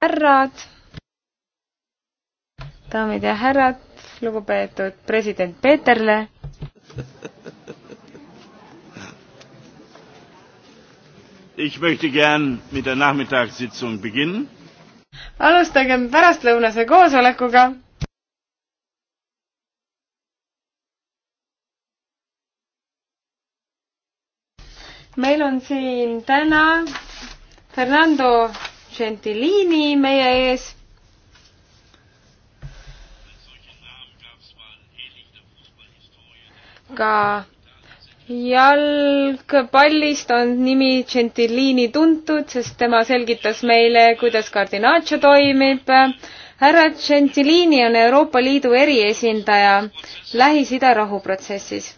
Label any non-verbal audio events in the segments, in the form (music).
härrad, daamid ja härrad, lugupeetud president Peeterle. Ich möchte gern mit der Nachmittagssitzung beginnen. alustagem pärastlõunase koosolekuga meil on siin täna Fernando Gentilini meie ees. ka jalgpallist on nimi Gentilini tuntud, sest tema selgitas meile, kuidas kardinaatio toimib. härra Gentilini on Euroopa Liidu eriesindaja Lähis-Ida rahuprotsessis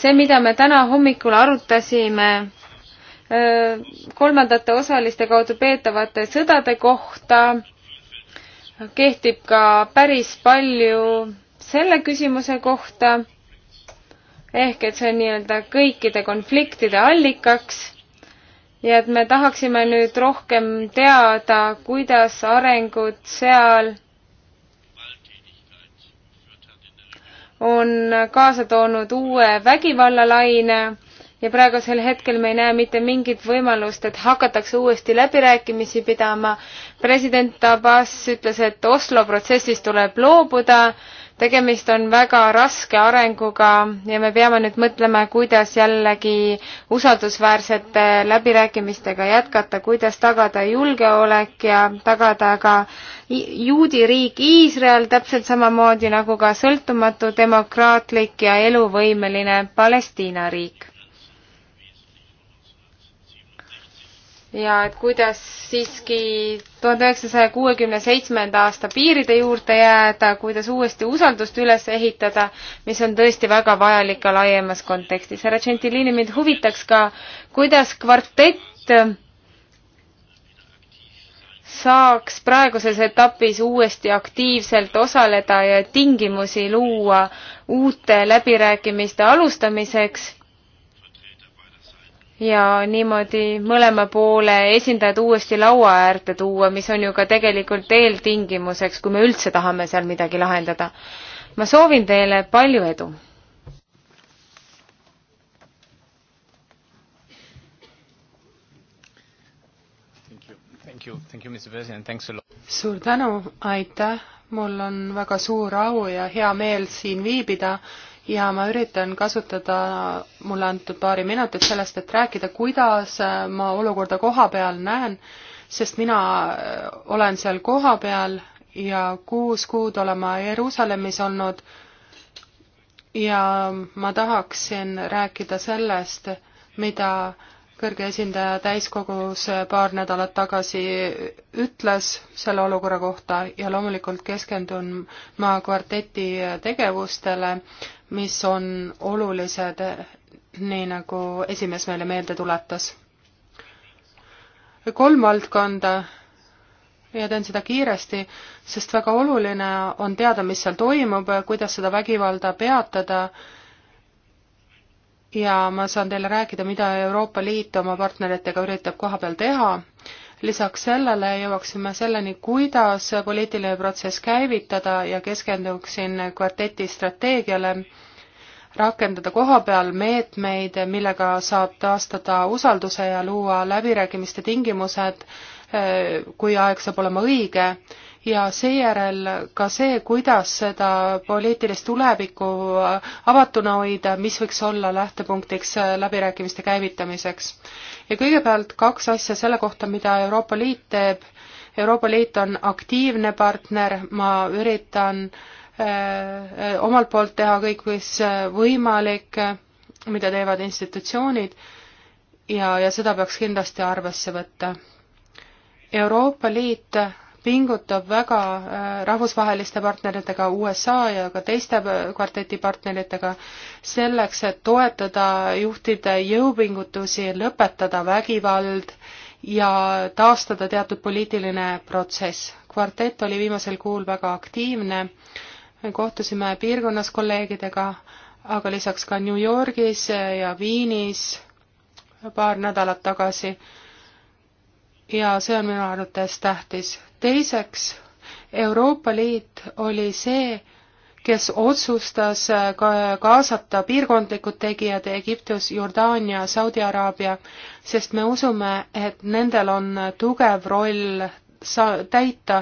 see, mida me täna hommikul arutasime, Äh, kolmandate osaliste kaudu peetavate sõdade kohta kehtib ka päris palju selle küsimuse kohta, ehk et see on nii-öelda kõikide konfliktide allikaks ja et me tahaksime nüüd rohkem teada, kuidas arengud seal on kaasa toonud uue vägivallalaine ja praegusel hetkel me ei näe mitte mingit võimalust, et hakatakse uuesti läbirääkimisi pidama. president Abbas ütles, et Oslo protsessist tuleb loobuda, tegemist on väga raske arenguga ja me peame nüüd mõtlema, kuidas jällegi usaldusväärsete läbirääkimistega jätkata, kuidas tagada julgeolek ja tagada ka juudi riik Iisrael täpselt samamoodi nagu ka sõltumatu, demokraatlik ja eluvõimeline Palestiina riik ja et kuidas siiski tuhande üheksasaja kuuekümne seitsmenda aasta piiride juurde jääda, kuidas uuesti usaldust üles ehitada, mis on tõesti väga vajalik ka laiemas kontekstis. härra Gentilini, mind huvitaks ka, kuidas kvartett saaks praeguses etapis uuesti aktiivselt osaleda ja tingimusi luua uute läbirääkimiste alustamiseks ja niimoodi mõlema poole esindajad uuesti laua äärde tuua, mis on ju ka tegelikult eeltingimuseks, kui me üldse tahame seal midagi lahendada. ma soovin teile palju edu! suur tänu, aitäh, mul on väga suur au ja hea meel siin viibida ja ma üritan kasutada mulle antud paari minutit sellest, et rääkida, kuidas äh, ma olukorda koha peal näen, sest mina äh, olen seal kohapeal ja kuus kuud olen ma Jeruusalemmis olnud ja ma tahaksin rääkida sellest, mida kõrge esindaja täiskogus paar nädalat tagasi ütles selle olukorra kohta ja loomulikult keskendun ma kvarteti tegevustele, mis on olulised, nii nagu esimees meile meelde tuletas. kolm valdkonda ja teen seda kiiresti, sest väga oluline on teada, mis seal toimub, kuidas seda vägivalda peatada ja ma saan teile rääkida, mida Euroopa Liit oma partneritega üritab kohapeal teha. lisaks sellele jõuaksime selleni, kuidas poliitiline protsess käivitada ja keskenduksin kvarteti strateegiale rakendada kohapeal meetmeid, millega saab taastada usalduse ja luua läbirääkimiste tingimused, kui aeg saab olema õige ja seejärel ka see, kuidas seda poliitilist tulevikku avatuna hoida, mis võiks olla lähtepunktiks läbirääkimiste käivitamiseks. ja kõigepealt kaks asja selle kohta, mida Euroopa Liit teeb. Euroopa Liit on aktiivne partner, ma üritan öö, äh, omalt poolt teha kõik, mis võimalik, mida teevad institutsioonid ja, ja seda peaks kindlasti arvesse võtta Euroopa Liit pingutab väga äh, rahvusvaheliste partneritega, USA ja ka teiste äh, kvarteti partneritega, selleks, et toetada juhtide jõupingutusi, lõpetada vägivald ja taastada teatud poliitiline protsess. kvartett oli viimasel kuul väga aktiivne, kohtusime piirkonnas kolleegidega, aga lisaks ka New Yorgis ja Viinis paar nädalat tagasi ja see on minu arvates tähtis teiseks, Euroopa Liit oli see, kes otsustas äh, kaasata piirkondlikud tegijad Egiptus, Jordaania, Saudi Araabia, sest me usume, et nendel on tugev roll sa-, täita,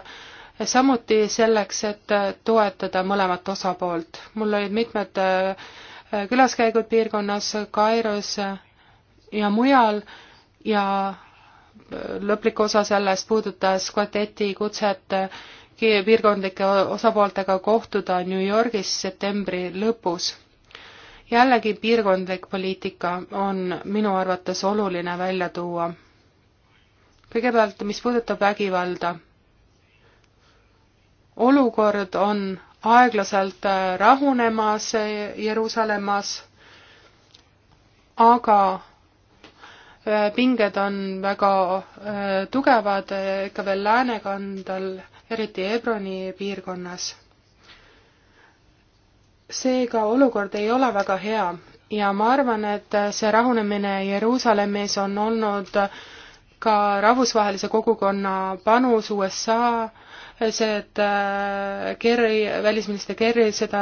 samuti selleks, et äh, toetada mõlemat osapoolt. mul olid mitmed äh, külaskäigud piirkonnas, Kairos ja mujal ja lõplik osa sellest puudutas kvarteti kutset piirkondlike osapooltega kohtuda New Yorgis septembri lõpus. jällegi piirkondlik poliitika on minu arvates oluline välja tuua. kõigepealt, mis puudutab vägivalda. olukord on aeglaselt rahunemas Jeruusalemmas, aga Äh, pinged on väga äh, tugevad äh, ikka veel läänekandal, eriti Hebroni piirkonnas. seega olukord ei ole väga hea ja ma arvan, et see rahunemine Jeruusalemmis on olnud ka rahvusvahelise kogukonna panus USA, see, et Kerry, välisminister Kerry seda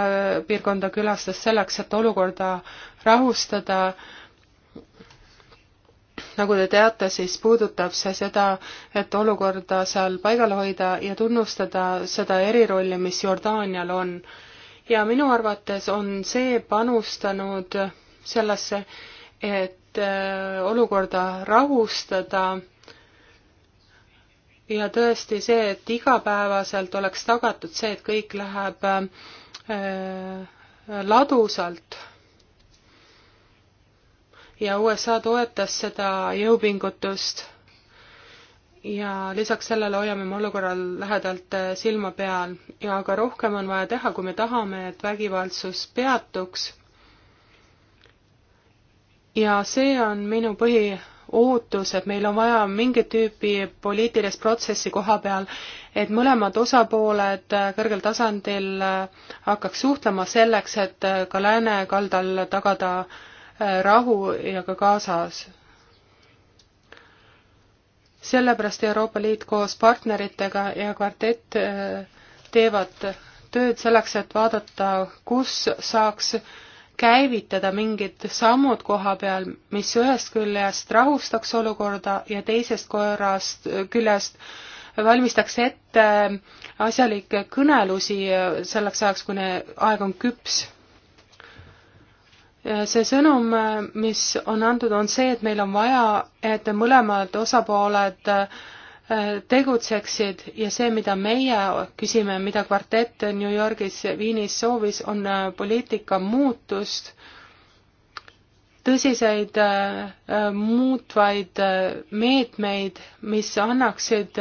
piirkonda külastas selleks, et olukorda rahustada nagu te teate, siis puudutab see seda, et olukorda seal paigal hoida ja tunnustada seda erirolli, mis Jordaanial on. ja minu arvates on see panustanud sellesse, et äh, olukorda rahustada ja tõesti see, et igapäevaselt oleks tagatud see, et kõik läheb äh, äh, ladusalt ja USA toetas seda jõupingutust ja lisaks sellele hoiame me olukorral lähedalt äh, silma peal ja ka rohkem on vaja teha, kui me tahame, et vägivaldsus peatuks. ja see on minu põhiootus, et meil on vaja mingit tüüpi poliitilist protsessi koha peal, et mõlemad osapooled äh, kõrgel tasandil äh, hakkaks suhtlema selleks, et ka lääne kaldal tagada äh, rahu ja ka Gazas. sellepärast Euroopa Liit koos partneritega ja kvartett äh, teevad tööd selleks, et vaadata, kus saaks käivitada mingid sammud koha peal, mis ühest küljest rahustaks olukorda ja teisest korrast, äh, küljest valmistaks ette asjalikke kõnelusi äh, selleks ajaks, kui aeg on küps Äh, see sõnum, äh, mis on antud, on see, et meil on vaja, et mõlemad osapooled äh, tegutseksid ja see, mida meie küsime, mida kvartett New Yorgis, Viinis soovis, on poliitika muutust, tõsiseid muutvaid meetmeid, mis annaksid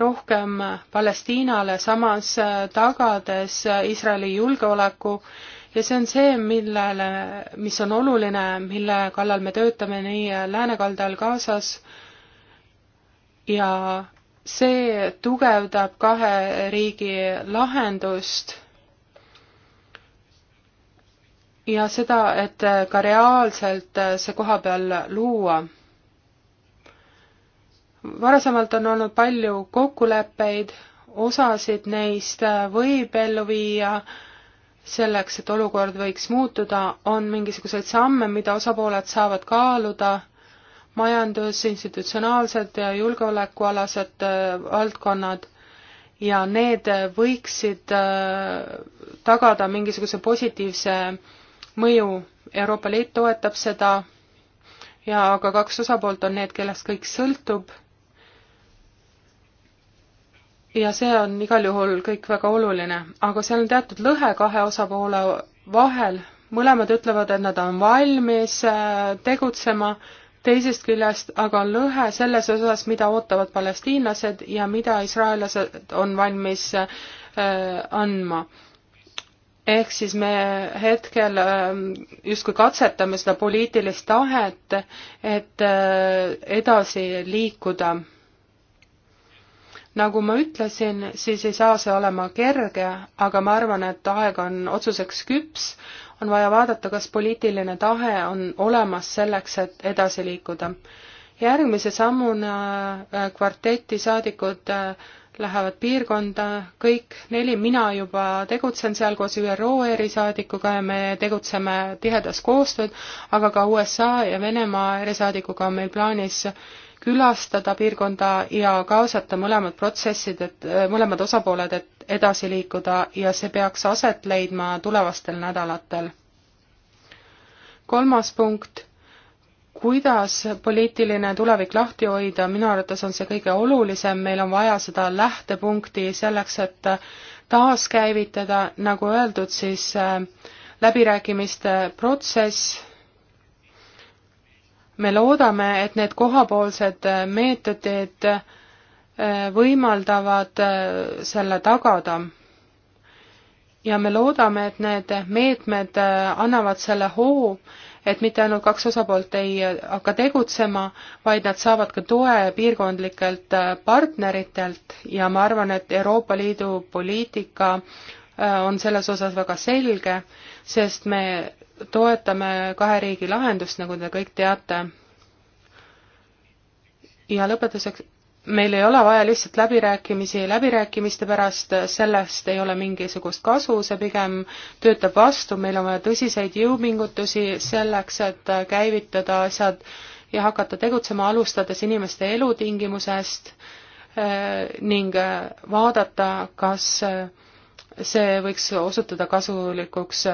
rohkem Palestiinale, samas tagades Iisraeli julgeoleku ja see on see, millele, mis on oluline, mille kallal me töötame nii läänekaldal Gazas ja see tugevdab kahe riigi lahendust ja seda, et ka reaalselt see koha peal luua. varasemalt on olnud palju kokkuleppeid, osasid neist võib ellu viia äh, selleks, et olukord võiks muutuda, on mingisuguseid samme, mida osapooled saavad kaaluda, majandus, institutsionaalsed ja julgeolekualased äh, valdkonnad ja need võiksid äh, tagada mingisuguse positiivse mõju. Euroopa Liit toetab seda ja ka kaks osapoolt on need, kellest kõik sõltub ja see on igal juhul kõik väga oluline, aga seal on teatud lõhe kahe osapoole vahel, mõlemad ütlevad, et nad on valmis äh, tegutsema, teisest küljest aga on lõhe selles osas, mida ootavad palestiinlased ja mida israellased on valmis äh, andma. ehk siis me hetkel äh, justkui katsetame seda poliitilist tahet, et edasi liikuda nagu ma ütlesin, siis ei saa see olema kerge, aga ma arvan, et aeg on otsuseks küps, on vaja vaadata, kas poliitiline tahe on olemas selleks, et edasi liikuda. järgmise sammuna äh, kvarteti saadikud äh, lähevad piirkonda, kõik neli, mina juba tegutsen seal koos ÜRO erisaadikuga ja me tegutseme tihedas koostööd, aga ka USA ja Venemaa erisaadikuga on meil plaanis külastada piirkonda ja kaasata mõlemad protsessid, et äh, mõlemad osapooled, et edasi liikuda ja see peaks aset leidma tulevastel nädalatel. kolmas punkt, kuidas poliitiline tulevik lahti hoida, minu arvates on see kõige olulisem, meil on vaja seda lähtepunkti selleks, et taaskäivitada, nagu öeldud, siis äh, läbirääkimiste protsess me loodame, et need kohapoolsed meetodid äh, võimaldavad äh, selle tagada. ja me loodame, et need meetmed äh, annavad selle hoo, et mitte ainult kaks osapoolt ei hakka tegutsema, vaid nad saavad ka toe piirkondlikelt partneritelt ja ma arvan, et Euroopa Liidu poliitika on selles osas väga selge, sest me toetame kahe riigi lahendust, nagu te kõik teate. ja lõpetuseks, meil ei ole vaja lihtsalt läbirääkimisi läbirääkimiste pärast, sellest ei ole mingisugust kasu, see pigem töötab vastu, meil on vaja tõsiseid jõupingutusi selleks, et käivitada asjad ja hakata tegutsema, alustades inimeste elutingimusest eh, ning eh, vaadata, kas eh, see võiks osutuda kasulikuks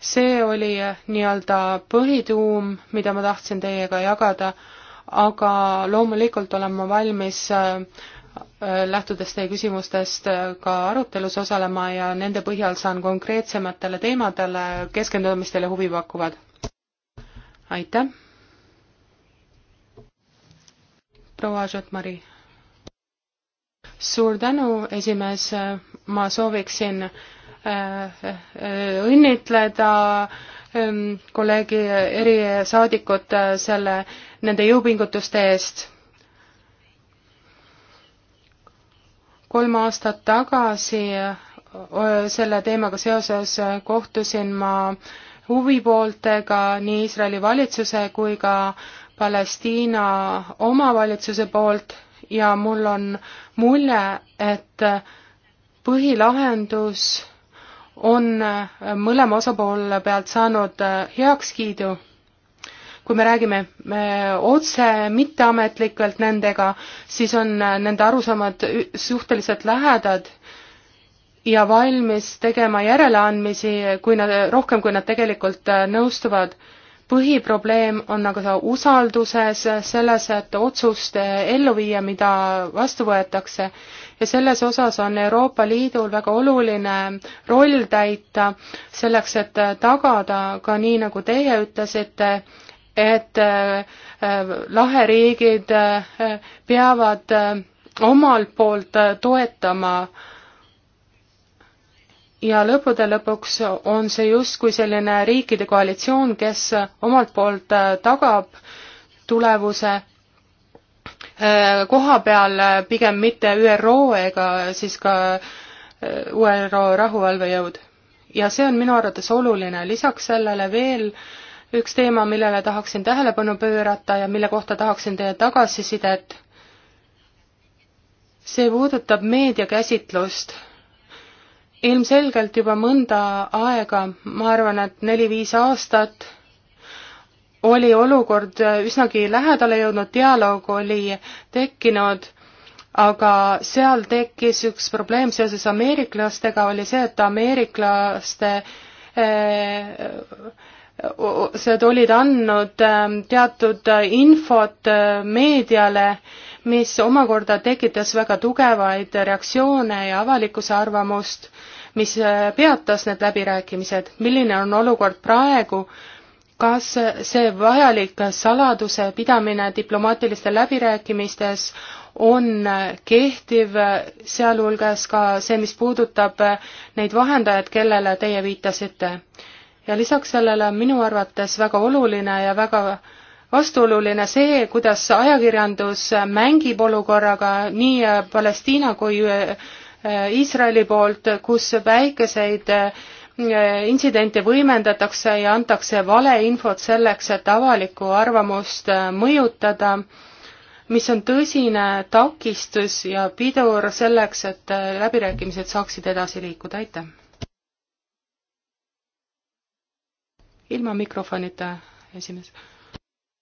see oli eh, nii-öelda põhituum, mida ma tahtsin teiega jagada, aga loomulikult olen ma valmis eh, eh, lähtudes teie küsimustest ka arutelus osalema ja nende põhjal saan konkreetsematele teemadele keskenduda, mis teile huvi pakuvad. aitäh. proua Žotmari. suur tänu, esimees, ma sooviksin äh, õnnitleda ähm, kolleegi erisaadikut äh, selle, nende jõupingutuste eest. kolm aastat tagasi äh, selle teemaga seoses äh, kohtusin ma huvipooltega nii Iisraeli valitsuse kui ka Palestiina omavalitsuse poolt ja mul on mulje, et põhilahendus on mõlema osapoole pealt saanud heakskiidu. kui me räägime me otse mitteametlikult nendega, siis on nende arusaamad suhteliselt lähedad ja valmis tegema järeleandmisi, kui nad, rohkem kui nad tegelikult nõustuvad. põhiprobleem on aga usalduses, selles, et otsust ellu viia, mida vastu võetakse ja selles osas on Euroopa Liidul väga oluline roll täita selleks, et tagada ka nii, nagu teie ütlesite, et äh, laheriigid äh, peavad äh, omalt poolt toetama ja lõppude lõpuks on see justkui selline riikide koalitsioon, kes omalt poolt tagab tulevuse Äh, koha peal äh, pigem mitte ÜRO ega siis ka äh, ÜRO rahuvalvejõud. ja see on minu arvates oluline, lisaks sellele veel üks teema, millele tahaksin tähelepanu pöörata ja mille kohta tahaksin teie tagasisidet, see puudutab meediakäsitlust. ilmselgelt juba mõnda aega, ma arvan, et neli-viis aastat oli olukord üsnagi lähedale jõudnud, dialoog oli tekkinud, aga seal tekkis üks probleem seoses ameeriklastega, oli see, et ameeriklaste eh, see olid andnud eh, teatud infot eh, meediale, mis omakorda tekitas väga tugevaid reaktsioone ja avalikkuse arvamust, mis peatas need läbirääkimised. milline on olukord praegu, kas see vajalik saladuse pidamine diplomaatilistes läbirääkimistes on kehtiv, sealhulgas ka see, mis puudutab neid vahendajaid, kellele teie viitasite. ja lisaks sellele on minu arvates väga oluline ja väga vastuoluline see, kuidas ajakirjandus mängib olukorraga nii Palestiina kui Iisraeli poolt, kus väikeseid äh, intsidente võimendatakse ja antakse valeinfot selleks, et avalikku arvamust äh, mõjutada, mis on tõsine takistus ja pidur selleks, et äh, läbirääkimised saaksid edasi liikuda, aitäh! ilma mikrofonita, esimees.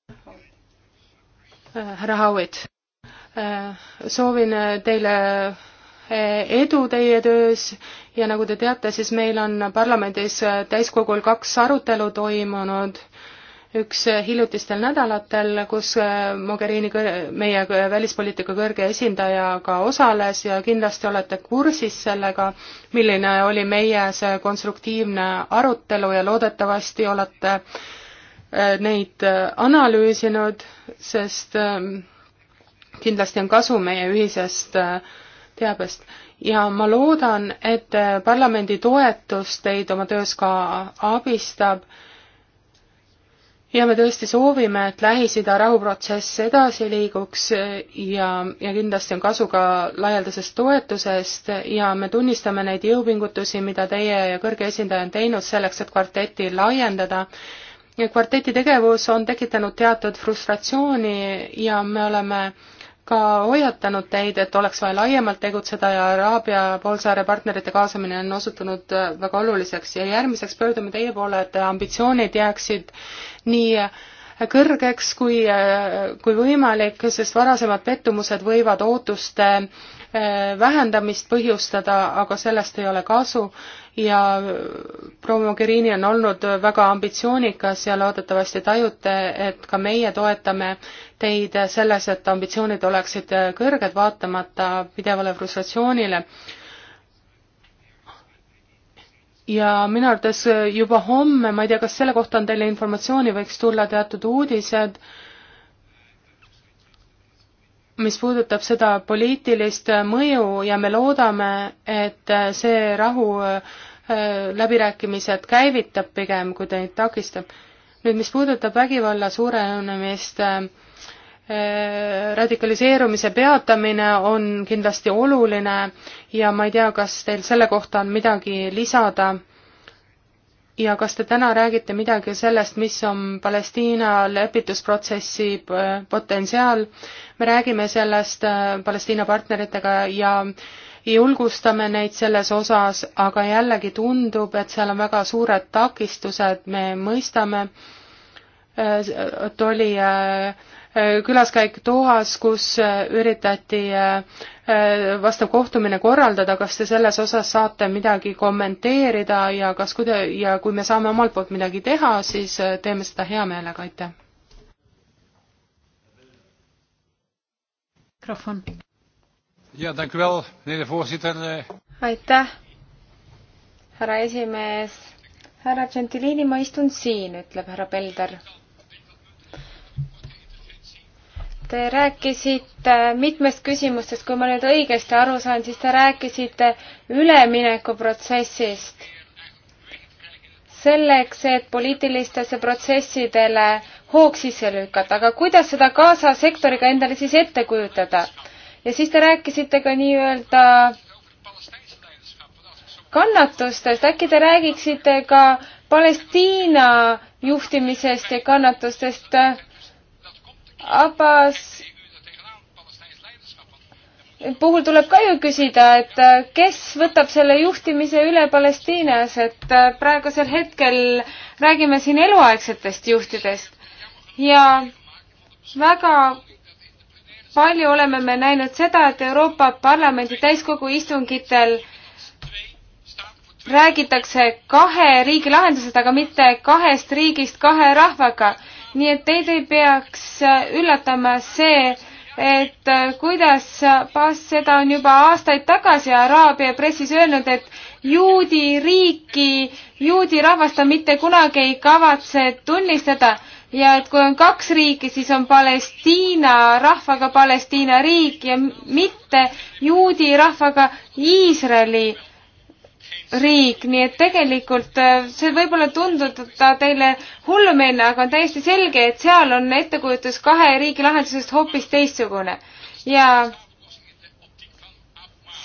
Äh, härra Howitt, soovin teile edu teie töös ja nagu te teate, siis meil on parlamendis äh, täiskogul kaks arutelu toimunud, üks äh, hiljutistel nädalatel, kus äh, Mogherini, meie välispoliitika kõrge esindaja ka osales ja kindlasti olete kursis sellega, milline oli meie see konstruktiivne arutelu ja loodetavasti olete neid analüüsinud, sest ähm, kindlasti on kasu meie ühisest teabest ja ma loodan, et äh, parlamendi toetus teid oma töös ka abistab ja me tõesti soovime, et Lähis-Ida rahuprotsess edasi liiguks äh, ja, ja kindlasti on kasu ka laialdasest toetusest ja me tunnistame neid jõupingutusi, mida teie ja kõrge esindaja on teinud selleks, et kvarteti laiendada. kvarteti tegevus on tekitanud teatud frustratsiooni ja me oleme äh, ka hoiatanud teid, et oleks vaja laiemalt tegutseda ja Araabia poolsaare partnerite kaasamine on osutunud äh, väga oluliseks ja järgmiseks pöördume teie poole, et ambitsioonid jääksid nii äh, kõrgeks kui, äh, kui võimalik, sest varasemad pettumused võivad ootuste vähendamist põhjustada, aga sellest ei ole kasu ja proua Mogherini on olnud väga ambitsioonikas ja loodetavasti tajute, et ka meie toetame teid selles, et ambitsioonid oleksid kõrged, vaatamata pidevale frustratsioonile. ja minu arvates juba homme, ma ei tea, kas selle kohta on teile informatsiooni, võiks tulla teatud uudised, mis puudutab seda poliitilist mõju ja me loodame, et see rahu äh, Äh, läbirääkimised käivitab pigem, kui ta neid takistab. nüüd, mis puudutab vägivalla suurenemist, äh, äh, radikaliseerumise peatamine on kindlasti oluline ja ma ei tea, kas teil selle kohta on midagi lisada ja kas te täna räägite midagi sellest, mis on Palestiina lepitusprotsessi potentsiaal? me räägime sellest Palestiina partneritega ja julgustame neid selles osas, aga jällegi tundub, et seal on väga suured takistused, me mõistame, et oli äh, külaskäik Dohas, kus äh, üritati äh, vastav kohtumine korraldada, kas te selles osas saate midagi kommenteerida ja kas kuida- ja kui me saame omalt poolt midagi teha, siis teeme seda hea meelega, aitäh! mikrofon aitäh, härra esimees. härra Gentilini, ma istun siin, ütleb härra Pelder. Te rääkisite mitmest küsimustest, kui ma nüüd õigesti aru saan, siis te rääkisite üleminekuprotsessist. selleks, et poliitilistesse protsessidele hoog sisse lükata, aga kuidas seda Gaza sektoriga endale siis ette kujutada? ja siis te rääkisite ka nii-öelda kannatustest, äkki te räägiksite ka Palestiina juhtimisest ja kannatustest. Abbas puhul tuleb ka ju küsida, et kes võtab selle juhtimise üle Palestiinas, et praegusel hetkel räägime siin eluaegsetest juhtidest ja väga palju oleme me näinud seda, et Euroopa Parlamendi täiskogu istungitel räägitakse kahe riigi lahendusest, aga mitte kahest riigist kahe rahvaga. nii et teid ei peaks üllatama see, et kuidas Abbas seda on juba aastaid tagasi Araabia pressis öelnud, et juudi riiki, juudi rahvast ta mitte kunagi ei kavatse tunnistada ja et kui on kaks riiki, siis on Palestiina rahvaga Palestiina riik ja mitte juudi rahvaga Iisraeli riik, nii et tegelikult äh, see võib-olla tunduda teile hullumeelne, aga on täiesti selge, et seal on ettekujutus kahe riigi lahendusest hoopis teistsugune. ja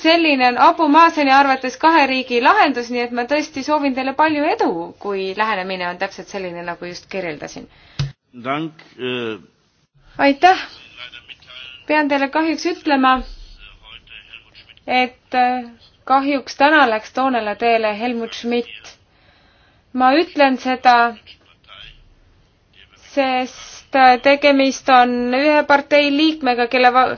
selline on Abu Maaseni arvates kahe riigi lahendus, nii et ma tõesti soovin teile palju edu, kui lähenemine on täpselt selline, nagu just kirjeldasin. Äh. aitäh! pean teile kahjuks ütlema, et äh, kahjuks täna läks toonele teele Helmut Schmidt. ma ütlen seda, sest äh, tegemist on ühe partei liikmega, kelle va-,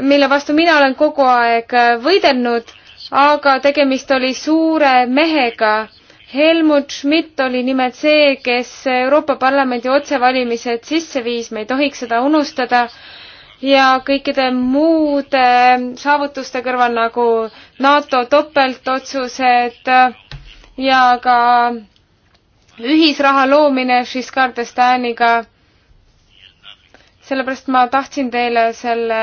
mille vastu mina olen kogu aeg äh, võidelnud, aga tegemist oli suure mehega. Helmut Schmidt oli nimelt see, kes Euroopa Parlamendi otsevalimised sisse viis, me ei tohiks seda unustada ja kõikide muude saavutuste kõrval nagu NATO topeltotsused ja ka ühisraha loomine Giscard d'Estaniga. sellepärast ma tahtsin teile selle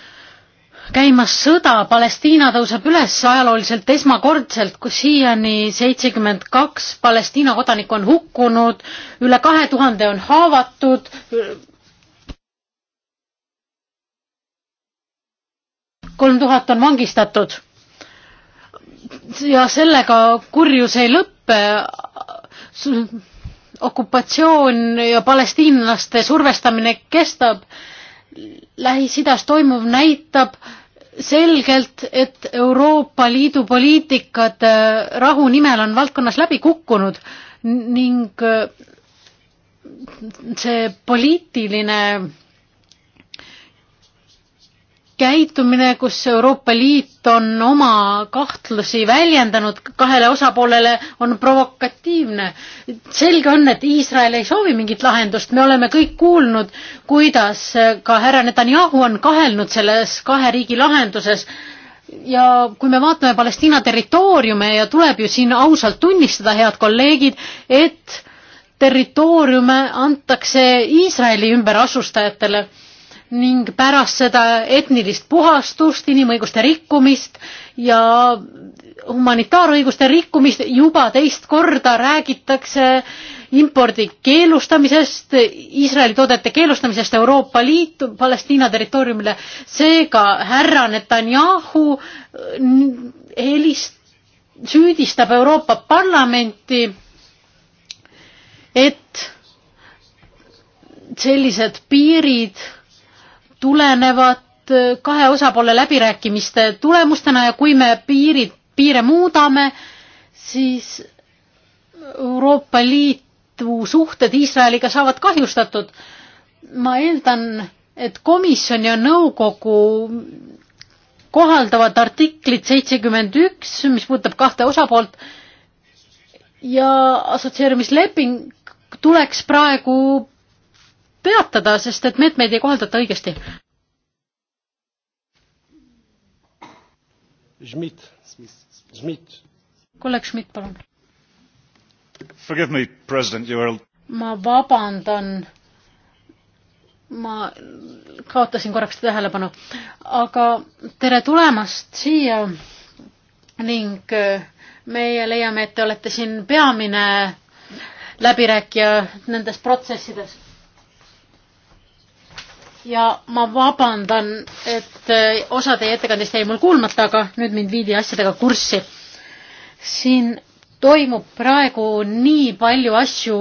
käimas sõda, Palestiina tõuseb üles ajalooliselt esmakordselt, kus siiani seitsekümmend kaks Palestiina kodanikku on hukkunud, üle kahe tuhande on haavatud. kolm tuhat on vangistatud. ja sellega kurjus ei lõppe okupatsioon ja palestiinlaste survestamine kestab. Lähis-Idas toimuv näitab, selgelt, et Euroopa Liidu poliitikad äh, rahu nimel on valdkonnas läbi kukkunud ning äh, see poliitiline käitumine, kus Euroopa Liit on oma kahtlusi väljendanud kahele osapoolele, on provokatiivne. selge on, et Iisrael ei soovi mingit lahendust, me oleme kõik kuulnud, kuidas ka härra Netanyahu on kahelnud selles kahe riigi lahenduses. ja kui me vaatame Palestiina territooriume ja tuleb ju siin ausalt tunnistada, head kolleegid, et territooriume antakse Iisraeli ümberasustajatele ning pärast seda etnilist puhastust, inimõiguste rikkumist ja humanitaarõiguste rikkumist juba teist korda räägitakse impordi keelustamisest, Iisraeli toodete keelustamisest Euroopa Liitu, Palestiina territooriumile. seega härra Netanyahu helist-, süüdistab Euroopa Parlamenti, et sellised piirid tulenevad äh, kahe osapoole läbirääkimiste tulemustena ja kui me piirid, piire muudame, siis Euroopa Liidu suhted Iisraeliga saavad kahjustatud. ma eeldan, et komisjon ja nõukogu kohaldavad artiklit seitsekümmend üks, mis puudutab kahte osapoolt ja assotsieerumisleping tuleks praegu peatada, sest et meetmeid ei kohaldata õigesti. Schmidt, Schmidt. kolleeg Schmidt, palun. Forgive me, president, you are. ma vabandan. ma kaotasin korraks tähelepanu, aga tere tulemast siia ning äh, meie leiame, et te olete siin peamine läbirääkija nendes protsessides ja ma vabandan, et eh, osa teie ettekandest jäi mul kuulmata, aga nüüd mind viidi asjadega kurssi. siin toimub praegu nii palju asju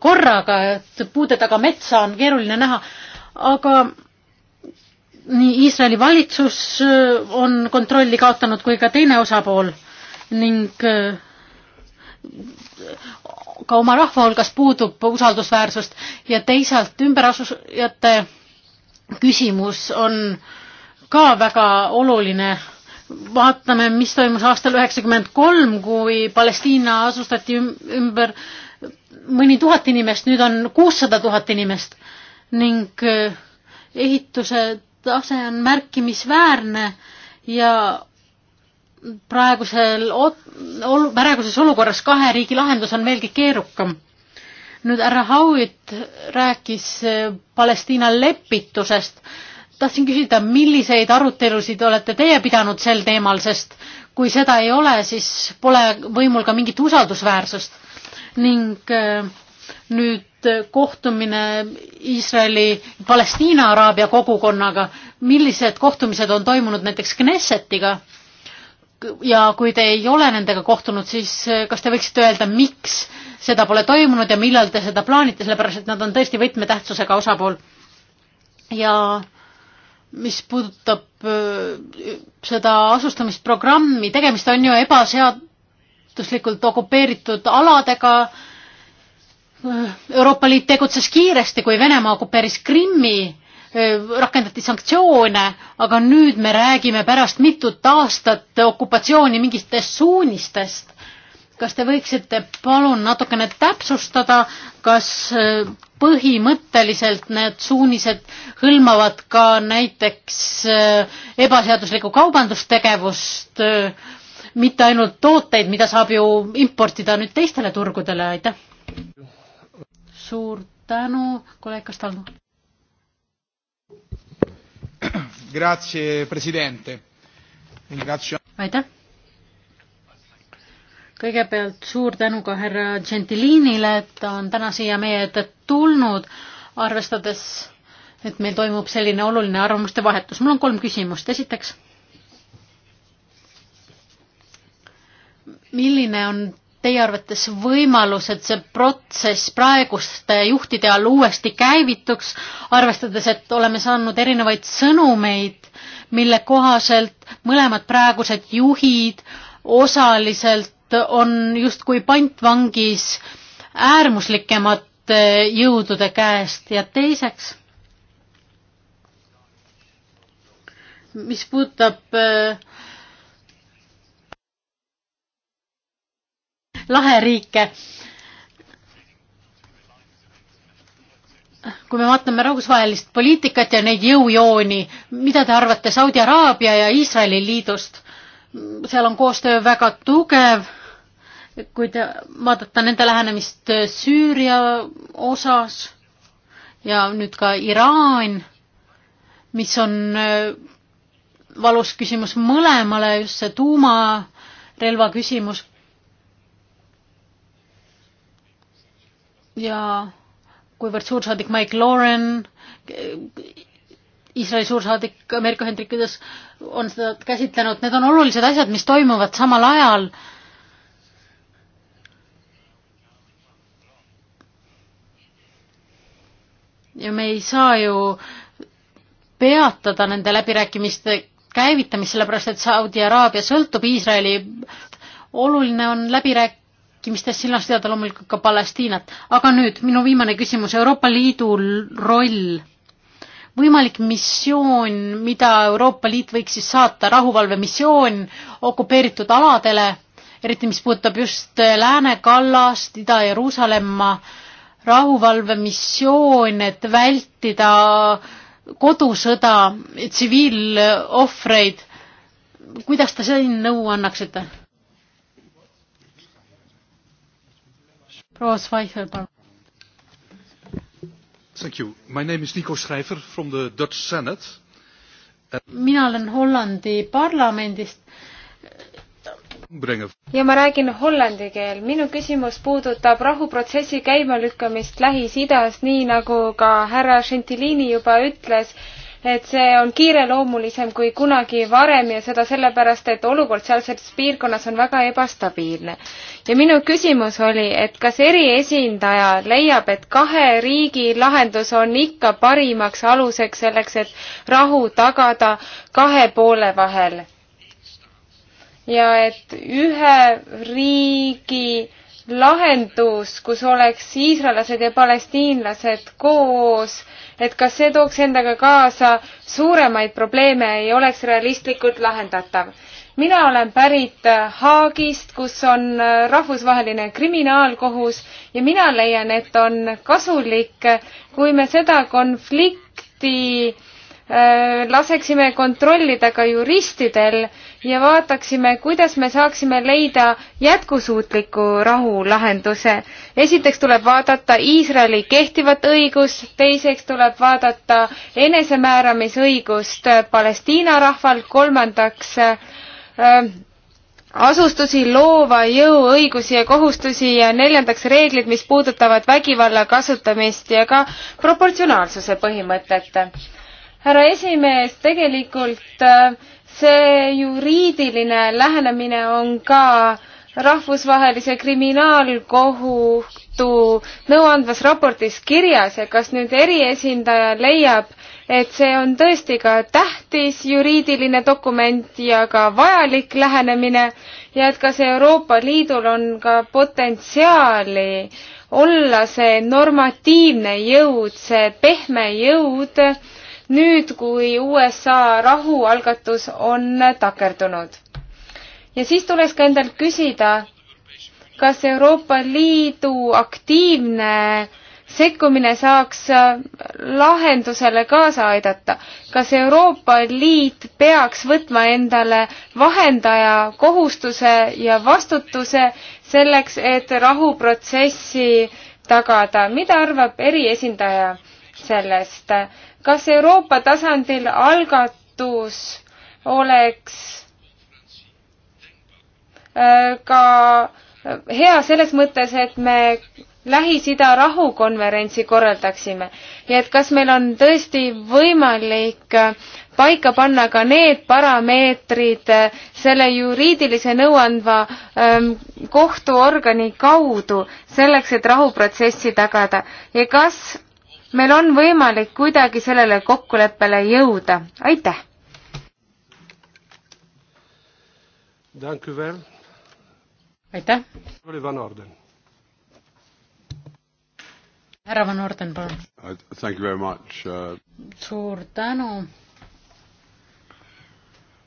korraga, et puude taga metsa on keeruline näha, aga nii Iisraeli valitsus eh, on kontrolli kaotanud kui ka teine osapool ning eh, ka oma rahva hulgas puudub usaldusväärsust ja teisalt ümberasusjate küsimus on ka väga oluline. vaatame, mis toimus aastal üheksakümmend kolm, kui Palestiina asustati ümber mõni tuhat inimest, nüüd on kuussada tuhat inimest ning eh, ehituse tase on märkimisväärne ja praegusel, praeguses olukorras kahe riigi lahendus on veelgi keerukam nüüd härra Howitt rääkis äh, Palestiina lepitusest. tahtsin küsida, milliseid arutelusid olete teie pidanud sel teemal, sest kui seda ei ole, siis pole võimul ka mingit usaldusväärsust. ning äh, nüüd äh, kohtumine Iisraeli Palestiina araabia kogukonnaga, millised kohtumised on toimunud näiteks Knessetiga ja kui te ei ole nendega kohtunud, siis eh, kas te võiksite öelda, miks seda pole toimunud ja millal te seda plaanite, sellepärast et nad on tõesti võtmetähtsusega osapool. ja mis puudutab eh, seda asustamisprogrammi, tegemist on ju ebaseaduslikult okupeeritud aladega. Eh, Euroopa Liit tegutses kiiresti, kui Venemaa okupeeris Krimmi rakendati sanktsioone, aga nüüd me räägime pärast mitut aastat okupatsiooni mingitest suunistest. kas te võiksite palun natukene täpsustada, kas põhimõtteliselt need suunised hõlmavad ka näiteks ebaseaduslikku kaubandustegevust, mitte ainult tooteid, mida saab ju importida nüüd teistele turgudele, aitäh! suur tänu, kolleeg Kastalno! Grazie, president. aitäh. kõigepealt suur tänu ka härra Gentilinile, et ta on täna siia meie ette tulnud, arvestades, et meil toimub selline oluline arvamuste vahetus. mul on kolm küsimust. esiteks milline on teie arvates võimalus, et see protsess praeguste juhtide all uuesti käivituks, arvestades, et oleme saanud erinevaid sõnumeid, mille kohaselt mõlemad praegused juhid osaliselt on justkui pantvangis äärmuslikemate jõudude käest ja teiseks, mis puudutab äh, laheriike. kui me vaatame rahvusvahelist poliitikat ja neid jõujooni, mida te arvate Saudi Araabia ja Iisraeli liidust? seal on koostöö väga tugev. kui te vaadata nende lähenemist Süüria osas ja nüüd ka Iraan, mis on äh, valus küsimus mõlemale, just see tuumarelva küsimus. ja kuivõrd suursaadik Mike Lauren, Iisraeli suursaadik Ameerika Ühendriikides on seda käsitlenud, need on olulised asjad, mis toimuvad samal ajal. ja me ei saa ju peatada nende läbirääkimiste käivitamist, sellepärast et Saudi Araabia sõltub Iisraeli. oluline on läbirääk-, läbirääkimistes silmas pidada loomulikult ka Palestiinat. aga nüüd minu viimane küsimus, Euroopa Liidu roll. võimalik missioon, mida Euroopa Liit võiks siis saata, rahuvalvemissioon okupeeritud aladele, eriti mis puudutab just Lääne-Kallast, Ida-Jeruusalemma, rahuvalvemissioon, et vältida kodusõda, tsiviilohvreid. kuidas te siin nõu annaksite? proua Schweicher, palun. Thank you. My name is Nico Schrijver from the Dutch Senate. mina olen Hollandi parlamendist ja ma räägin hollandi keel. minu küsimus puudutab rahuprotsessi käimalükkamist Lähis-Idas, nii nagu ka härra Gentilini juba ütles et see on kiireloomulisem kui kunagi varem ja seda sellepärast, et olukord sealses piirkonnas on väga ebastabiilne. ja minu küsimus oli, et kas eriesindaja leiab, et kahe riigi lahendus on ikka parimaks aluseks selleks, et rahu tagada kahe poole vahel? ja et ühe riigi lahendus, kus oleks iisraelased ja palestiinlased koos, et kas see tooks endaga kaasa suuremaid probleeme, ei oleks realistlikult lahendatav. mina olen pärit äh, Haagist, kus on äh, rahvusvaheline kriminaalkohus ja mina leian, et on kasulik, äh, kui me seda konflikti Äh, laseksime kontrollida ka juristidel ja vaataksime, kuidas me saaksime leida jätkusuutliku rahulahenduse. esiteks tuleb vaadata Iisraeli kehtivat õigust, teiseks tuleb vaadata enesemääramisõigust Palestiina rahval, kolmandaks äh, asustusi loova jõu õigusi ja kohustusi ja neljandaks reeglid, mis puudutavad vägivalla kasutamist ja ka proportsionaalsuse põhimõtet härra esimees, tegelikult äh, see juriidiline lähenemine on ka rahvusvahelise kriminaalkohtu nõuandvas raportis kirjas ja kas nüüd eriesindaja leiab, et see on tõesti ka tähtis juriidiline dokument ja ka vajalik lähenemine ja et kas Euroopa Liidul on ka potentsiaali olla see normatiivne jõud, see pehme jõud, nüüd, kui USA rahualgatus on takerdunud. ja siis tuleks ka endalt küsida, kas Euroopa Liidu aktiivne sekkumine saaks lahendusele kaasa aidata. kas Euroopa Liit peaks võtma endale vahendaja kohustuse ja vastutuse selleks, et rahuprotsessi tagada, mida arvab eriesindaja sellest. kas Euroopa tasandil algatus oleks äh, ka hea selles mõttes, et me Lähis-Ida rahukonverentsi korraldaksime ja et kas meil on tõesti võimalik paika panna ka need parameetrid selle juriidilise nõuandva ähm, kohtuorgani kaudu selleks, et rahuprotsessi tagada ja kas meil on võimalik kuidagi sellele kokkuleppele jõuda. aitäh! aitäh! härra Van Orden, palun! Uh, uh, suur tänu!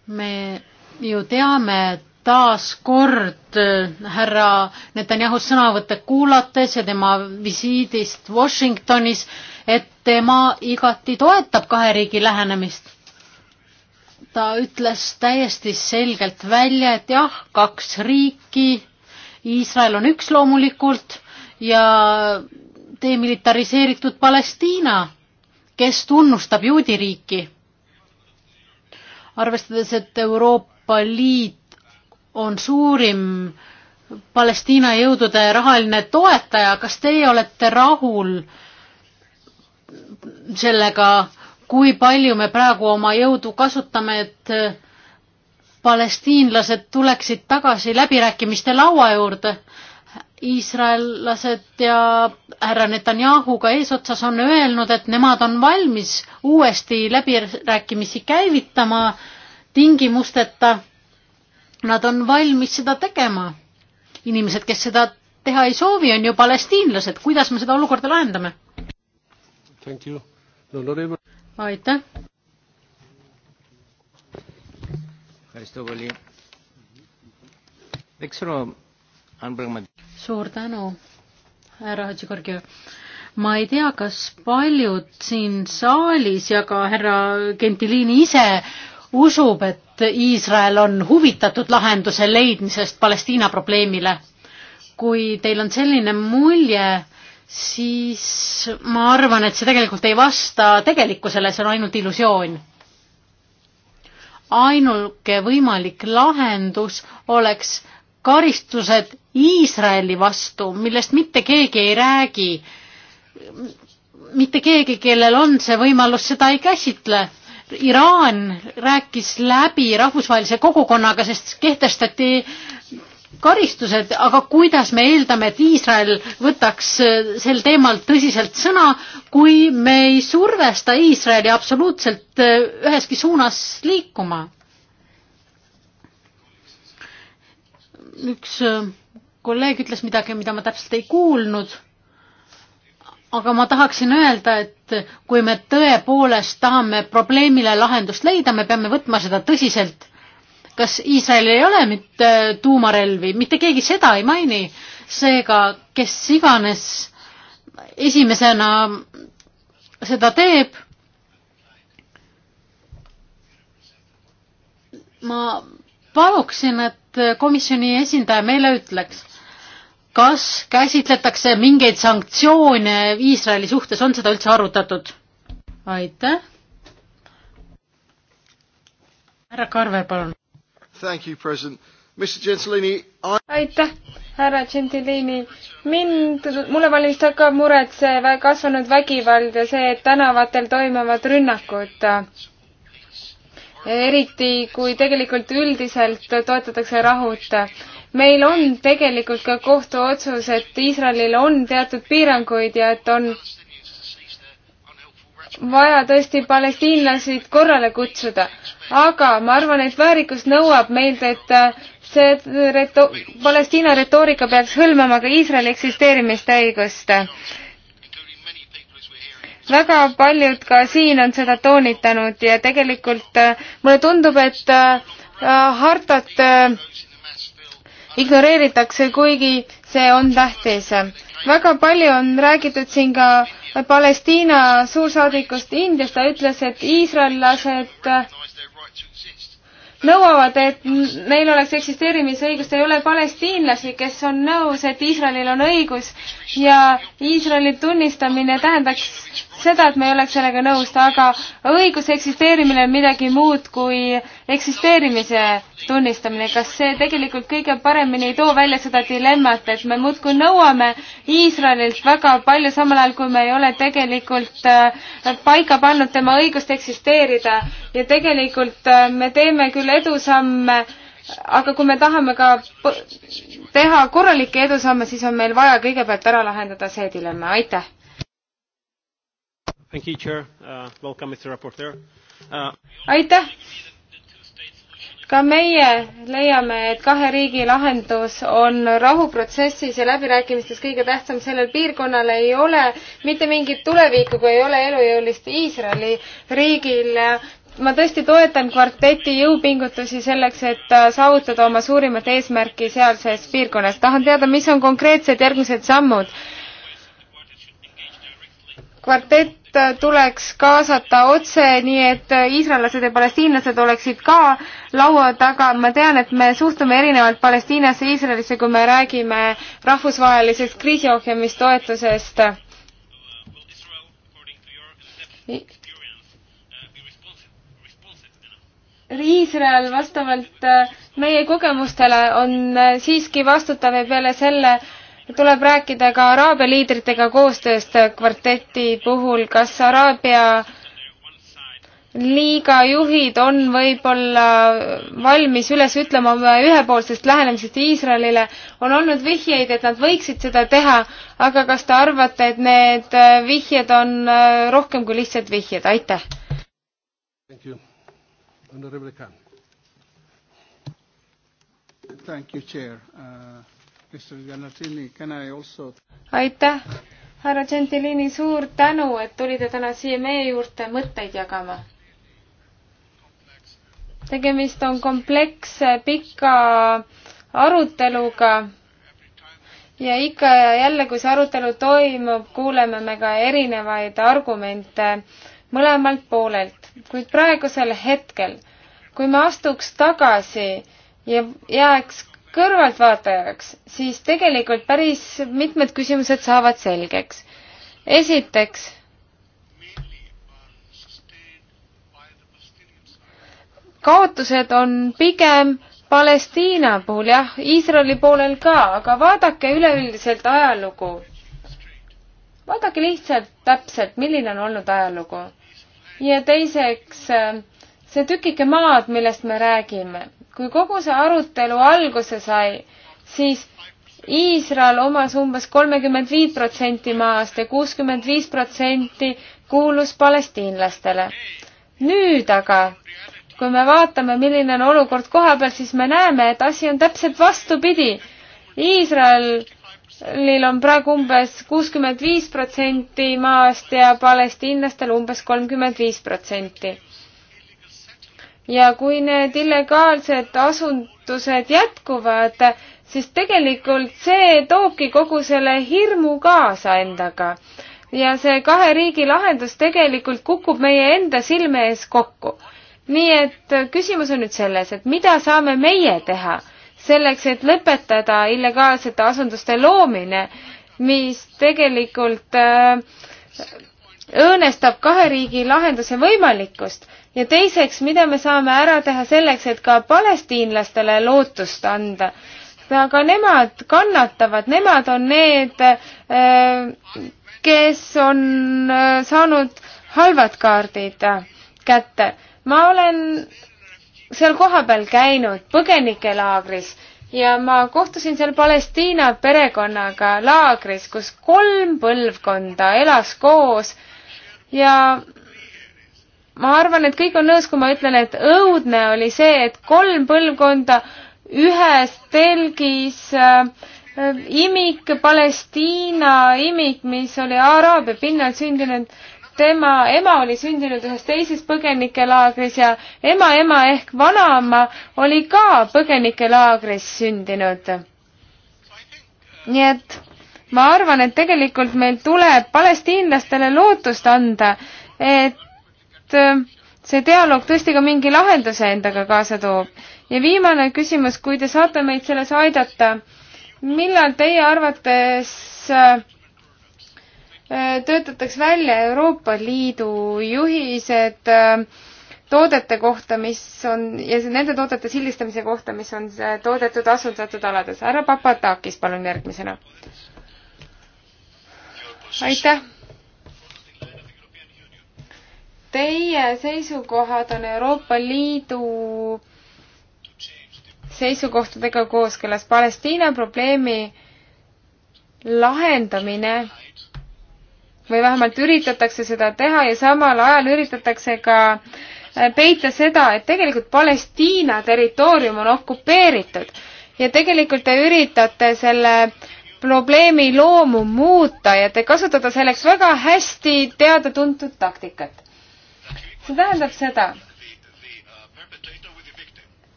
me ju teame, et taaskord uh, härra Netanyahu sõnavõtte kuulates ja tema visiidist Washingtonis äh, et tema igati toetab kahe riigi lähenemist. ta ütles täiesti selgelt välja, et jah, kaks riiki, Iisrael on üks loomulikult ja demilitariseeritud Palestiina, kes tunnustab juudi riiki. arvestades, et Euroopa Liit on suurim Palestiina jõudude rahaline toetaja, kas teie olete rahul äh, sellega, kui palju me praegu oma jõudu kasutame, et äh, palestiinlased tuleksid tagasi läbirääkimiste laua juurde. iisraellased ja härra Netanyahuga eesotsas on öelnud, et nemad on valmis uuesti läbirääkimisi käivitama tingimusteta. Nad on valmis seda tegema. inimesed, kes seda teha ei soovi, on ju palestiinlased. kuidas me seda olukorda lahendame? aitäh. suur tänu, härra Hadžikorgjev ma ei tea, kas paljud siin saalis ja ka härra Gentilini ise usub, et Iisrael on huvitatud lahenduse leidmisest Palestiina probleemile. kui teil on selline mulje, siis ma arvan, et see tegelikult ei vasta tegelikkusele, see on ainult illusioon. ainuke võimalik lahendus oleks karistused Iisraeli vastu, millest mitte keegi ei räägi. mitte keegi, kellel on see võimalus, seda ei käsitle. Iraan rääkis läbi rahvusvahelise kogukonnaga, sest kehtestati karistused, aga kuidas me eeldame, et Iisrael võtaks äh, sel teemal tõsiselt sõna, kui me ei survesta Iisraeli absoluutselt äh, üheski suunas liikuma? üks äh, kolleeg ütles midagi, mida ma täpselt ei kuulnud. aga ma tahaksin öelda, et kui me tõepoolest tahame probleemile lahendust leida, me peame võtma seda tõsiselt kas Iisraelil ei ole mitte äh, tuumarelvi, mitte keegi seda ei maini. seega, kes iganes esimesena seda teeb, ma paluksin, et komisjoni esindaja meile ütleks, kas käsitletakse mingeid sanktsioone Iisraeli suhtes, on seda üldse arutatud? aitäh. härra Karve, palun aitäh, härra Gentilini. mind, mulle valmistab ka muret see kasvanud vägivald ja see, et tänavatel toimuvad rünnakud. eriti, kui tegelikult üldiselt toetatakse rahut meil on tegelikult ka kohtuotsus, et Iisraelil on teatud piiranguid ja et on vaja tõesti palestiinlased korrale kutsuda aga ma arvan, et väärikus nõuab meilt, et äh, see reto-, Palestiina retoorika peaks hõlmama ka Iisraeli eksisteerimisõigust. väga paljud ka siin on seda toonitanud ja tegelikult äh, mulle tundub, et äh, hartat ignoreeritakse, kuigi see on tähtis. väga palju on räägitud siin ka Palestiina suursaadikust Indias, ta ütles, et iisraellased nõuavad, et neil oleks eksisteerimisõigust, ei ole palestiinlasi, kes on nõus, et Iisraelil on õigus ja Iisraeli tunnistamine tähendaks seda, et me ei oleks sellega nõus, aga õiguse eksisteerimine on midagi muud kui eksisteerimise tunnistamine. kas see tegelikult kõige paremini ei too välja seda dilemmat, et me muudkui nõuame Iisraelilt väga palju, samal ajal kui me ei ole tegelikult äh, paika pannud tema õigust eksisteerida ja tegelikult äh, me teeme küll edusamme aga kui me tahame ka teha korralikke edusamme, siis on meil vaja kõigepealt ära lahendada see dilemma, aitäh! Uh, uh, aitäh! ka meie leiame, et kahe riigi lahendus on rahuprotsessis ja läbirääkimistes kõige tähtsam sellel piirkonnal ei ole mitte mingit tulevikku, kui ei ole elujõulist Iisraeli riigil ma tõesti toetan kvarteti jõupingutusi selleks, et äh, saavutada oma suurimat eesmärki sealses piirkonnas. tahan teada, mis on konkreetsed järgmised sammud. kvartett äh, tuleks kaasata otse, nii et äh, iisraellased ja palestiinlased oleksid ka laua taga. ma tean, et me suhtume erinevalt Palestiinasse ja Iisraelisse, kui me räägime rahvusvahelisest kriisiohjamistoetusest Iisrael vastavalt äh, meie kogemustele on äh, siiski vastutav ja peale selle tuleb rääkida ka Araabia liidritega koostööst äh, kvarteti puhul, kas Araabia liiga juhid on võib-olla valmis üles ütlema oma ühepoolsest lähenemisest Iisraelile, on olnud vihjeid, et nad võiksid seda teha, aga kas te arvate, et need vihjed on rohkem kui lihtsalt vihjed, aitäh! Thank you. Honorable Khan. Thank you, Chair. Uh, Mr. Gennatini, can I also... aitäh, härra Gentilini, suur tänu, et tulite täna siia meie juurde mõtteid jagama. tegemist on kompleksse, pika aruteluga ja ikka ja jälle, kui see arutelu toimub, kuuleme me ka erinevaid argumente mõlemalt poolelt kuid praegusel hetkel, kui me astuks tagasi ja jääks kõrvaltvaatajaks, siis tegelikult päris mitmed küsimused saavad selgeks. esiteks, kaotused on pigem Palestiina puhul, jah, Iisraeli poolel ka, aga vaadake üleüldiselt ajalugu. vaadake lihtsalt täpselt, milline on olnud ajalugu ja teiseks, äh, see tükike maad, millest me räägime, kui kogu see arutelu alguse sai, siis Iisrael omas umbes kolmekümmend viit protsenti maast ja kuuskümmend viis protsenti kuulus palestiinlastele. nüüd aga, kui me vaatame, milline on olukord koha peal, siis me näeme, et asi on täpselt vastupidi. Iisrael neil on praegu umbes kuuskümmend viis protsenti maast ja palestiinlastel umbes kolmkümmend viis protsenti. ja kui need illegaalsed asundused jätkuvad, siis tegelikult see toobki kogu selle hirmu kaasa endaga. ja see kahe riigi lahendus tegelikult kukub meie enda silme ees kokku. nii et küsimus on nüüd selles, et mida saame meie teha selleks, et lõpetada illegaalsete asunduste loomine, mis tegelikult äh, õõnestab kahe riigi lahenduse võimalikkust ja teiseks, mida me saame ära teha selleks, et ka palestiinlastele lootust anda. aga nemad kannatavad, nemad on need, äh, kes on äh, saanud halvad kaardid kätte. ma olen seal kohapeal käinud põgenikelaagris ja ma kohtusin seal Palestiina perekonnaga laagris, kus kolm põlvkonda elas koos ja ma arvan, et kõik on nõus, kui ma ütlen, et õudne oli see, et kolm põlvkonda ühes telgis äh, imik, Palestiina imik, mis oli Araabia pinnal sündinud äh, tema ema oli sündinud ühes teises põgenikelaagris ja ema ema ehk vanaema oli ka põgenikelaagris sündinud. nii et ma arvan, et tegelikult meil tuleb palestiinlastele lootust anda, et äh, see dialoog tõesti ka mingi lahenduse endaga kaasa toob. ja viimane küsimus, kui te saate meid selles aidata, millal teie arvates äh, töötataks välja Euroopa Liidu juhised äh, toodete kohta, mis on ja nende toodete sildistamise kohta, mis on toodetud asundatud alades. härra Papatakis, palun järgmisena. aitäh. Teie seisukohad on Euroopa Liidu seisukohtadega kooskõlas. Palestiina probleemi lahendamine või vähemalt üritatakse seda teha ja samal ajal üritatakse ka äh, peita seda, et tegelikult Palestiina territoorium on okupeeritud ja tegelikult te üritate selle probleemi loomu muuta ja te kasutate selleks väga hästi teada-tuntud taktikat. see tähendab seda,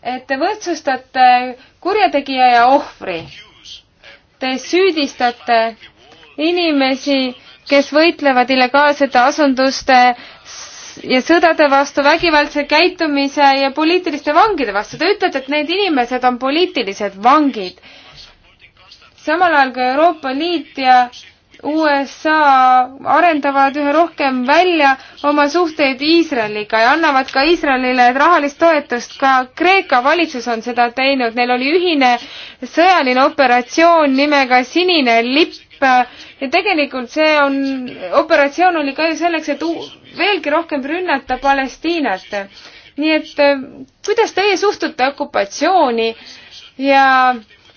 et te võrdsustate kurjategija ja ohvri. Te süüdistate inimesi kes võitlevad illegaalsete asunduste ja sõdade vastu, vägivaldse käitumise ja poliitiliste vangide vastu. Te ütlete, et need inimesed on poliitilised vangid. samal ajal kui Euroopa Liit ja USA arendavad üha rohkem välja oma suhteid Iisraeliga ja annavad ka Iisraelile rahalist toetust. ka Kreeka valitsus on seda teinud, neil oli ühine sõjaline operatsioon nimega Sinine lipp ja tegelikult see on, operatsioon oli ka ju selleks, et veelgi rohkem rünnata Palestiinat. nii et äh, kuidas teie suhtute okupatsiooni ja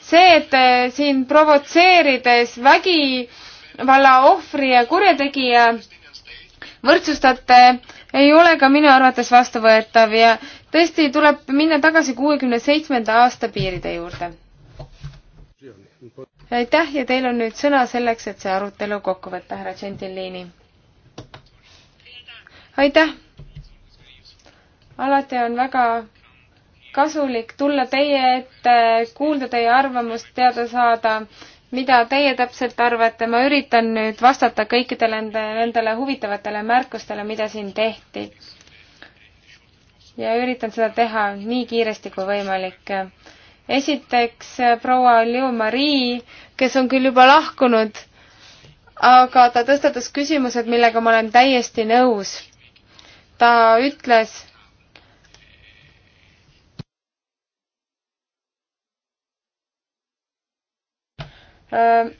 see, et äh, siin provotseerides vägivalla ohvri ja kurjategija võrdsustate, ei ole ka minu arvates vastuvõetav ja tõesti tuleb minna tagasi kuuekümne seitsmenda aasta piiride juurde aitäh ja teil on nüüd sõna selleks, et see arutelu kokku võtta, härra Gentilini. aitäh! alati on väga kasulik tulla teie ette, kuulda teie arvamust, teada saada, mida teie täpselt arvate, ma üritan nüüd vastata kõikidele nende, nendele huvitavatele märkustele, mida siin tehti. ja üritan seda teha nii kiiresti kui võimalik esiteks äh, proua Liu Marii, kes on küll juba lahkunud, aga ta tõstatas küsimused, millega ma olen täiesti nõus. ta ütles, äh,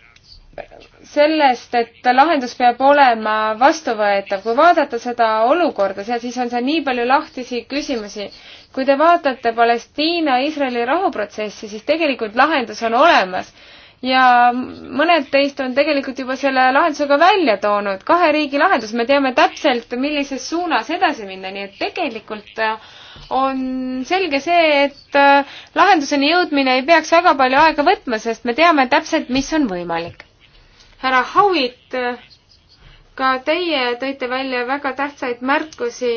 sellest, et lahendus peab olema vastuvõetav. kui vaadata seda olukorda seal, siis on seal nii palju lahtisi küsimusi kui te vaatate Palestiina-Iisraeli rahuprotsessi, siis tegelikult lahendus on olemas ja mõned teist on tegelikult juba selle lahendusega välja toonud, kahe riigi lahendus, me teame täpselt, millises suunas edasi minna, nii et tegelikult äh, on selge see, et äh, lahenduseni jõudmine ei peaks väga palju aega võtma, sest me teame täpselt, mis on võimalik. härra Howitt, äh, ka teie tõite välja väga tähtsaid märkusi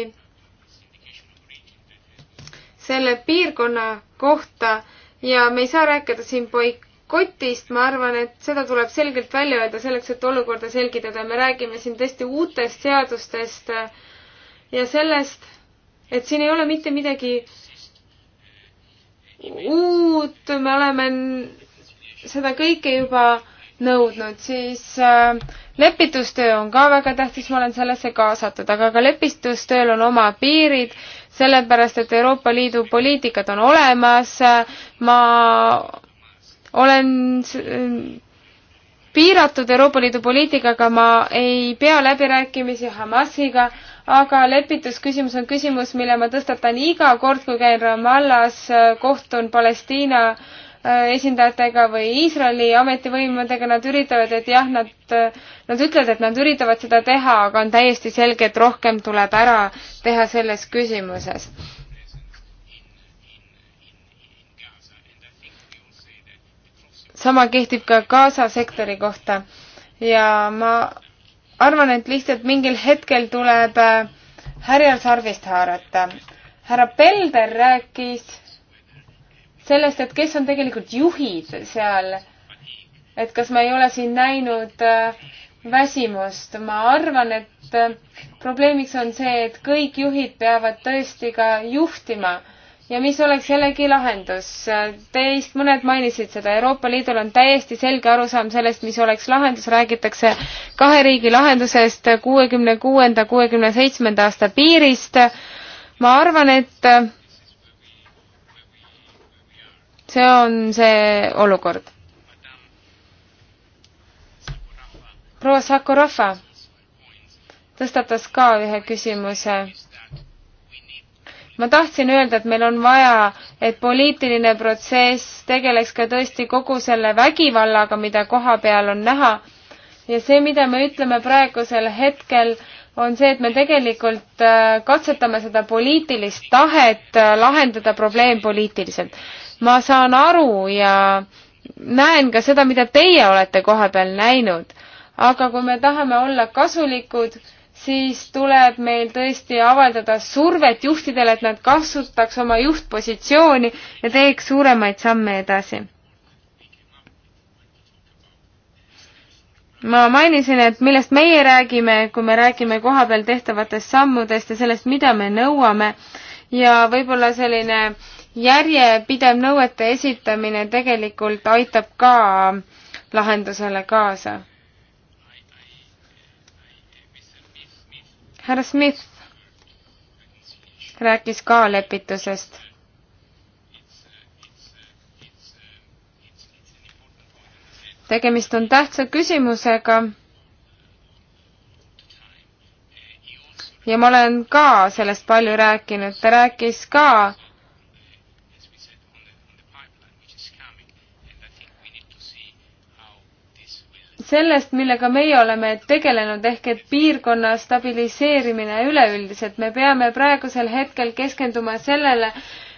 selle piirkonna kohta ja me ei saa rääkida siin boikotist, ma arvan, et seda tuleb selgelt välja öelda selleks, et olukorda selgitada. me räägime siin tõesti uutest seadustest ja sellest, et siin ei ole mitte midagi uut, me oleme seda kõike juba nõudnud, siis äh, lepitustöö on ka väga tähtis, ma olen sellesse kaasatud, aga ka lepitustööl on oma piirid sellepärast et Euroopa Liidu poliitikad on olemas, ma olen piiratud Euroopa Liidu poliitikaga, ma ei pea läbirääkimisi Hamasiga, aga lepitusküsimus on küsimus, mille ma tõstatan iga kord, kui käin Ramallas, kohtun Palestiina äh, Äh, esindajatega või Iisraeli ametivõimudega, nad üritavad, et jah, nad, nad ütlevad, et nad üritavad seda teha, aga on täiesti selge, et rohkem tuleb ära teha selles küsimuses. sama kehtib ka Gaza sektori kohta ja ma arvan, et lihtsalt mingil hetkel tuleb äh, härjal sarvist haarata. härra Pelder rääkis sellest, et kes on tegelikult juhid seal. et kas me ei ole siin näinud äh, väsimust, ma arvan, et äh, probleemiks on see, et kõik juhid peavad tõesti ka juhtima ja mis oleks jällegi lahendus? Teist mõned mainisid seda, Euroopa Liidul on täiesti selge arusaam sellest, mis oleks lahendus, räägitakse kahe riigi lahendusest kuuekümne kuuenda, kuuekümne seitsmenda aasta piirist. ma arvan, et äh, see on see olukord. proua Sakurova tõstatas ka ühe küsimuse. ma tahtsin öelda, et meil on vaja, et poliitiline protsess tegeleks ka tõesti kogu selle vägivallaga, mida koha peal on näha ja see, mida me ütleme praegusel hetkel, on see, et me tegelikult äh, katsetame seda poliitilist tahet äh, lahendada probleem poliitiliselt. ma saan aru ja näen ka seda, mida teie olete kohapeal näinud, aga kui me tahame olla kasulikud, siis tuleb meil tõesti avaldada survet juhtidele, et nad kasutaks oma juhtpositsiooni ja teeks suuremaid samme edasi. ma mainisin, et millest meie räägime, kui me räägime kohapeal tehtavatest sammudest ja sellest, mida me nõuame ja võib-olla selline järjepidev nõuete esitamine tegelikult aitab ka lahendusele kaasa. härra Smith rääkis ka lepitusest. tegemist on tähtsa küsimusega. ja ma olen ka sellest palju rääkinud, ta rääkis ka sellest, millega meie oleme tegelenud, ehk et piirkonna stabiliseerimine üleüldiselt, me peame praegusel hetkel keskenduma sellele,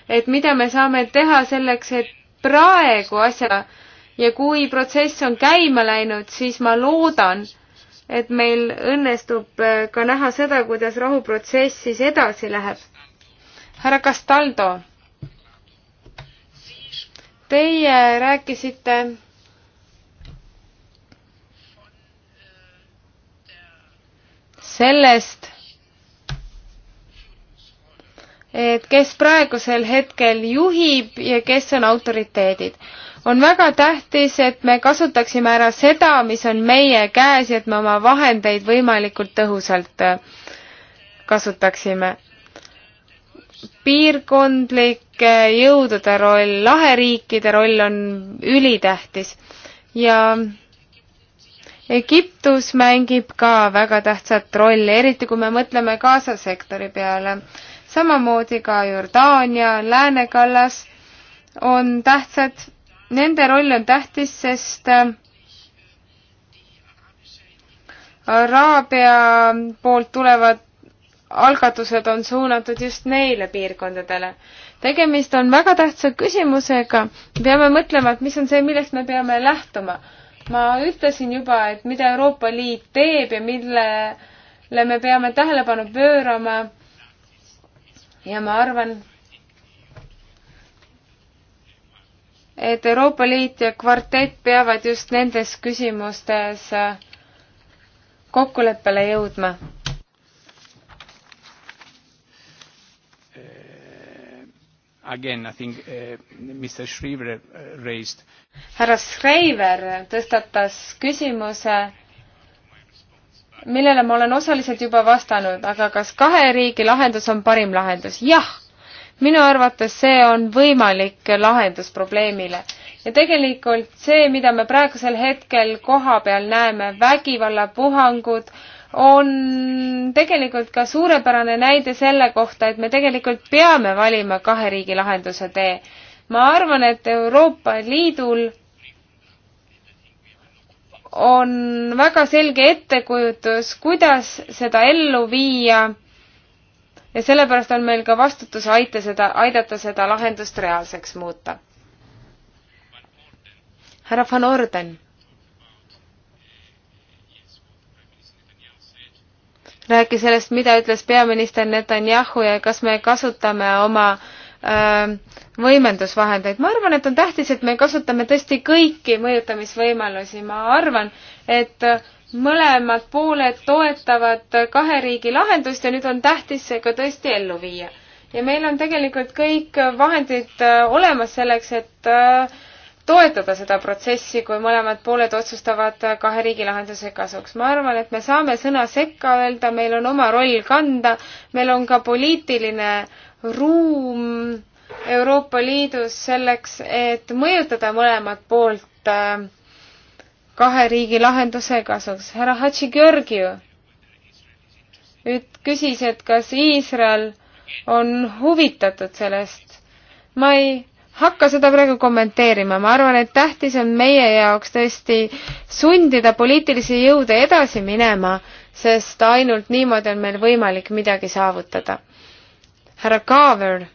et mida me saame teha selleks, et praegu asja ja kui protsess on käima läinud, siis ma loodan, et meil õnnestub äh, ka näha seda, kuidas rahuprotsess siis edasi läheb. härra Castaldo, teie rääkisite sellest, et kes praegusel hetkel juhib ja kes on autoriteedid on väga tähtis, et me kasutaksime ära seda, mis on meie käes ja et me oma vahendeid võimalikult tõhusalt äh, kasutaksime. piirkondlike jõudude roll, laheriikide roll on ülitähtis ja Egiptus mängib ka väga tähtsat rolli, eriti kui me mõtleme Gaza sektori peale. samamoodi ka Jordaania, läänekallas on tähtsad Nende roll on tähtis, sest äh, Araabia poolt tulevad algatused on suunatud just neile piirkondadele. tegemist on väga tähtsa küsimusega, peame mõtlema, et mis on see, millest me peame lähtuma. ma ütlesin juba, et mida Euroopa Liit teeb ja millele me peame tähelepanu pöörama. ja ma arvan, et Euroopa Liit ja kvartett peavad just nendes küsimustes äh, kokkuleppele jõudma. Eh, again, I think uh, eh, Mr Shriver eh, raised. härra Shriver tõstatas küsimuse, millele ma olen osaliselt juba vastanud, aga kas kahe riigi lahendus on parim lahendus? jah minu arvates see on võimalik lahendus probleemile. ja tegelikult see, mida me praegusel hetkel koha peal näeme, vägivallapuhangud, on tegelikult ka suurepärane näide selle kohta, et me tegelikult peame valima kahe riigi lahenduse tee. ma arvan, et Euroopa Liidul on väga selge ettekujutus, kuidas seda ellu viia ja sellepärast on meil ka vastutus aita seda, aidata seda lahendust reaalseks muuta. härra Van Orden rääkis sellest, mida ütles peaminister Netanyahu ja kas me kasutame oma äh, võimendusvahendeid. ma arvan, et on tähtis, et me kasutame tõesti kõiki mõjutamisvõimalusi. ma arvan, et äh, mõlemad pooled toetavad kahe riigi lahendust ja nüüd on tähtis see ka tõesti ellu viia. ja meil on tegelikult kõik vahendid äh, olemas selleks, et äh, toetada seda protsessi, kui mõlemad pooled otsustavad äh, kahe riigi lahenduse kasuks. ma arvan, et me saame sõna sekka öelda, meil on oma roll kanda, meil on ka poliitiline ruum Euroopa Liidus selleks, et mõjutada mõlemat poolt äh, kahe riigi lahenduse kasuks. härra Hatši Georgiu nüüd küsis, et kas Iisrael on huvitatud sellest. ma ei hakka seda praegu kommenteerima, ma arvan, et tähtis on meie jaoks tõesti sundida poliitilisi jõude edasi minema, sest ainult niimoodi on meil võimalik midagi saavutada. härra Kaaver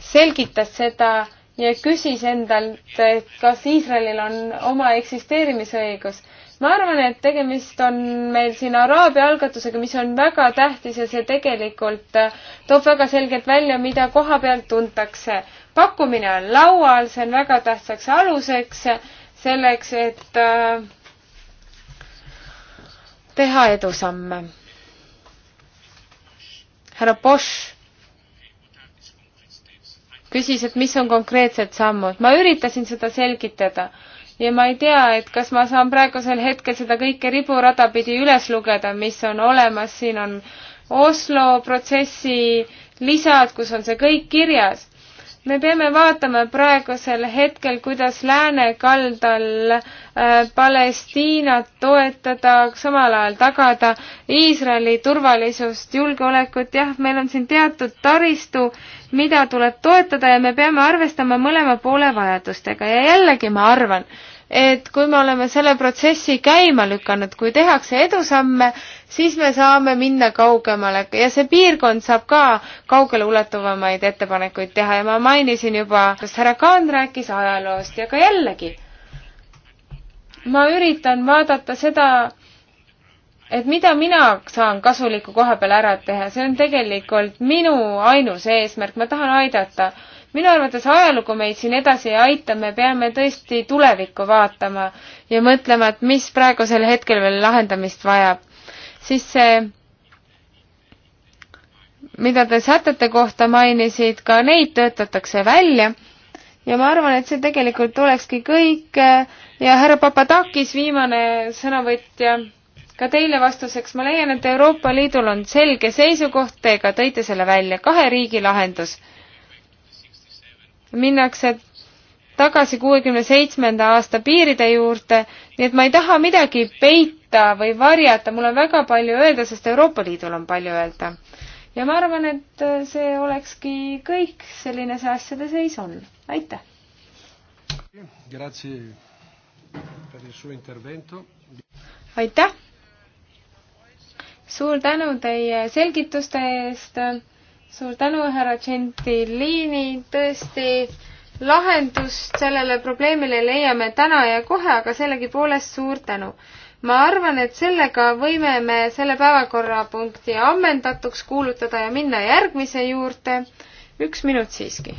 selgitas seda ja küsis endalt, et kas Iisraelil on oma eksisteerimisõigus. ma arvan, et tegemist on meil siin Araabia algatusega, mis on väga tähtis ja see tegelikult äh, toob väga selgelt välja, mida koha pealt tuntakse. pakkumine on laual, see on väga tähtsaks aluseks selleks, et äh, teha edusamme. härra Bosch küsis, et mis on konkreetsed sammud. ma üritasin seda selgitada ja ma ei tea, et kas ma saan praegusel hetkel seda kõike riburada pidi üles lugeda, mis on olemas, siin on Oslo protsessi lisad, kus on see kõik kirjas. me peame vaatama praegusel hetkel, kuidas lääne kaldal äh, Palestiinat toetada, samal ajal tagada Iisraeli turvalisust, julgeolekut, jah, meil on siin teatud taristu äh, mida tuleb toetada ja me peame arvestama mõlema poole vajadustega ja jällegi ma arvan, et kui me oleme selle protsessi käima lükanud, kui tehakse edusamme, siis me saame minna kaugemale ja see piirkond saab ka kaugeleulatuvamaid ettepanekuid teha ja ma mainisin juba, kas härra Kaan rääkis ajaloost ja ka jällegi, ma üritan vaadata seda, et mida mina saan kasulikku koha peal ära teha, see on tegelikult minu ainus eesmärk, ma tahan aidata. minu arvates ajalugu meid siin edasi ei aita, me peame tõesti tulevikku vaatama ja mõtlema, et mis praegusel hetkel veel lahendamist vajab. siis see, mida te sätete kohta mainisid, ka neid töötatakse välja ja ma arvan, et see tegelikult olekski kõik ja härra Papadakis, viimane sõnavõtja ka teile vastuseks, ma leian, et Euroopa Liidul on selge seisukoht, te ka tõite selle välja, kahe riigi lahendus. minnakse tagasi kuuekümne seitsmenda aasta piiride juurde, nii et ma ei taha midagi peita või varjata, mul on väga palju öelda, sest Euroopa Liidul on palju öelda. ja ma arvan, et see olekski kõik, selline see asjade seis on. aitäh! aitäh! suur tänu teie selgituste eest, suur tänu, härra Gentilini, tõesti lahendust sellele probleemile leiame täna ja kohe, aga sellegipoolest suur tänu. ma arvan, et sellega võime me selle päevakorrapunkti ammendatuks kuulutada ja minna järgmise juurde. üks minut siiski.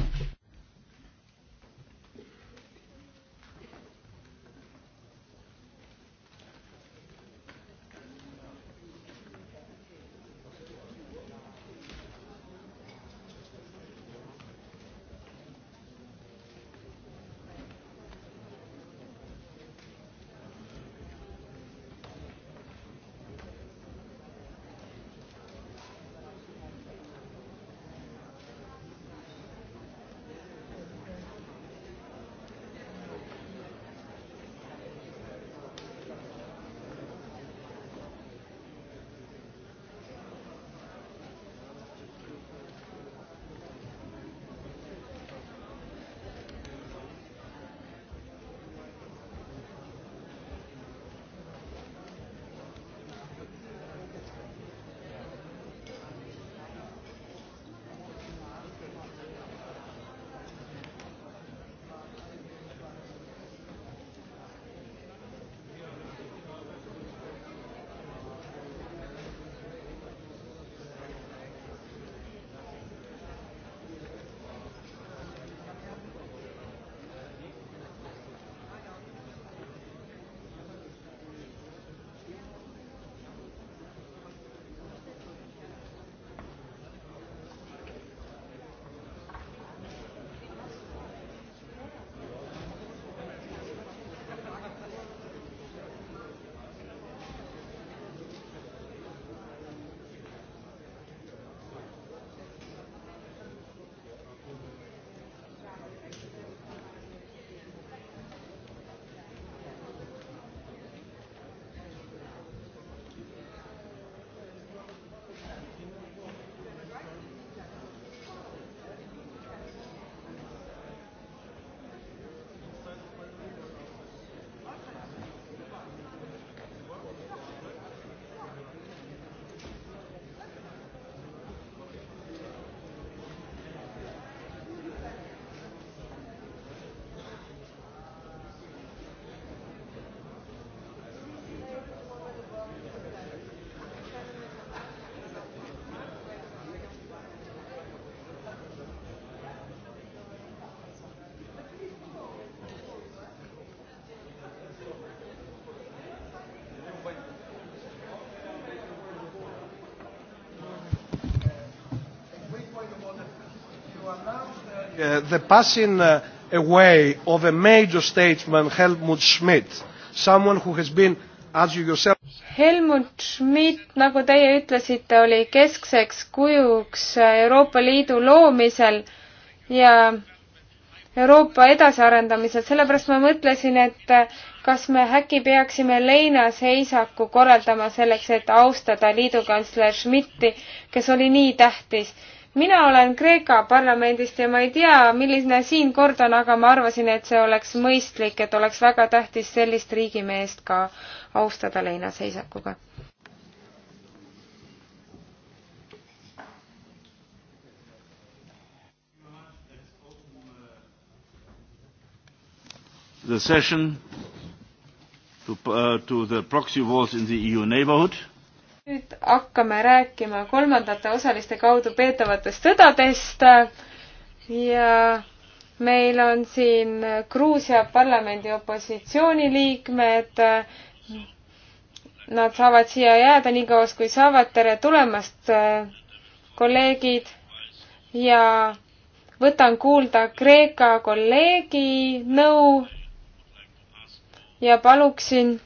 uh, the passing uh, away of a major statesman, Helmut Schmidt, someone who has been as you yourself Helmut Schmidt, nagu teie ütlesite, oli keskseks kujuks Euroopa Liidu loomisel ja Euroopa edasiarendamisel, sellepärast ma mõtlesin, et kas me äkki peaksime leinaseisaku korraldama selleks, et austada liidukantsler Schmidti, kes oli nii tähtis mina olen Kreeka parlamendist ja ma ei tea, milline siin kord on, aga ma arvasin, et see oleks mõistlik, et oleks väga tähtis sellist riigimeest ka austada leinaseisakuga. The session to, uh, to the proxy wars in the EU neighborhood nüüd hakkame rääkima kolmandate osaliste kaudu peetavatest sõdadest ja meil on siin Gruusia parlamendi opositsiooniliikmed. Nad saavad siia jääda nii kauas, kui saavad. tere tulemast, kolleegid ja võtan kuulda Kreeka kolleegi nõu ja paluksin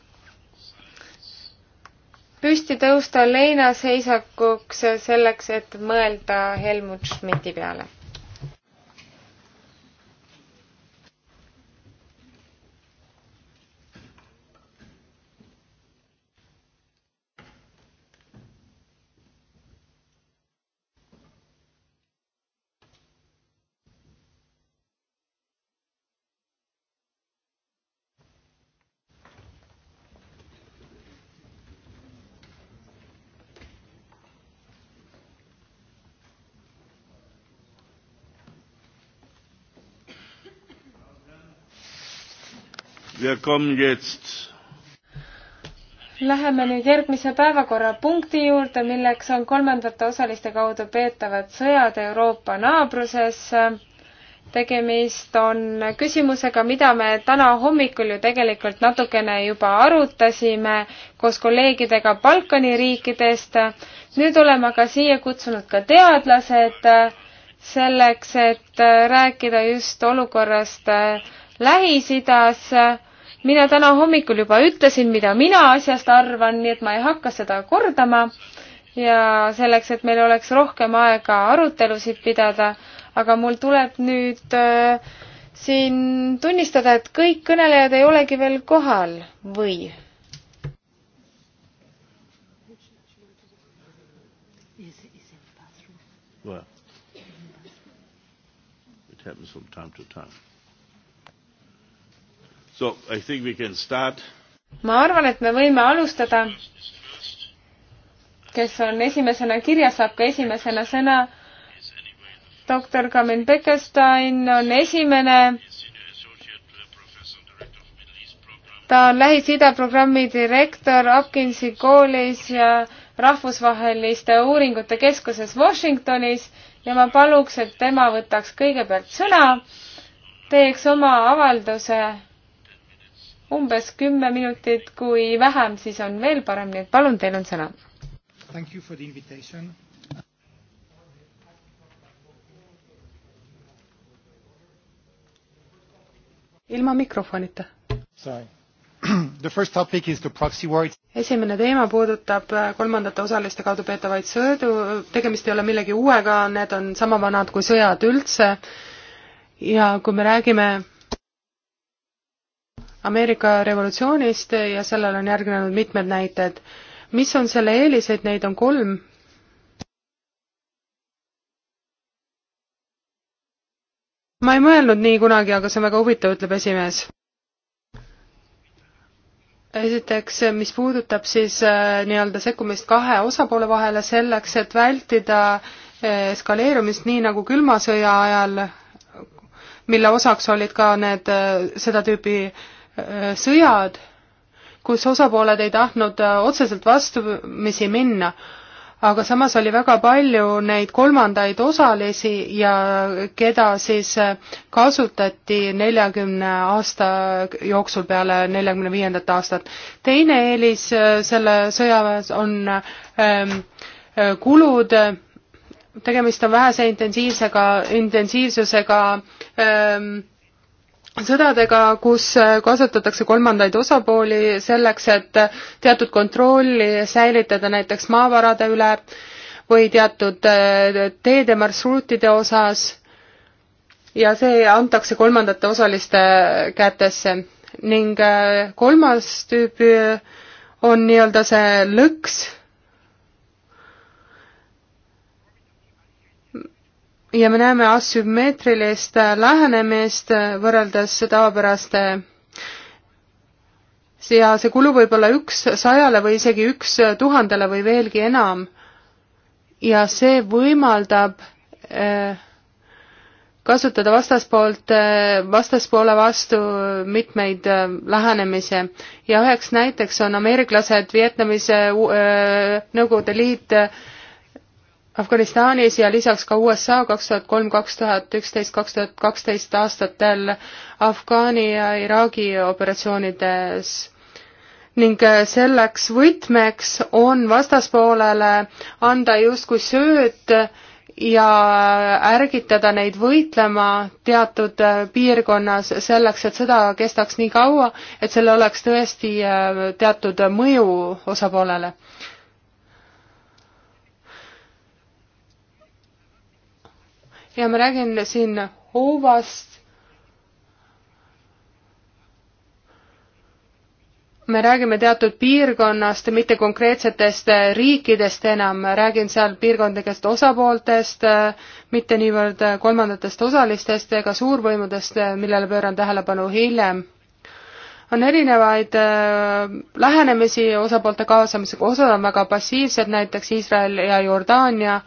püsti tõusta leinaseisakuks selleks, et mõelda Helmut Schmidti peale Läheme nüüd järgmise päevakorrapunkti juurde, milleks on kolmandate osaliste kaudu peetavad sõjad Euroopa naabruses. tegemist on küsimusega, mida me täna hommikul ju tegelikult natukene juba arutasime koos kolleegidega Balkani riikidest. nüüd oleme aga siia kutsunud ka teadlased selleks, et rääkida just olukorrast Lähis-Idas. mina täna hommikul juba ütlesin, mida mina asjast arvan, nii et ma ei hakka seda kordama. ja selleks, et meil oleks rohkem aega arutelusid pidada, aga mul tuleb nüüd äh, siin tunnistada, et kõik kõnelejad ei olegi veel kohal või? Well, it happens from time to time. So I think we can start. ma arvan, et me võime alustada. kes on esimesena kirjas, saab ka esimesena sõna. doktor Kamin Bekenstein on esimene. ta on Lähis-Ida programmi direktor Hopkinsi koolis ja rahvusvaheliste uuringute keskuses Washingtonis ja ma paluks, et tema võtaks kõigepealt sõna, teeks oma avalduse umbes kümme minutit, kui vähem, siis on veel parem, nii et palun, teil on sõna. Thank you for the invitation. ilma mikrofonita. Sorry. (clears throat) The first topic is the proxy wars. esimene teema puudutab äh, kolmandate osaliste kaudu peetavaid sõdu, tegemist ei ole millegi uuega, need on sama vanad kui sõjad üldse ja kui me räägime Ameerika revolutsioonist ja sellele on järgnenud mitmed näited. mis on selle eeliseid, neid on kolm. ma ei mõelnud nii kunagi, aga see on väga huvitav, ütleb esimees. esiteks, mis puudutab siis äh, nii-öelda sekkumist kahe osapoole vahele selleks, et vältida äh, eskaleerumist, nii nagu külma sõja ajal, mille osaks olid ka need äh,, seda tüüpi äh, Äh, sõjad, kus osapooled ei tahtnud äh, otseselt vastumisi minna, aga samas oli väga palju neid kolmandaid osalisi ja keda siis äh, kasutati neljakümne aasta jooksul peale neljakümne viiendat aastat. teine eelis selle sõjaväes on ähm, kulud, tegemist on vähese intensiivsega, intensiivsusega öö, ähm, sõdadega, kus äh, kasutatakse kolmandaid osapooli selleks, et teatud kontrolli säilitada näiteks maavarade üle või teatud äh, teede marsruutide osas ja see antakse kolmandate osaliste kätesse. ning äh, kolmas tüüp on nii-öelda see lõks ja me näeme asümmeetrilist lähenemist võrreldes tavapäraste ja see kulu võib olla üks sajale või isegi üks tuhandele või veelgi enam. ja see võimaldab eh, kasutada vastaspoolt, eh, vastaspoole vastu mitmeid eh, lähenemisi ja üheks näiteks on ameeriklased Vietnamis, Nõukogude Liit, Afganistanis ja lisaks ka USA kaks tuhat kolm, kaks tuhat üksteist, kaks tuhat kaksteist aastatel Afgaani ja Iraagi operatsioonides ning äh, selleks võtmeks on vastaspoolele anda justkui sööt ja ärgitada neid võitlema teatud äh, piirkonnas selleks, et sõda kestaks nii kaua, et sellel oleks tõesti äh, teatud mõju osapoolele ja ma räägin siin hoovast. me räägime teatud piirkonnast, mitte konkreetsetest riikidest enam, räägin seal piirkondlikest osapooltest, mitte niivõrd kolmandatest osalistest ega suurvõimudest, millele pööran tähelepanu hiljem on erinevaid äh, lähenemisi osapoolte kaasamisega, osad on väga passiivsed, näiteks Iisrael ja Jordaania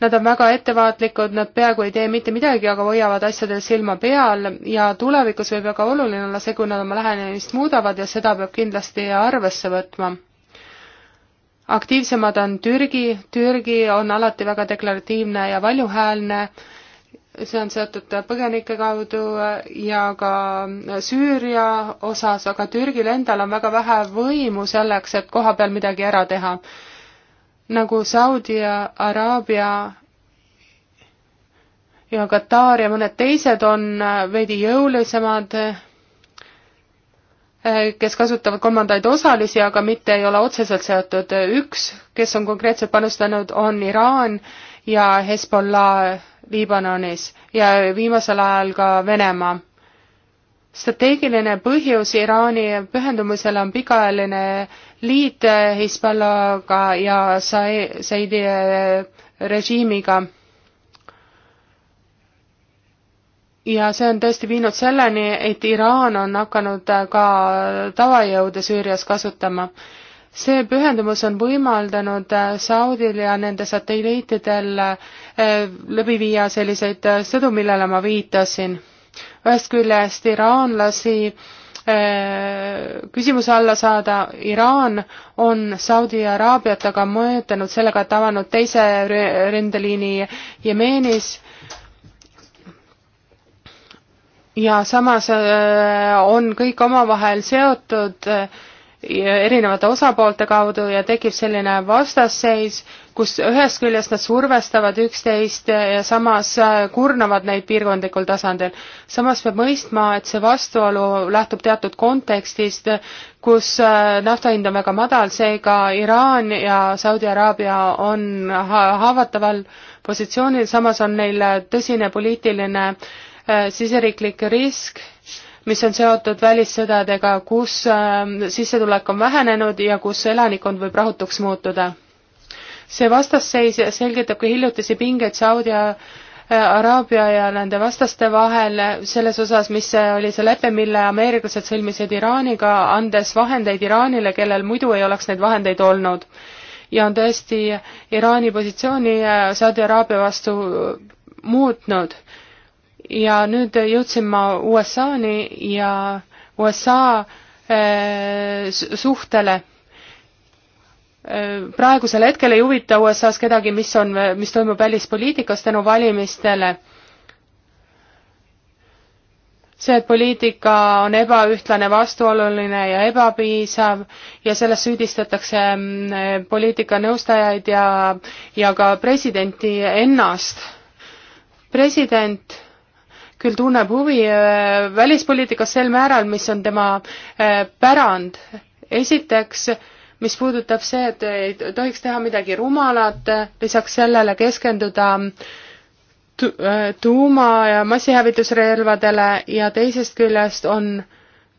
Nad on väga ettevaatlikud, nad peaaegu ei tee mitte midagi, aga hoiavad asjadel silma peal ja tulevikus võib väga oluline olla see, kui nad oma lähenemist muudavad ja seda peab kindlasti arvesse võtma. aktiivsemad on Türgi, Türgi on alati väga deklaratiivne ja valjuhäälne, see on seotud põgenike kaudu ja ka Süüria osas, aga Türgil endal on väga vähe võimu selleks, et koha peal midagi ära teha nagu Saudi ja Araabia ja Katar ja mõned teised on äh, veidi jõulisemad, äh, kes kasutavad kolmandaid osalisi, aga mitte ei ole otseselt seotud. üks, kes on konkreetselt panustanud, on Iraan ja Hezbollah Liibanonis ja viimasel ajal ka Venemaa strateegiline põhjus Iraani pühendumusele on pikaajaline liit Hispallaga ja Saidi eh, režiimiga. ja see on tõesti viinud selleni, et Iraan on hakanud ka tavajõude Süürias kasutama. see pühendumus on võimaldanud Saudil ja nende satelliitidel eh, läbi viia selliseid sõdu, millele ma viitasin ühest küljest iraanlasi eh, küsimuse alla saada, Iraan on Saudi Araabiat aga mõjutanud sellega, et avanud teise rindeliini Jemenis ja samas eh, on kõik omavahel seotud eh, erinevate osapoolte kaudu ja tekib selline vastasseis, kus ühest küljest nad survestavad üksteist ja samas äh, kurnavad neid piirkondlikul tasandil. samas peab mõistma, et see vastuolu lähtub teatud kontekstist, kus äh, nafta hind on väga madal, seega Iraan ja Saudi Araabia on haavataval positsioonil, samas on neil tõsine poliitiline äh, siseriiklik risk mis on seotud välissõdadega, kus sissetulek on vähenenud ja kus elanikkond võib rahutuks muutuda see vastasseis selgitab ka hiljutisi pingeid Saudi Araabia ja nende vastaste vahel selles osas, mis oli see lepe, mille ameeriklased sõlmisid Iraaniga, andes vahendeid Iraanile, kellel muidu ei oleks neid vahendeid olnud. ja on tõesti Iraani positsiooni äh, Saudi Araabia vastu muutnud. ja nüüd jõudsin ma USA-ni ja USA äh, suhtele praegusel hetkel ei huvita USA-s kedagi, mis on, mis toimub välispoliitikas tänu valimistele. see, et poliitika on ebaühtlane, vastuoluline ja ebapiisav ja selles süüdistatakse mm, poliitikanõustajaid ja, ja ka presidenti ennast. president küll tunneb huvi äh, välispoliitikas sel määral, mis on tema äh, pärand. esiteks äh, mis puudutab see, et ei tohiks teha midagi rumalat, lisaks sellele keskenduda tu-, äh, tuuma- ja massihävitusrelvadele ja teisest küljest on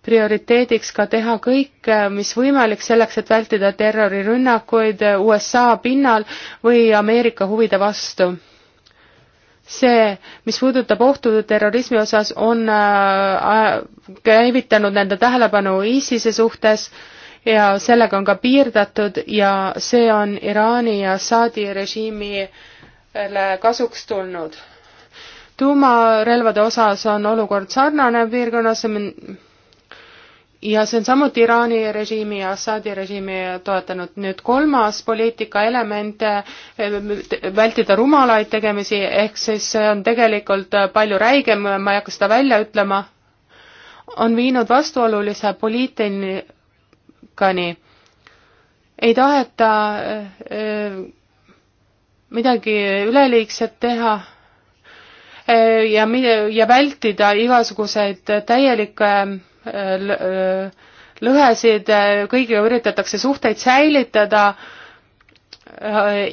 prioriteediks ka teha kõik, mis võimalik selleks, et vältida terrorirünnakuid USA pinnal või Ameerika huvide vastu. see, mis puudutab ohtu terrorismi osas, on äh, äh, käivitanud nende tähelepanu ISISe suhtes äh,, ja sellega on ka piirdatud ja see on Iraani ja Assaadi režiimile kasuks tulnud. tuumarelvade osas on olukord sarnane piirkonnas ja see on samuti Iraani režiimi ja Assaadi režiimi toetanud. nüüd kolmas poliitika element, eh, vältida rumalaid tegemisi, ehk siis see on tegelikult palju räigem, ma ei hakka seda välja ütlema, on viinud vastuolulise poliitiline Kreekani. ei taheta äh, äh, midagi üleliigset teha äh, ja, ja vältida igasuguseid täielikke lõhesid, kõigiga üritatakse suhteid säilitada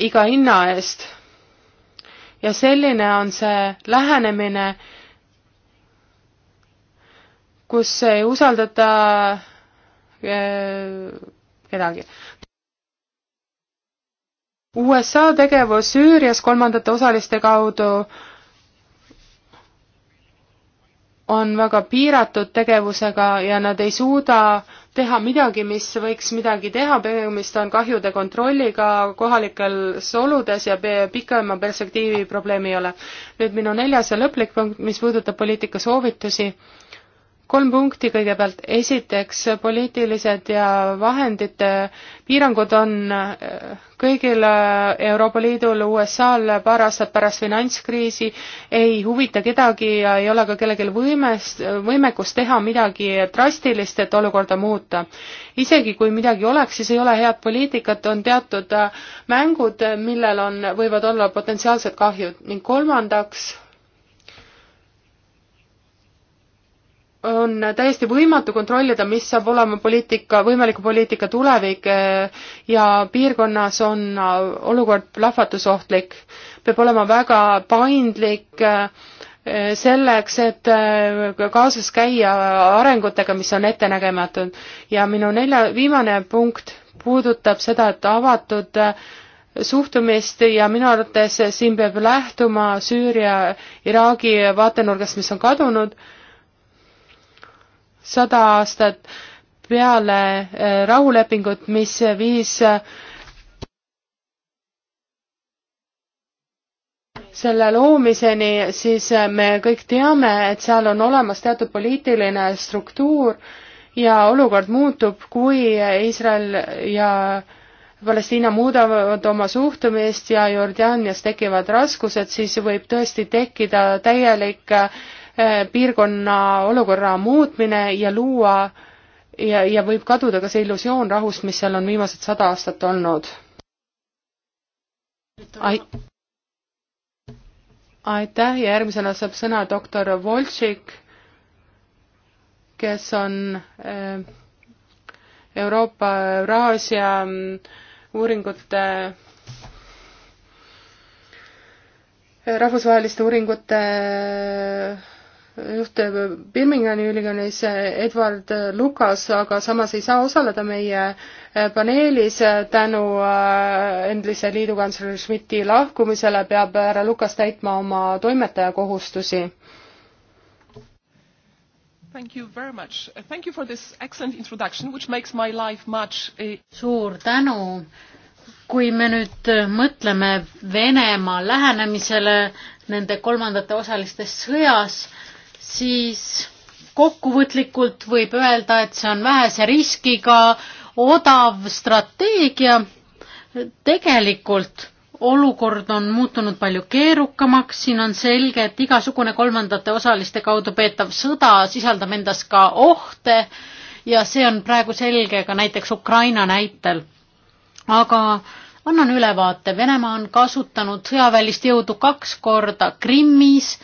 iga hinna eest. ja selline on see lähenemine, kus ei usaldata Äh, kedagi. USA tegevus Süürias kolmandate osaliste kaudu on väga piiratud tegevusega ja nad ei suuda teha midagi, mis võiks midagi teha, tegemist on kahjude kontrolliga kohalikes oludes ja pikema perspektiivi probleemi ei ole. nüüd minu neljas ja lõplik punkt, mis puudutab poliitika soovitusi kolm punkti kõigepealt, esiteks poliitilised ja vahendite piirangud on äh, kõigil Euroopa Liidul, USA-l paar aastat pärast finantskriisi, ei huvita kedagi ja ei ole ka kellelgi võimes, võimekust teha midagi drastilist, et olukorda muuta. isegi kui midagi oleks, siis ei ole head poliitikat, on teatud äh, mängud, millel on, võivad olla potentsiaalsed kahjud ning kolmandaks on täiesti võimatu kontrollida, mis saab olema poliitika, võimaliku poliitika tulevik eh, ja piirkonnas on äh, olukord plahvatusohtlik. peab olema väga paindlik eh, selleks, et eh, kaasas käia arengutega, mis on ettenägematud. ja minu nelja, viimane punkt puudutab seda, et avatud suhtumist ja minu arvates siin peab lähtuma Süüria-Iraagi vaatenurgast, mis on kadunud sada aastat peale eh, rahulepingut, mis viis eh, selle loomiseni, siis eh, me kõik teame, et seal on olemas teatud poliitiline struktuur ja olukord muutub, kui Iisrael ja Palestiina muudavad oma suhtumist ja Jordaanias tekivad raskused, siis võib tõesti tekkida täielik Äh, piirkonna olukorra muutmine ja luua ja, ja võib kaduda ka see illusioon rahust, mis seal on viimased sada aastat olnud. aitäh ja järgmisena saab sõna doktor Voltšik, kes on äh, Euroopa Euraasia mm, uuringute äh, rahvusvaheliste uuringute juht Birminghami ülikoolis eh, Edward Lukas, aga samas ei saa osaleda meie eh, paneelis eh, tänu endise liidukantsleri Schmidti lahkumisele, peab härra Lukas täitma oma toimetaja kohustusi. Thank you very much. Uh, thank you for this excellent introduction, which makes my life much suur tänu. kui me nüüd mõtleme Venemaa lähenemisele nende kolmandate osaliste sõjas, siis kokkuvõtlikult võib öelda, et see on vähese riskiga odav strateegia. tegelikult olukord on muutunud palju keerukamaks, siin on selge, et igasugune kolmandate osaliste kaudu peetav sõda sisaldab endas ka ohte ja see on praegu selge ka näiteks Ukraina näitel. aga annan ülevaate, Venemaa on kasutanud sõjaväelist jõudu kaks korda Krimmis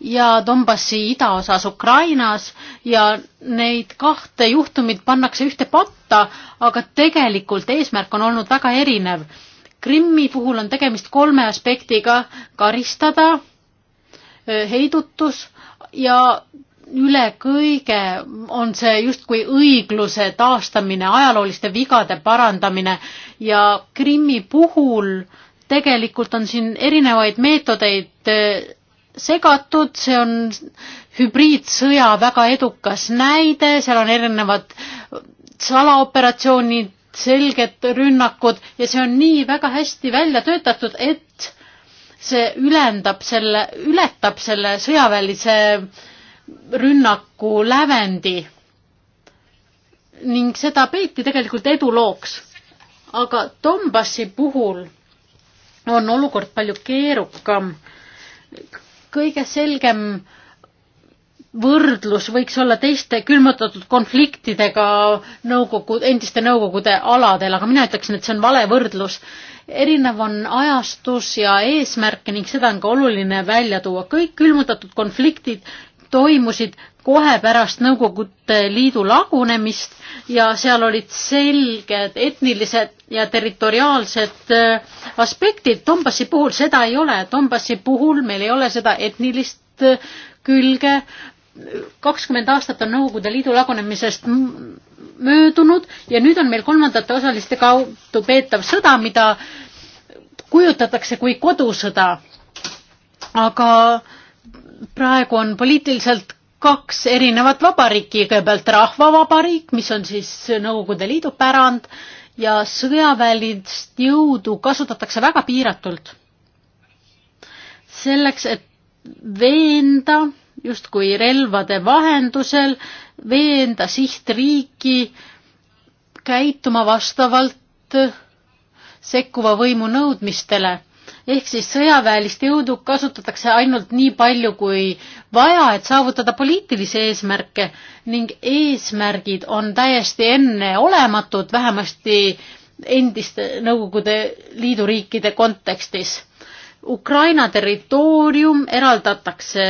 ja Donbassi idaosas Ukrainas ja neid kahte juhtumit pannakse ühte patta, aga tegelikult eesmärk on olnud väga erinev. Krimmi puhul on tegemist kolme aspektiga karistada, heidutus ja üle kõige on see justkui õigluse taastamine, ajalooliste vigade parandamine ja Krimmi puhul tegelikult on siin erinevaid meetodeid segatud, see on hübriidsõja väga edukas näide, seal on erinevad salaoperatsioonid, selged rünnakud ja see on nii väga hästi välja töötatud, et see ülendab selle, ületab selle sõjaväelise rünnaku lävendi. ning seda peeti tegelikult edulooks. aga Donbassi puhul on olukord palju keerukam kõige selgem võrdlus võiks olla teiste külmutatud konfliktidega nõukogu, endiste nõukogude aladel, aga mina ütleksin, et see on vale võrdlus. erinev on ajastus ja eesmärke ning seda on ka oluline välja tuua. kõik külmutatud konfliktid toimusid kohe pärast Nõukogude Liidu lagunemist ja seal olid selged etnilised ja territoriaalsed äh, aspektid. Tombasi puhul seda ei ole, Tombasi puhul meil ei ole seda etnilist äh, külge. kakskümmend aastat on Nõukogude Liidu lagunemisest möödunud ja nüüd on meil kolmandate osaliste kaudu peetav sõda, mida kujutatakse kui kodusõda. aga praegu on poliitiliselt kaks erinevat vabariiki, kõigepealt Rahvavabariik, mis on siis Nõukogude Liidu pärand ja sõjaväelist jõudu kasutatakse väga piiratult. selleks, et veenda justkui relvade vahendusel, veenda sihtriiki käituma vastavalt sekkuva võimu nõudmistele ehk siis sõjaväelist jõudu kasutatakse ainult nii palju kui vaja, et saavutada poliitilisi eesmärke ning eesmärgid on täiesti enneolematud, vähemasti endiste Nõukogude Liidu riikide kontekstis. Ukraina territoorium eraldatakse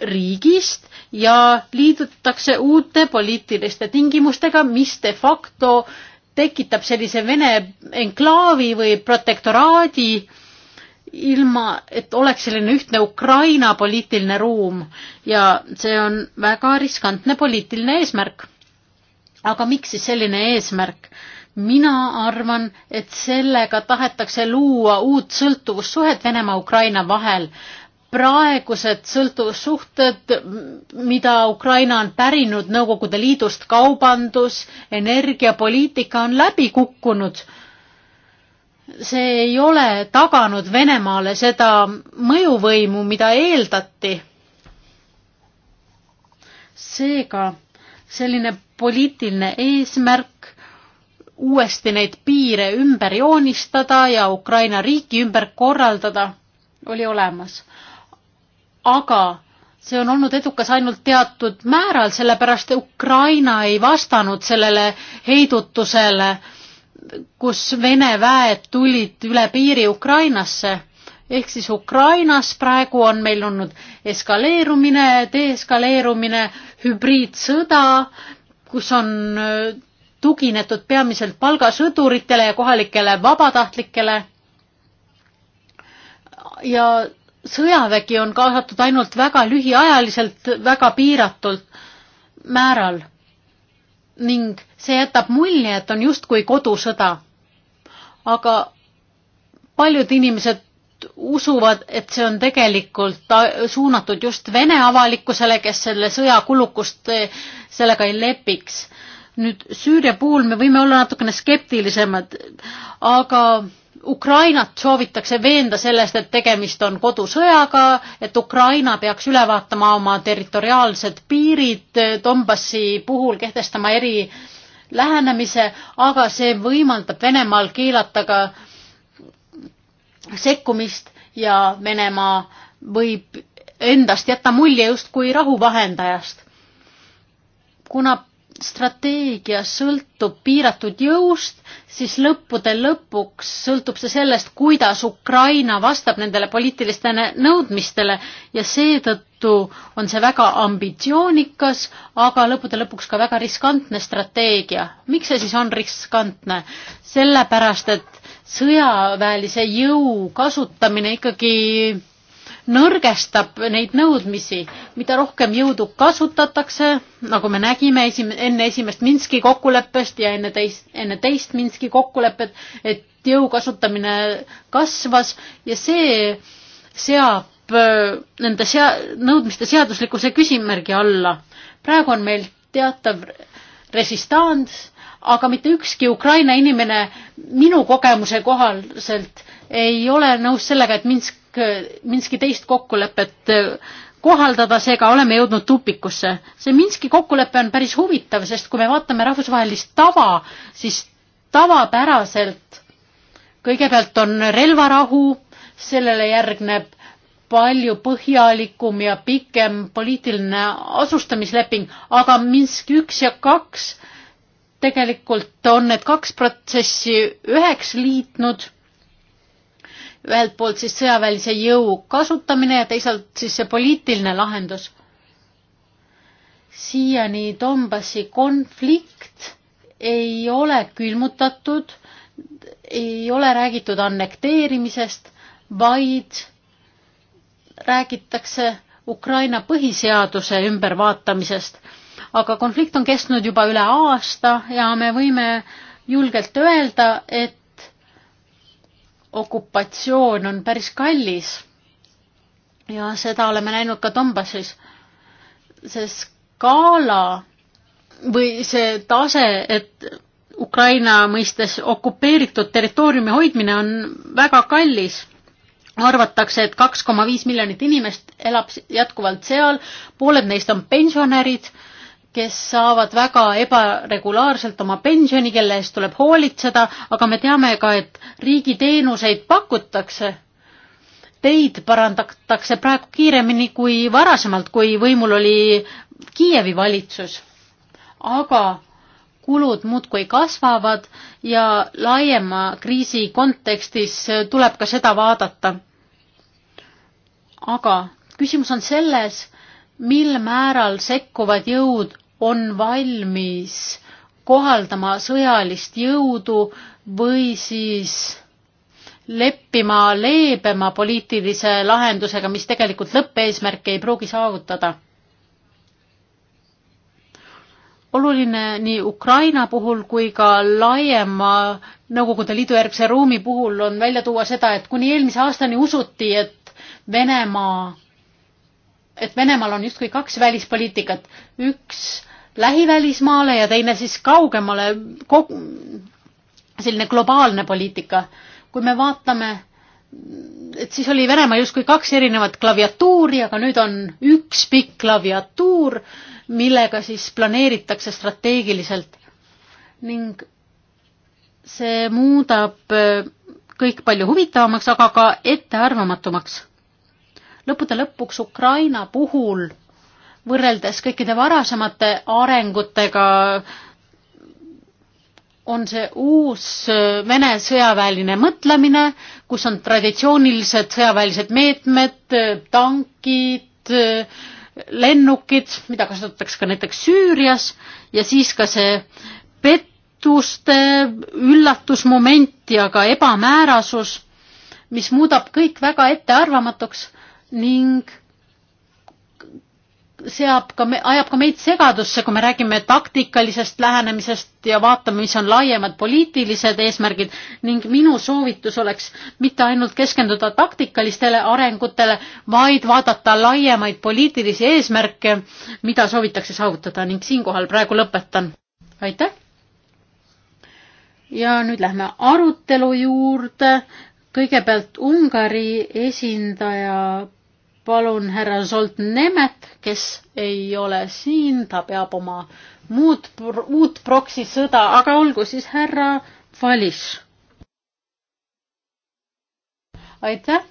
riigist ja liidutakse uute poliitiliste tingimustega, mis de facto tekitab sellise Vene enklaavi või protektoraadi ilma, et oleks selline ühtne Ukraina poliitiline ruum ja see on väga riskantne poliitiline eesmärk. aga miks siis selline eesmärk? mina arvan, et sellega tahetakse luua uut sõltuvussuhet Venemaa-Ukraina vahel. praegused sõltuvussuhted, mida Ukraina on pärinud Nõukogude Liidust, kaubandus, energiapoliitika on läbi kukkunud see ei ole taganud Venemaale seda mõjuvõimu, mida eeldati. seega selline poliitiline eesmärk uuesti neid piire ümber joonistada ja Ukraina riiki ümber korraldada oli olemas. aga see on olnud edukas ainult teatud määral, sellepärast Ukraina ei vastanud sellele heidutusele äh, kus Vene väed tulid üle piiri Ukrainasse ehk siis Ukrainas praegu on meil olnud eskaleerumine, deeskaleerumine, hübriidsõda, kus on äh, tuginetud peamiselt palgasõduritele ja kohalikele vabatahtlikele. ja sõjavägi on kaasatud ainult väga lühiajaliselt, väga piiratult määral ning see jätab mulje, et on justkui kodusõda. aga paljud inimesed usuvad, et see on tegelikult suunatud just Vene avalikkusele, kes selle sõja kulukust sellega ei lepiks. nüüd Süüria puhul me võime olla natukene skeptilisemad, aga Ukrainat soovitakse veenda sellest, et tegemist on kodusõjaga, et Ukraina peaks üle vaatama oma territoriaalsed piirid, eh, Donbassi puhul kehtestama eri lähenemise, aga see võimaldab Venemaal keelata ka sekkumist ja Venemaa võib endast jätta mulje justkui rahuvahendajast. kuna strateegia sõltub piiratud jõust, siis lõppude lõpuks sõltub see sellest, kuidas Ukraina vastab nendele poliitilistele nõudmistele ja seetõttu on see väga ambitsioonikas, aga lõppude lõpuks ka väga riskantne strateegia. miks see siis on riskantne? sellepärast, et sõjaväelise jõu kasutamine ikkagi nõrgestab neid nõudmisi, mida rohkem jõudu kasutatakse, nagu me nägime esim-, enne esimest Minski kokkuleppest ja enne teist, enne teist Minski kokkulepet, et jõu kasutamine kasvas ja see seab äh, nende sea-, nõudmiste seaduslikkuse küsimärgi alla. praegu on meil teatav resistants, aga mitte ükski Ukraina inimene minu kogemuse kohaselt ei ole nõus sellega, et Minsk võimalik äh, Minski teist kokkulepet äh, kohaldada, seega oleme jõudnud tupikusse. see Minski kokkulepe on päris huvitav, sest kui me vaatame rahvusvahelist tava, siis tavapäraselt kõigepealt on relvarahu, sellele järgneb palju põhjalikum ja pikem poliitiline asustamisleping, aga Minsk üks ja kaks tegelikult on need kaks protsessi üheks liitnud ühelt poolt siis sõjaväelise jõu kasutamine ja teisalt siis see poliitiline lahendus. siiani Donbassi konflikt ei ole külmutatud, ei ole räägitud annekteerimisest, vaid räägitakse Ukraina põhiseaduse ümbervaatamisest. aga konflikt on kestnud juba üle aasta ja me võime julgelt öelda, et okupatsioon on päris kallis ja seda oleme näinud ka Donbassis. see skaala või see tase, et Ukraina mõistes okupeeritud territooriumi hoidmine on väga kallis. arvatakse, et kaks koma viis miljonit inimest elab jätkuvalt seal, pooled neist on pensionärid kes saavad väga ebaregulaarselt oma pensioni, kelle eest tuleb hoolitseda, aga me teame ka, et riigiteenuseid pakutakse. Teid parandatakse praegu kiiremini kui varasemalt, kui võimul oli Kiievi valitsus. aga kulud muudkui kasvavad ja laiema kriisi kontekstis tuleb ka seda vaadata. aga küsimus on selles, mil määral sekkuvad jõud on valmis kohaldama sõjalist jõudu või siis leppima leebema poliitilise lahendusega, mis tegelikult lõppeesmärki ei pruugi saavutada. oluline nii Ukraina puhul kui ka laiema Nõukogude Liidu järgse ruumi puhul on välja tuua seda, et kuni eelmise aastani usuti, et Venemaa, et Venemaal on justkui kaks välispoliitikat. üks lähivälismaale ja teine siis kaugemale, selline globaalne poliitika. kui me vaatame, et siis oli Venemaa justkui kaks erinevat klaviatuuri, aga nüüd on üks pikk klaviatuur, millega siis planeeritakse strateegiliselt ning see muudab äh, kõik palju huvitavamaks, aga ka ettearvamatumaks. lõppude lõpuks Ukraina puhul võrreldes kõikide varasemate arengutega on see uus Vene sõjaväeline mõtlemine, kus on traditsioonilised sõjaväelised meetmed, tankid, lennukid, mida kasutatakse ka näiteks Süürias ja siis ka see pettuste üllatusmoment ja ka ebamäärasus, mis muudab kõik väga ettearvamatuks ning seab ka me, ajab ka meid segadusse, kui me räägime taktikalisest lähenemisest ja vaatame, mis on laiemad poliitilised eesmärgid ning minu soovitus oleks mitte ainult keskenduda taktikalistele arengutele, vaid vaadata laiemaid poliitilisi eesmärke, mida soovitakse saavutada ning siinkohal praegu lõpetan. aitäh! ja nüüd lähme arutelu juurde. kõigepealt Ungari esindaja palun härra Zolt Nemet, kes ei ole siin, ta peab oma muud, uut proksi sõda, aga olgu siis härra Valis. aitäh,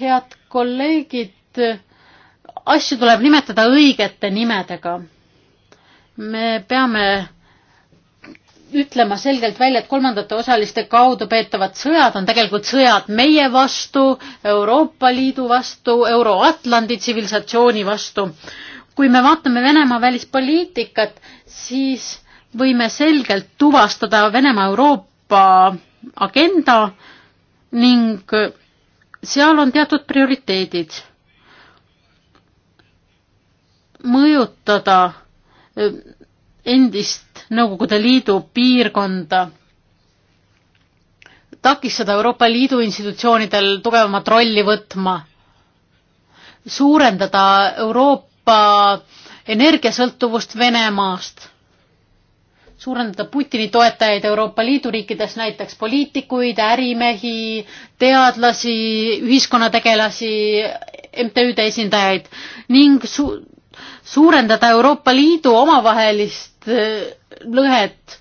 head kolleegid. asju tuleb nimetada õigete nimedega. me peame ütlema selgelt välja, et kolmandate osaliste kaudu peetavad sõjad on tegelikult sõjad meie vastu, Euroopa Liidu vastu, Euro-Atlandi tsivilisatsiooni vastu. kui me vaatame Venemaa välispoliitikat, siis võime selgelt tuvastada Venemaa Euroopa agenda ning seal on teatud prioriteedid. mõjutada endist Nõukogude Liidu piirkonda, takistada Euroopa Liidu institutsioonidel tugevamat rolli võtma, suurendada Euroopa energiasõltuvust Venemaast, suurendada Putini toetajaid Euroopa Liidu riikides, näiteks poliitikuid, ärimehi, teadlasi, ühiskonnategelasi, MTÜ-de esindajaid ning su-, suurendada Euroopa Liidu omavahelist eh, lõhet.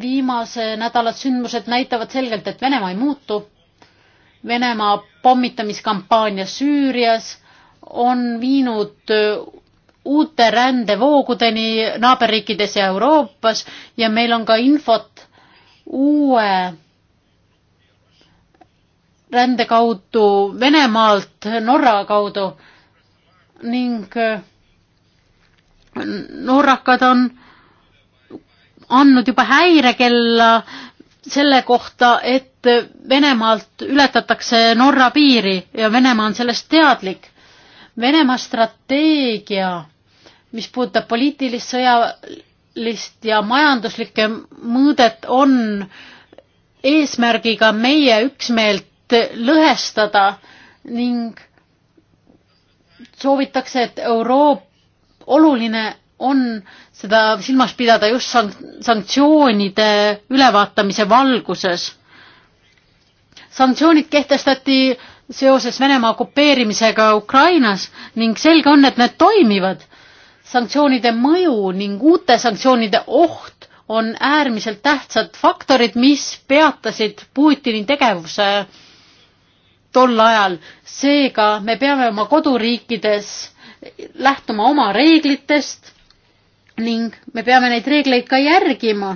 viimase nädala sündmused näitavad selgelt, et Venemaa ei muutu. Venemaa pommitamiskampaania Süürias on viinud eh, uute rändevoogudeni naaberriikides ja Euroopas ja meil on ka infot uue rände kaudu Venemaalt Norra kaudu ning norrakad on andnud juba häirekella selle kohta, et Venemaalt ületatakse Norra piiri ja Venemaa on sellest teadlik. Venemaa strateegia, mis puudutab poliitilist, sõjalist ja majanduslikke mõõdet, on eesmärgiga meie üksmeelt lõhestada ning soovitakse, et Euroop-, oluline on seda silmas pidada just sanktsioonide ülevaatamise valguses. sanktsioonid kehtestati seoses Venemaa okupeerimisega Ukrainas ning selge on, et need toimivad. sanktsioonide mõju ning uute sanktsioonide oht on äärmiselt tähtsad faktorid, mis peatasid Putini tegevuse tol ajal. seega me peame oma koduriikides lähtuma oma reeglitest ning me peame neid reegleid ka järgima.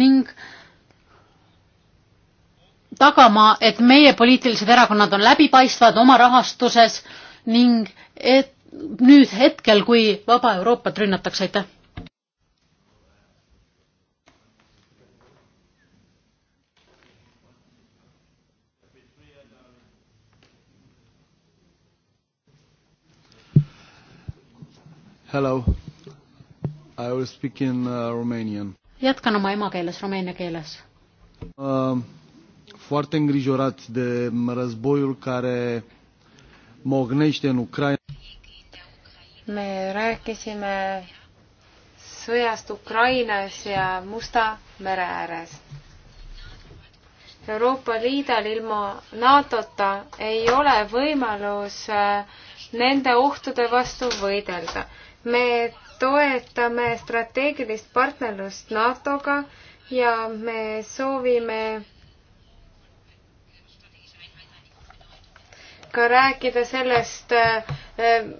ning tagama, et meie poliitilised erakonnad on läbipaistvad oma rahastuses ning et nüüd hetkel, kui Vaba Euroopat rünnatakse, aitäh! Hello. I will speak in uh, Romanian. Jatkan oma emakeeles, rumeenia keeles. Uh, foarte îngrijorați de războiul care mognește în Ucraina. Me rääkisime sõjast Ukrainas ja Musta mere ääres. Euroopa Liidal ilma NATO-ta ei ole võimalus äh, nende ohtude vastu võidelda me toetame strateegilist partnerlust NATO-ga ja me soovime ka rääkida sellest, äh,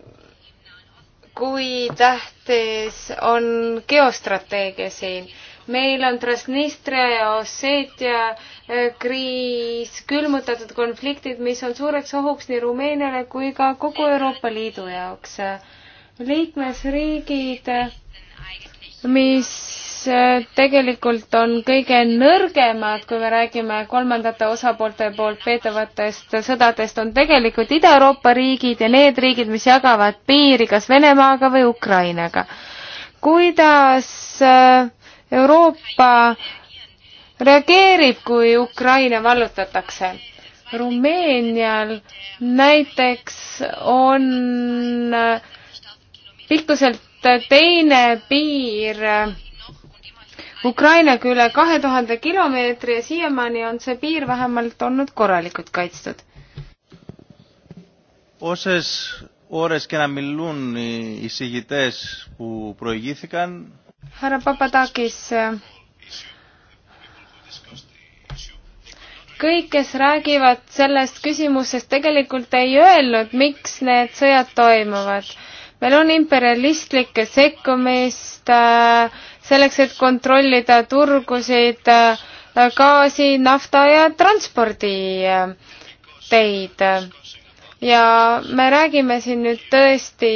kui tähtis on geostrateegia siin. meil on Transnistria ja Osseetia äh, kriis, külmutatud konfliktid, mis on suureks ohuks nii Rumeeniale kui ka kogu Euroopa Liidu jaoks liikmesriigid, mis eh, tegelikult on kõige nõrgemad, kui me räägime kolmandate osapoolte poolt peetavatest sõdadest, on tegelikult Ida-Euroopa riigid ja need riigid, mis jagavad piiri kas Venemaaga või Ukrainaga. kuidas eh, Euroopa reageerib, kui Ukraina vallutatakse? Rumeenial näiteks on äh, pikkuselt äh, teine piir äh, Ukrainaga üle kahe tuhande kilomeetri ja siiamaani on see piir vähemalt olnud korralikult kaitstud. όσες ώρες και να μιλούν οι εισηγητές που προηγήθηκαν. Χαρα Παπατάκης, äh, kõik, kes räägivad sellest küsimusest, tegelikult ei öelnud, miks need sõjad toimuvad meil on imperialistlikke sekkumist äh, selleks, et kontrollida turgusid, äh, gaasi, nafta ja transporditeid. Äh, ja me räägime siin nüüd tõesti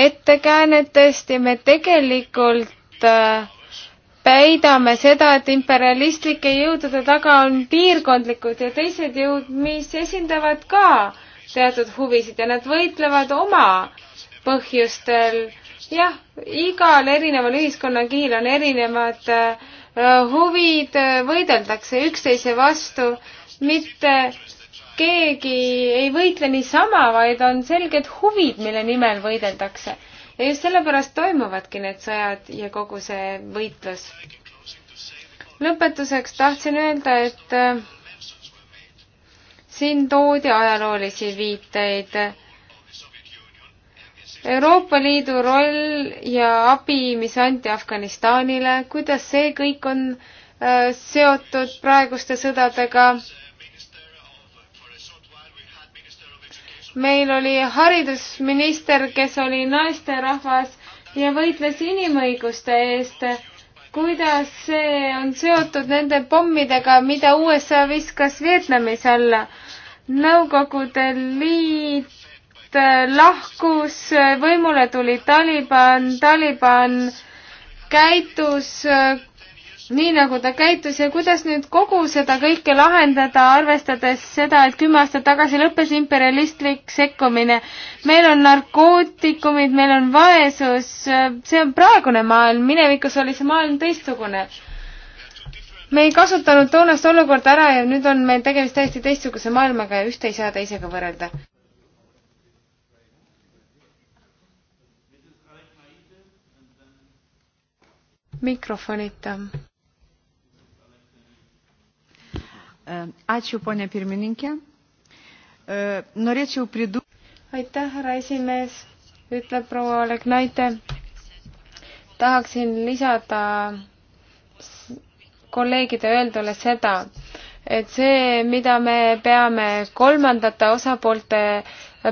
ettekäänetest ja me tegelikult väidame seda, et imperialistlike jõudude taga on piirkondlikud ja teised jõud, mis esindavad ka äh, teatud huvisid ja nad võitlevad oma põhjustel. jah, igal erineval ühiskonnakihil on erinevad äh, huvid, äh, võideldakse üksteise vastu, mitte keegi ei võitle niisama, vaid on selged huvid, mille nimel võideldakse. ja just sellepärast toimuvadki need sõjad ja kogu see võitlus. lõpetuseks tahtsin öelda, et äh, siin toodi ajaloolisi viiteid. Euroopa Liidu roll ja abi, mis anti Afganistanile, kuidas see kõik on äh, seotud praeguste sõdadega? meil oli haridusminister, kes oli naisterahvas ja võitles inimõiguste eest kuidas see on seotud nende pommidega, mida USA viskas Vietnamis alla? Nõukogude Liit äh, lahkus, äh, võimule tuli Taliban, Taliban käitus äh, nii, nagu ta käitus ja kuidas nüüd kogu seda kõike lahendada, arvestades seda, et kümme aastat tagasi lõppes imperialistlik sekkumine. meil on narkootikumid, meil on vaesus, see on praegune maailm, minevikus oli see maailm teistsugune me ei kasutanud toonast olukorda ära ja nüüd on meil tegemist täiesti teistsuguse maailmaga ja ühte ei saa teisega võrrelda. mikrofonita. E, aitäh, härra esimees, ütleb proua Oleg Naite. tahaksin lisada kolleegide öeldule seda, et see, mida me peame kolmandate osapoolte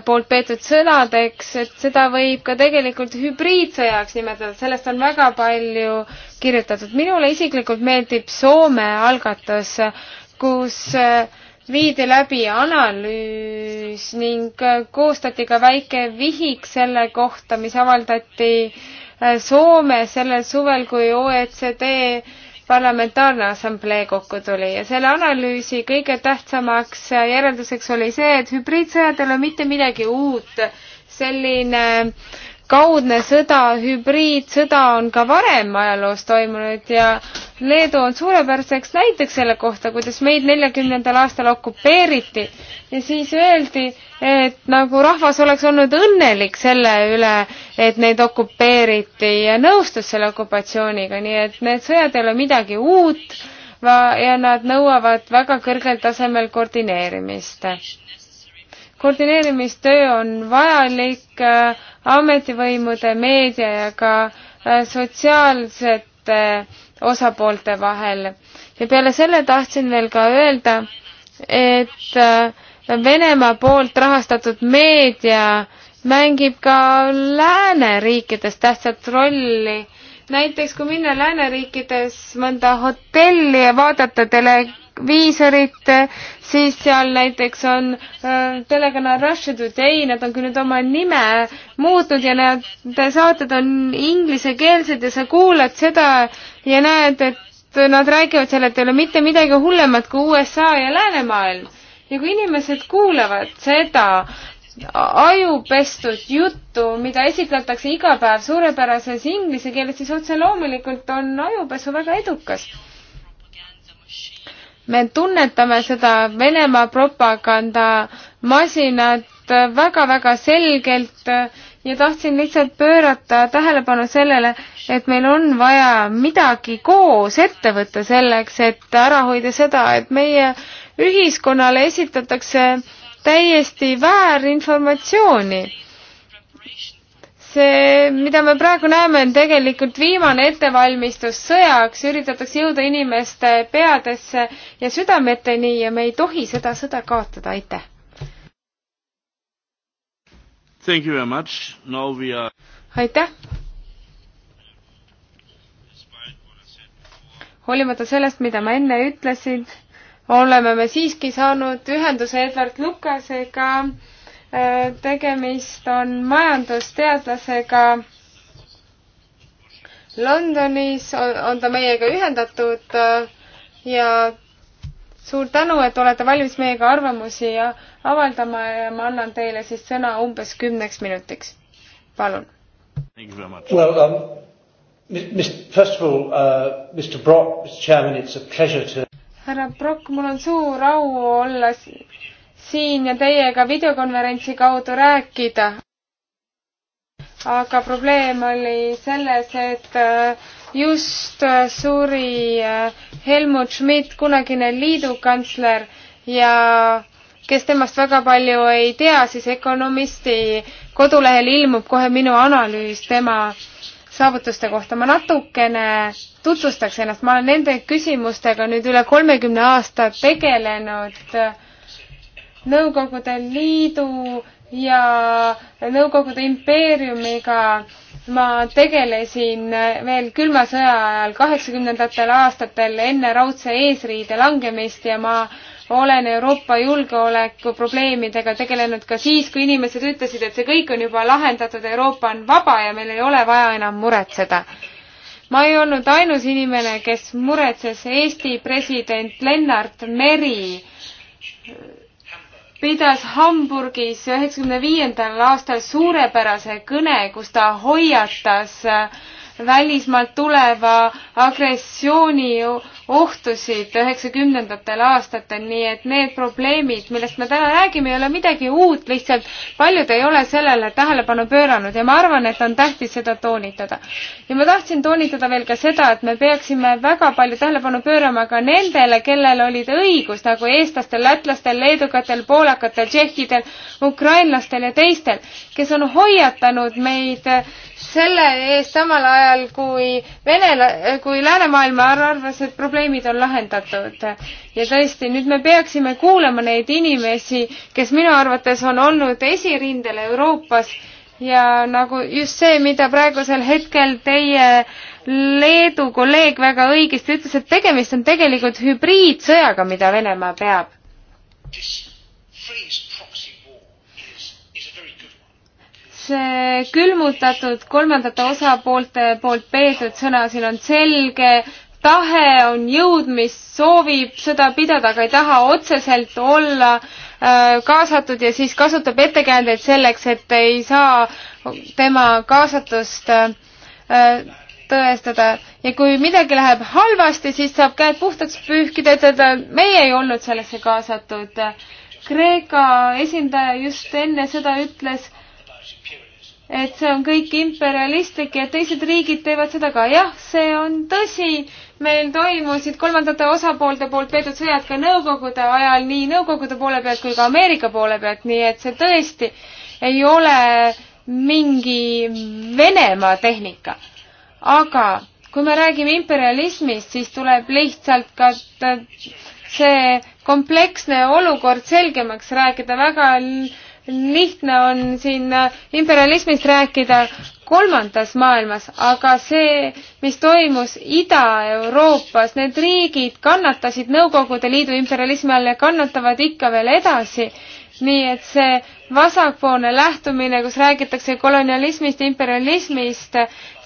poolt peetud sõnadeks, et seda võib ka tegelikult hübriidsõjaks nimetada, sellest on väga palju kirjutatud. minule isiklikult meeldib Soome algatus, kus äh, viidi läbi analüüs ning äh, koostati ka väike vihik selle kohta, mis avaldati äh, Soome sellel suvel, kui OECD parlamentaarne assamblee kokku tuli ja selle analüüsi kõige tähtsamaks järelduseks oli see, et hübriidsõjadel on mitte midagi uut. selline kaudne sõda, hübriidsõda on ka varem ajaloos toimunud ja Leedu on suurepäraseks näiteks selle kohta, kuidas meid neljakümnendal aastal okupeeriti ja siis öeldi, et nagu rahvas oleks olnud õnnelik selle üle, et neid okupeeriti ja nõustus selle okupatsiooniga, nii et need sõjad ei ole midagi uut ja nad nõuavad väga kõrgel tasemel koordineerimist koordineerimistöö on vajalik, ametivõimude, meedia ja ka äh, sotsiaalsete äh, osapoolte vahel. ja peale selle tahtsin veel ka öelda, et äh, Venemaa poolt rahastatud meedia mängib ka lääneriikides tähtsat rolli näiteks kui minna lääneriikides mõnda hotelli ja vaadata tele televiisorit, siis seal näiteks on äh, telekanal Russia Today, nad on küll nüüd oma nime muutnud ja need saated on inglisekeelsed ja sa kuulad seda ja näed, et nad räägivad seal, et ei ole mitte midagi hullemat kui USA ja läänemaailm. ja kui inimesed kuulevad seda ajupestud juttu, mida esitletakse iga päev suurepärases inglise keeles, siis otse loomulikult on ajupesu väga edukas me tunnetame seda Venemaa propagandamasinat väga-väga selgelt ja tahtsin lihtsalt pöörata tähelepanu sellele, et meil on vaja midagi koos ette võtta selleks, et ära hoida seda, et meie ühiskonnale esitatakse täiesti väärinformatsiooni see, mida me praegu näeme, on tegelikult viimane ettevalmistus sõjaks, üritatakse jõuda inimeste peadesse ja südameteni ja me ei tohi seda sõda kaotada, aitäh! Are... aitäh! hoolimata sellest, mida ma enne ütlesin, oleme me siiski saanud ühenduse Edward Lukasega Äh, tegemist on majandusteadlasega Londonis, on ta meiega ühendatud äh, ja suur tänu, et olete valmis meiega arvamusi ja avaldama ja ma annan teile siis sõna umbes kümneks minutiks. palun. Well, um, first of all uh,, Mr Brock, Mr Chairman, it's a pleasure to härra Brock, mul on suur au olla siin ja teiega videokonverentsi kaudu rääkida. aga probleem oli selles, et äh, just äh, suri äh, Helmut Schmidt, kunagine liidukantsler ja kes temast väga palju ei tea, siis Ökonomisti kodulehel ilmub kohe minu analüüs tema saavutuste kohta. ma natukene tutvustaks ennast, ma olen nende küsimustega nüüd üle kolmekümne aasta tegelenud Nõukogude Liidu ja Nõukogude impeeriumiga ma tegelesin veel külma sõja ajal kaheksakümnendatel aastatel enne raudse eesriide langemist ja ma olen Euroopa julgeoleku probleemidega tegelenud ka siis, kui inimesed ütlesid, et see kõik on juba lahendatud, Euroopa on vaba ja meil ei ole vaja enam muretseda. ma ei olnud ainus inimene, kes muretses Eesti president Lennart Meri pidas Hamburgis üheksakümne viiendal aastal suurepärase kõne, kus ta hoiatas äh, välismaalt tuleva agressiooni ohtusid üheksakümnendatel aastatel, nii et need probleemid, millest me täna räägime, ei ole midagi uut, lihtsalt paljud ei ole sellele tähelepanu pööranud ja ma arvan, et on tähtis seda toonitada. ja ma tahtsin toonitada veel ka seda, et me peaksime väga palju tähelepanu pöörama ka nendele, kellel olid õigus, nagu eestlastel, lätlastel, leedukatel, poolakatel, tšehhidel, ukrainlastel ja teistel, kes on hoiatanud meid selle eest samal ajal, ajal, kui Vene, kui läänemaailma arvas, et probleemid on lahendatud. ja tõesti, nüüd me peaksime kuulama neid inimesi, kes minu arvates on olnud esirindel Euroopas ja nagu just see, mida praegusel hetkel teie Leedu kolleeg väga õigesti ütles, et tegemist on tegelikult hübriidsõjaga, mida Venemaa peab see külmutatud kolmandate osapoolte poolt peetud sõna, siin on selge tahe, on jõud, mis soovib sõda pidada, aga ei taha otseselt olla äh, kaasatud ja siis kasutab ettekäändeid selleks, et ei saa tema kaasatust äh, tõestada ja kui midagi läheb halvasti, siis saab käed puhtaks pühkida, ütelda, meie ei olnud sellesse kaasatud. Kreeka esindaja just enne seda ütles, et see on kõik imperialistlik ja teised riigid teevad seda ka. jah, see on tõsi, meil toimusid kolmandate osapoolte poolt peetud sõjad ka Nõukogude ajal nii Nõukogude poole pealt kui ka Ameerika poole pealt, nii et see tõesti ei ole mingi Venemaa tehnika. aga kui me räägime imperialismist, siis tuleb lihtsalt ka see kompleksne olukord selgemaks rääkida väga lihtne on siin äh, imperialismist rääkida kolmandas maailmas, aga see, mis toimus Ida-Euroopas, need riigid kannatasid Nõukogude Liidu imperialismi all ja kannatavad ikka veel edasi. nii et see vasakpoolne lähtumine, kus räägitakse kolonialismist ja imperialismist,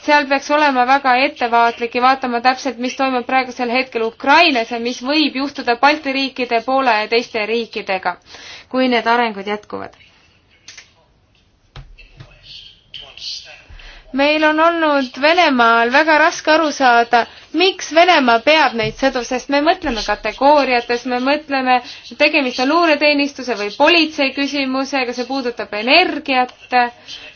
seal peaks olema väga ettevaatlik ja vaatama täpselt, mis toimub praegusel hetkel Ukrainas ja mis võib juhtuda Balti riikide, Poola ja teiste riikidega, kui need arengud jätkuvad meil on olnud Venemaal väga raske aru saada, miks Venemaa peab neid sõdu, sest me mõtleme kategooriates, me mõtleme, tegemist on luureteenistuse või politsei küsimusega, see puudutab energiat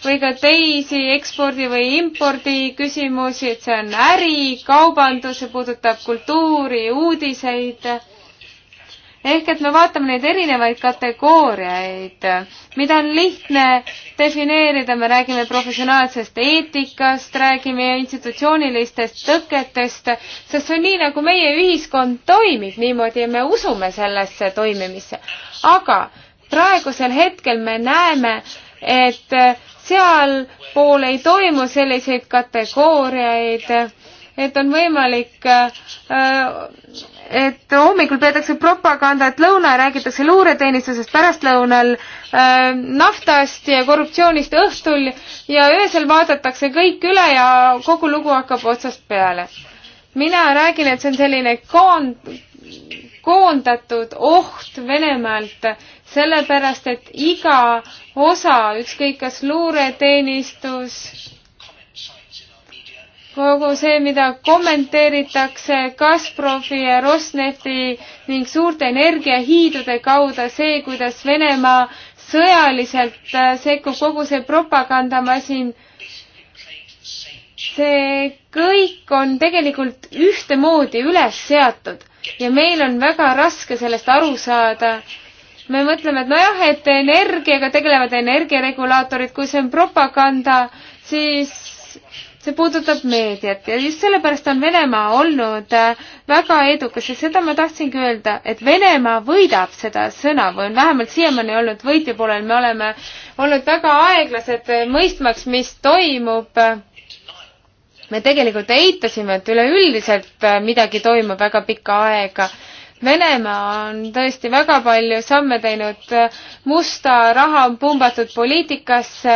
või ka teisi ekspordi või impordi küsimusi, et see on äri, kaubandus, see puudutab kultuuri, uudiseid ehk et me vaatame neid erinevaid kategooriaid, mida on lihtne defineerida, me räägime professionaalsest eetikast, räägime institutsioonilistest tõketest, sest see on nii, nagu meie ühiskond toimib niimoodi ja me usume sellesse toimimisse. aga praegusel hetkel me näeme, et sealpool ei toimu selliseid kategooriaid et on võimalik, äh, et hommikul peetakse propagandat, lõuna räägitakse luureteenistusest, pärastlõunal äh, naftast ja korruptsioonist õhtul ja öösel vaadatakse kõik üle ja kogu lugu hakkab otsast peale. mina räägin, et see on selline koond-, koondatud oht Venemaalt, sellepärast et iga osa, ükskõik kas luureteenistus, kogu see, mida kommenteeritakse Gazprofi ja Rosnefti ning suurte energiahiidude kaudu, see, kuidas Venemaa sõjaliselt äh, sekkub, kogu see propagandamasin, see kõik on tegelikult ühtemoodi üles seatud ja meil on väga raske sellest aru saada me mõtleme, et nojah, et energiaga tegelevad energiaregulaatorid, kui see on propaganda, siis see puudutab meediat ja just sellepärast on Venemaa olnud äh, väga edukas ja seda ma tahtsingi öelda, et Venemaa võidab seda sõna või on vähemalt siiamaani olnud võitja poolel, me oleme olnud väga aeglased äh, mõistmaks, mis toimub. me tegelikult eitasime, et üleüldiselt äh, midagi toimub väga pikka aega Venemaa on tõesti väga palju samme teinud, musta raha on pumbatud poliitikasse,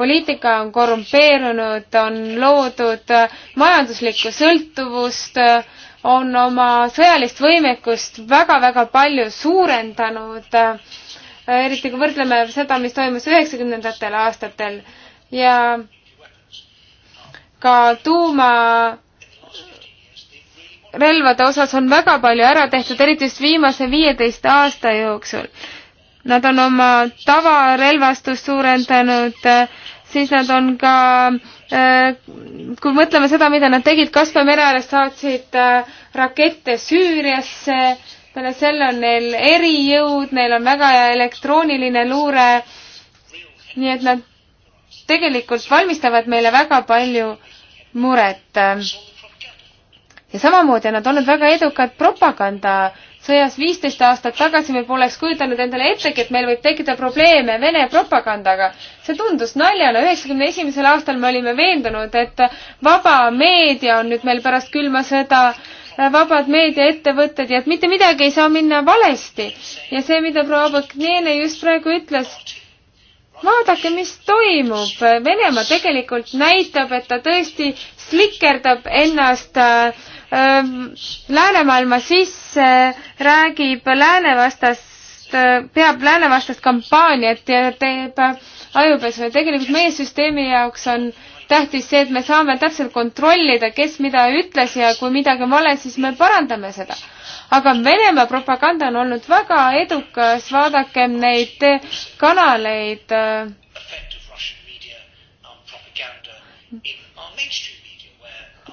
poliitika on korrumpeerunud, on loodud majanduslikku sõltuvust, on oma sõjalist võimekust väga-väga palju suurendanud, eriti kui võrdleme seda, mis toimus üheksakümnendatel aastatel ja ka tuuma relvade osas on väga palju ära tehtud, eriti just viimase viieteist aasta jooksul. Nad on oma tavarelvastust suurendanud, siis nad on ka, kui mõtleme seda, mida nad tegid, Kaspar mere äärest saatsid äh, rakette Süüriasse, peale selle on neil erijõud, neil on väga hea elektrooniline luure, nii et nad tegelikult valmistavad meile väga palju muret ja samamoodi on nad olnud väga edukad propagandasõjas viisteist aastat tagasi me poleks kujutanud endale ettegi, et meil võib tekkida probleeme Vene propagandaga. see tundus naljana, üheksakümne esimesel aastal me olime veendunud, et vaba meedia on nüüd meil pärast külma sõda vabad meediaettevõtted ja et mitte midagi ei saa minna valesti. ja see, mida proua Bokneele just praegu ütles, vaadake, mis toimub. Venemaa tegelikult näitab, et ta tõesti slikerdab ennast äh, läänemaailma sisse, räägib läänevastast, peab läänevastast kampaaniat ja teeb ajupesu ja tegelikult meie süsteemi jaoks on tähtis see, et me saame täpselt kontrollida, kes mida ütles ja kui midagi on vale, siis me parandame seda. aga Venemaa propaganda on olnud väga edukas, vaadakem neid kanaleid.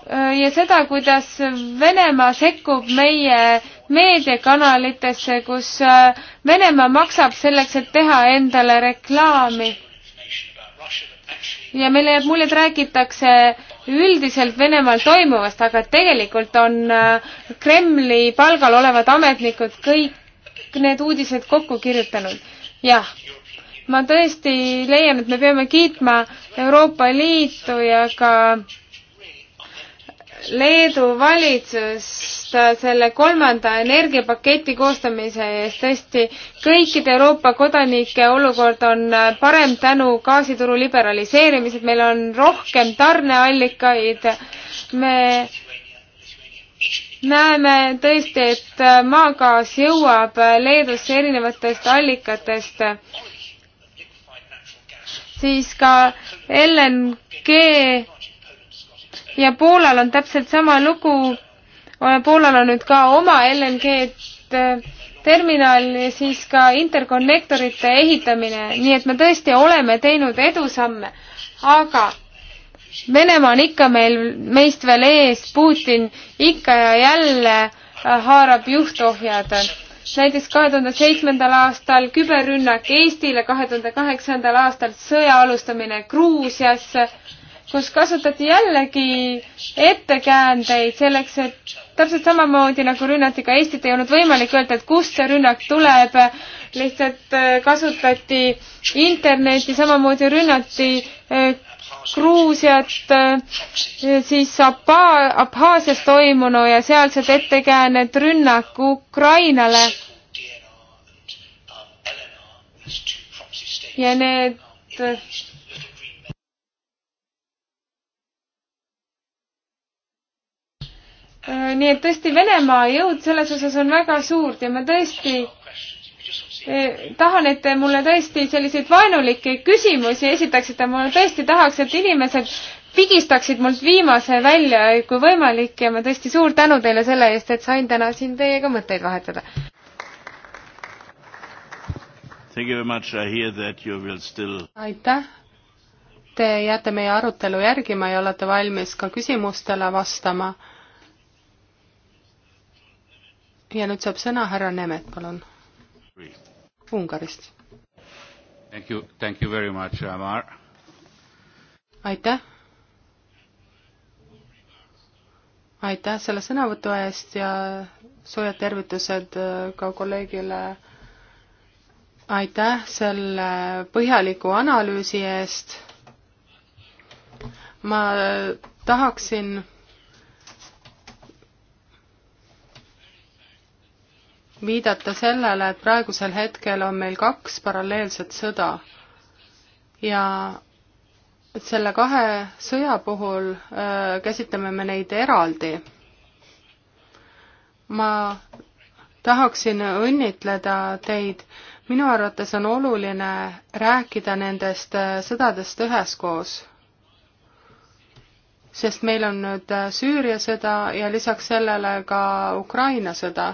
Äh, ja seda, kuidas Venemaa sekkub meie meediakanalitesse, kus äh, Venemaa maksab selleks, et teha endale reklaami. ja meile jääb mulje, et räägitakse üldiselt Venemaal toimuvast, aga tegelikult on äh, Kremli palgal olevad ametnikud kõik need uudised kokku kirjutanud. jah, ma tõesti leian, et me peame kiitma Euroopa Liitu ja ka Leedu valitsust selle kolmanda energiapaketi koostamise eest. tõesti, kõikide Euroopa kodanike olukord on parem tänu gaasituru liberaliseerimisele, meil on rohkem tarneallikaid, me näeme tõesti, et maagaas jõuab Leedusse erinevatest allikatest, siis ka LNG ja Poolal on täpselt sama lugu. Poolal on nüüd ka oma LNG terminal ja siis ka interkonnektorite ehitamine, nii et me tõesti oleme teinud edusamme, aga Venemaa on ikka meil, meist veel ees, Putin ikka ja jälle äh, haarab juhtohjad. näiteks kahe tuhande seitsmendal aastal küberrünnak Eestile, kahe tuhande kaheksandal aastal sõja alustamine Gruusiasse kus kasutati jällegi ettekäändeid selleks, et täpselt samamoodi nagu rünnati ka Eestit, ei olnud võimalik öelda, et kust see rünnak tuleb. lihtsalt äh, kasutati internetti, samamoodi rünnati äh, Gruusiat, äh, siis Abha-, Abhaasias toimunu ja sealsed ettekäänded rünnak Ukrainale. ja need Äh, nii et tõesti Venemaa jõud selles osas on väga suurt ja ma tõesti eh, tahan, et te mulle tõesti selliseid vaenulikke küsimusi esitaksite, ma tõesti tahaks, et inimesed pigistaksid mult viimase välja, eh, kui võimalik ja ma tõesti suur tänu teile selle eest, et sain täna siin teiega mõtteid vahetada. Still... aitäh, te jääte meie arutelu järgima ja olete valmis ka küsimustele vastama ja nüüd saab sõna härra Nemet, palun. Ungarist. Thank you, thank you very much, Amar. aitäh. aitäh selle sõnavõtu eest ja soojad tervitused äh, ka kolleegile. aitäh selle põhjaliku analüüsi eest. ma tahaksin viidata sellele, et praegusel hetkel on meil kaks paralleelset sõda ja selle kahe sõja puhul äh, käsitleme me neid eraldi. ma tahaksin õnnitleda teid, minu arvates on oluline rääkida nendest äh, sõdadest üheskoos sest meil on nüüd äh, Süüria sõda ja lisaks sellele ka Ukraina sõda.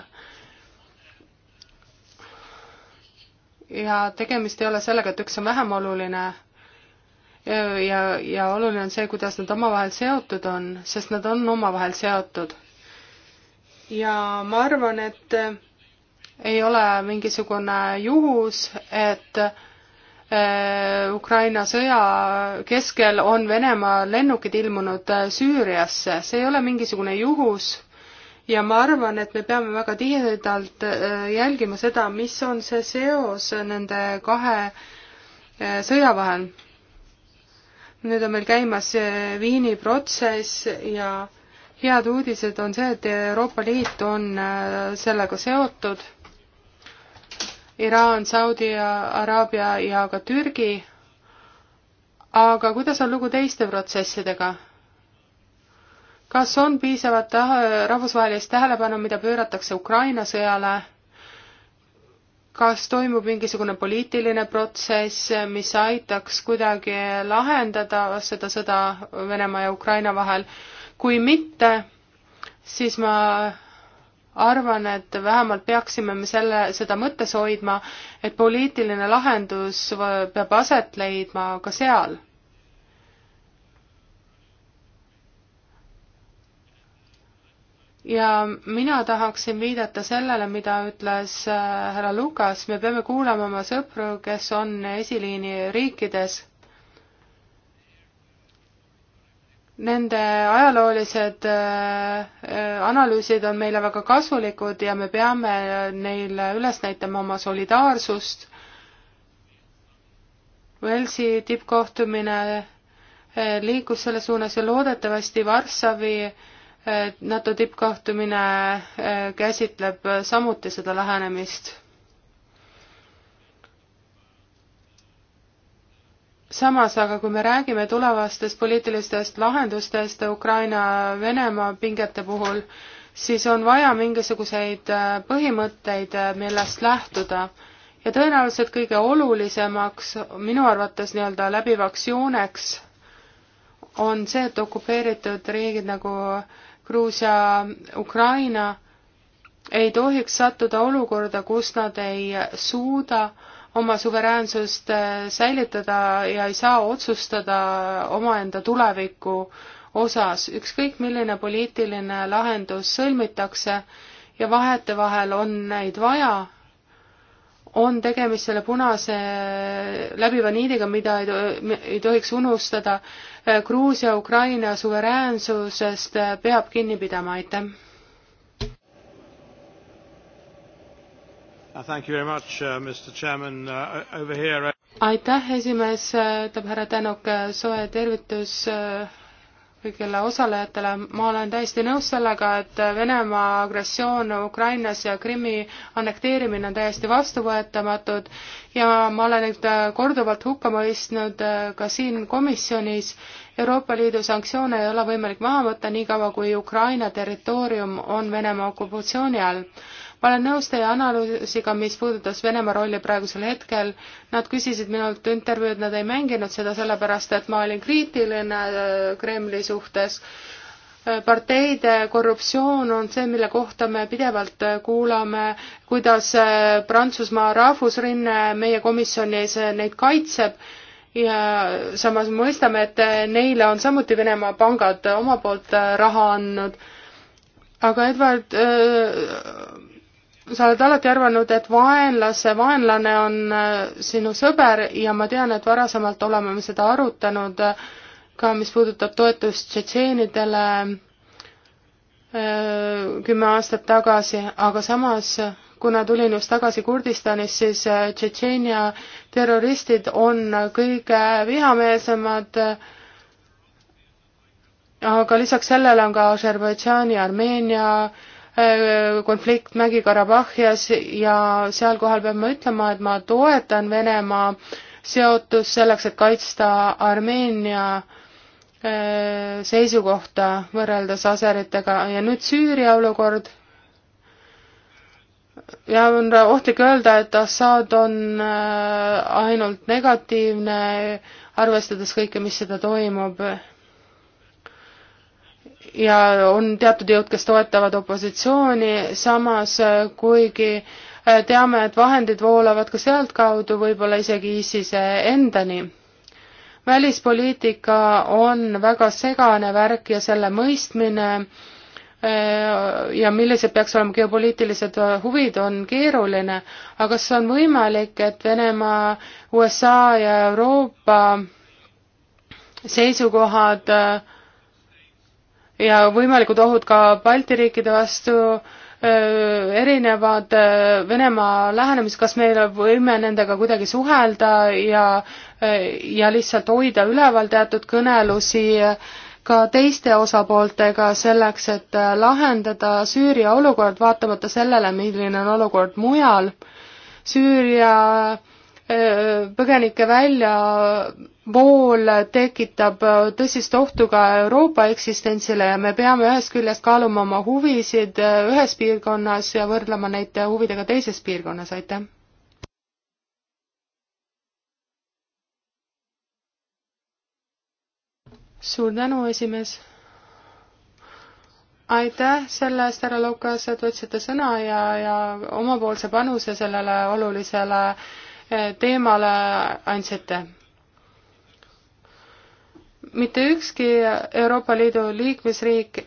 ja tegemist ei ole sellega, et üks on vähem oluline ja, ja oluline on see, kuidas nad omavahel seotud on, sest nad on omavahel seotud. ja ma arvan, et ei ole mingisugune juhus, et äh, Ukraina sõja keskel on Venemaa lennukid ilmunud äh, Süüriasse, see ei ole mingisugune juhus ja ma arvan, et me peame väga tihedalt äh, jälgima seda, mis on see seos nende kahe äh, sõja vahel. nüüd on meil käimas äh, Viini protsess ja head uudised on see, et Euroopa Liit on sellega seotud. Iraan, Saudi Araabia ja ka Türgi. aga kuidas on lugu teiste protsessidega? kas on piisavat rahvusvahelist tähelepanu, mida pööratakse Ukraina sõjale? kas toimub mingisugune poliitiline protsess, mis aitaks kuidagi lahendada seda sõda Venemaa ja Ukraina vahel? kui mitte, siis ma arvan, et vähemalt peaksime me selle, seda mõttes hoidma, et poliitiline lahendus peab aset leidma ka seal ja mina tahaksin viidata sellele, mida ütles äh, härra Lukas, me peame kuulama oma sõpru, kes on esiliini riikides. Nende ajaloolised äh, analüüsid on meile väga kasulikud ja me peame neile üles näitama oma solidaarsust. Velsi tippkohtumine äh, liikus selle suunas ja loodetavasti Varssavi NATO tippkohtumine äh, käsitleb samuti seda lähenemist. samas aga, kui me räägime tulevastest poliitilistest lahendustest Ukraina-Venemaa pingete puhul, siis on vaja mingisuguseid äh, põhimõtteid, äh, millest lähtuda. ja tõenäoliselt kõige olulisemaks, minu arvates nii-öelda läbivaks jooneks on see, et okupeeritud riigid nagu äh, Gruusia, Ukraina ei tohiks sattuda olukorda, kus nad ei suuda oma suveräänsust äh, säilitada ja ei saa otsustada omaenda tuleviku osas, ükskõik milline poliitiline lahendus sõlmitakse ja vahetevahel on neid vaja, on tegemist selle punase läbiva niidiga, mida ei tohiks unustada, Gruusia, Ukraina suveräänsusest peab kinni pidama, aitäh! Uh, uh, uh, aitäh, esimees, ütleb härra Tänuk, soe tervitus kõigile osalejatele, ma olen täiesti nõus sellega, et Venemaa agressioon Ukrainas ja Krimmi annekteerimine on täiesti vastuvõetamatud ja ma olen neid korduvalt hukka mõistnud äh, ka siin komisjonis. Euroopa Liidu sanktsioone ei ole võimalik maha võtta niikaua, kui Ukraina territoorium on Venemaa okupatsiooni all ma olen nõus teie analüüsiga, mis puudutas Venemaa rolli praegusel hetkel. Nad küsisid minult intervjuud, nad ei mänginud seda sellepärast, et ma olin kriitiline äh, Kremli suhtes. Äh, parteide korruptsioon on see, mille kohta me pidevalt äh, kuulame, kuidas Prantsusmaa rahvusrinne meie komisjonis neid kaitseb ja samas mõistame, et neile on samuti Venemaa pangad oma poolt raha andnud. aga Edward äh, sa oled alati arvanud, et vaenlase vaenlane on äh, sinu sõber ja ma tean, et varasemalt oleme me seda arutanud äh, ka, mis puudutab toetust tšetšeenidele äh, kümme aastat tagasi, aga samas kuna tulin just tagasi Kurdistanist, siis Tšetšeenia terroristid on kõige vihameelsemad aga lisaks sellele on ka Aserbaidžaani, Armeenia äh, Äh, konflikt Mägi-Karabahhias ja seal kohal pean ma ütlema, et ma toetan Venemaa seotust selleks, et kaitsta Armeenia äh, seisukohta võrreldes aseritega ja nüüd Süüria olukord. ja on ohtlik öelda, et Assad on äh, ainult negatiivne, arvestades kõike, mis seda toimub ja on teatud jõud, kes toetavad opositsiooni, samas äh, kuigi äh, teame, et vahendid voolavad ka sealtkaudu, võib-olla isegi ISISe endani. välispoliitika on väga segane värk ja selle mõistmine äh, ja millised peaks olema geopoliitilised huvid, on keeruline, aga kas on võimalik, et Venemaa, USA ja Euroopa seisukohad äh, ja võimalikud ohud ka Balti riikide vastu, erinevad Venemaa lähenemised, kas me võime nendega kuidagi suhelda ja, ja lihtsalt hoida üleval teatud kõnelusi ka teiste osapooltega selleks, et äh, lahendada Süüria olukord, vaatamata sellele, milline on olukord mujal. Süüria äh, põgenike väljavool tekitab tõsist ohtu ka Euroopa eksistentsile ja me peame ühest küljest kaaluma oma huvisid ühes piirkonnas ja võrdlema neid huvidega teises piirkonnas, aitäh! suur tänu, esimees! aitäh selle eest, härra Lukas, et võtsite sõna ja, ja omapoolse panuse sellele olulisele äh, teemale andsite. mitte ükski Euroopa Liidu liikmesriik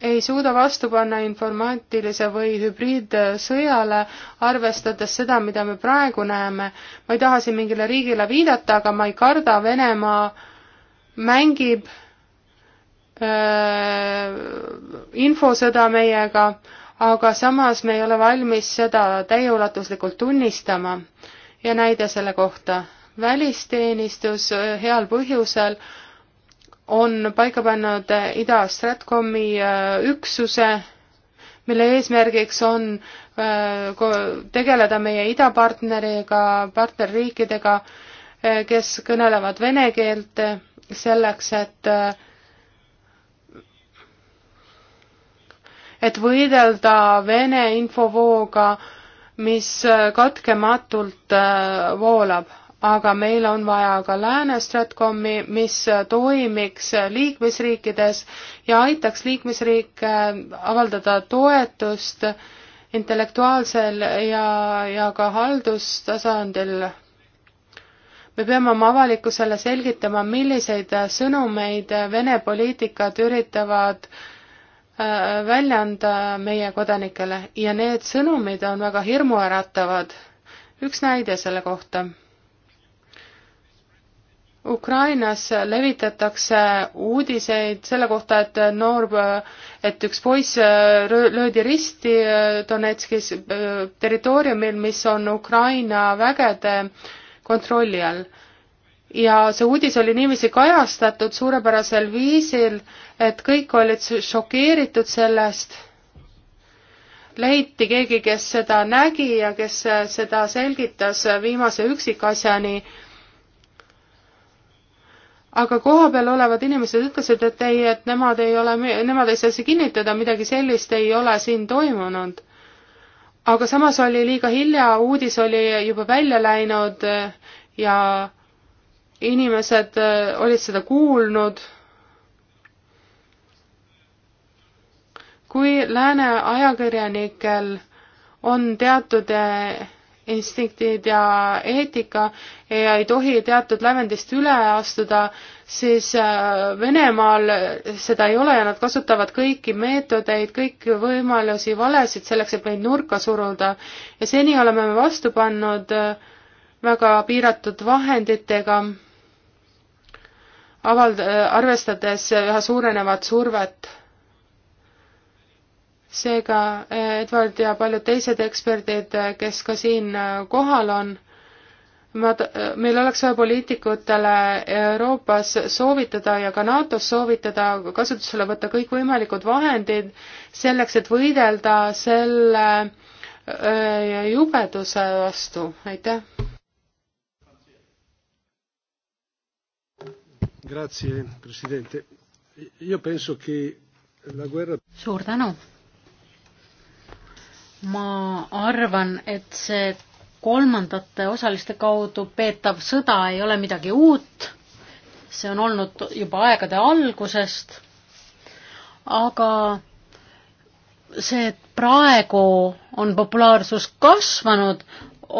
ei suuda vastu panna informaatilise või hübriidsõjale, arvestades seda, mida me praegu näeme. ma ei taha siin mingile riigile viidata, aga ma ei karda, Venemaa mängib öö, äh, infosõda meiega, aga samas me ei ole valmis seda täieulatuslikult tunnistama ja näide selle kohta. välisteenistus äh, heal põhjusel on paika pannud Ida-Stratkomi äh, üksuse, mille eesmärgiks on äh, tegeleda meie idapartneriga, partnerriikidega, kes kõnelevad vene keelt, selleks et et võidelda Vene infovooga äh, mis äh, katkematult äh, voolab, aga meil on vaja ka lääne stratkomi, mis äh, toimiks liikmesriikides ja aitaks liikmesriike avaldada toetust intellektuaalsel ja, ja ka haldustasandil. me peame oma avalikkusele selgitama, milliseid sõnumeid Vene poliitikad üritavad äh, Äh, välja anda äh, meie kodanikele ja need sõnumid on väga hirmuäratavad. üks näide selle kohta. Ukrainas levitatakse uudiseid selle kohta, et noor, et üks poiss äh, löödi risti Donetskis territooriumil, mis on Ukraina vägede kontrolli all. ja see uudis oli niiviisi kajastatud suurepärasel viisil, et kõik olid šokeeritud sellest, leiti keegi, kes seda nägi ja kes äh, seda selgitas äh, viimase üksikasjani. aga kohapeal olevad inimesed ütlesid, et ei, et nemad ei ole, nemad ei saa seda kinnitada, midagi sellist ei ole siin toimunud. aga samas oli liiga hilja, uudis oli juba välja läinud äh, ja inimesed olid seda kuulnud kui lääne ajakirjanikel on teatud eh, instinktid ja eetika ja ei tohi teatud lävendist üle astuda, siis eh, Venemaal seda ei ole ja nad kasutavad kõiki meetodeid, kõiki võimalusi, valesid selleks, et meid nurka suruda. ja seni oleme me vastu pannud eh, väga piiratud vahenditega, avald-, arvestades üha suurenevat survet seega eh, Edward ja paljud teised eksperdid, eh, kes ka siin eh, kohal on, ma, meil oleks vaja poliitikutele Euroopas soovitada ja ka NATO-s soovitada kasutusele võtta kõikvõimalikud vahendid selleks, et võidelda selle jubeduse vastu, aitäh. Grazie, presidente. Io penso che la guerra... suur tänu ma arvan, et see kolmandate osaliste kaudu peetav sõda ei ole midagi uut, see on olnud juba aegade algusest, aga see, et praegu on populaarsus kasvanud,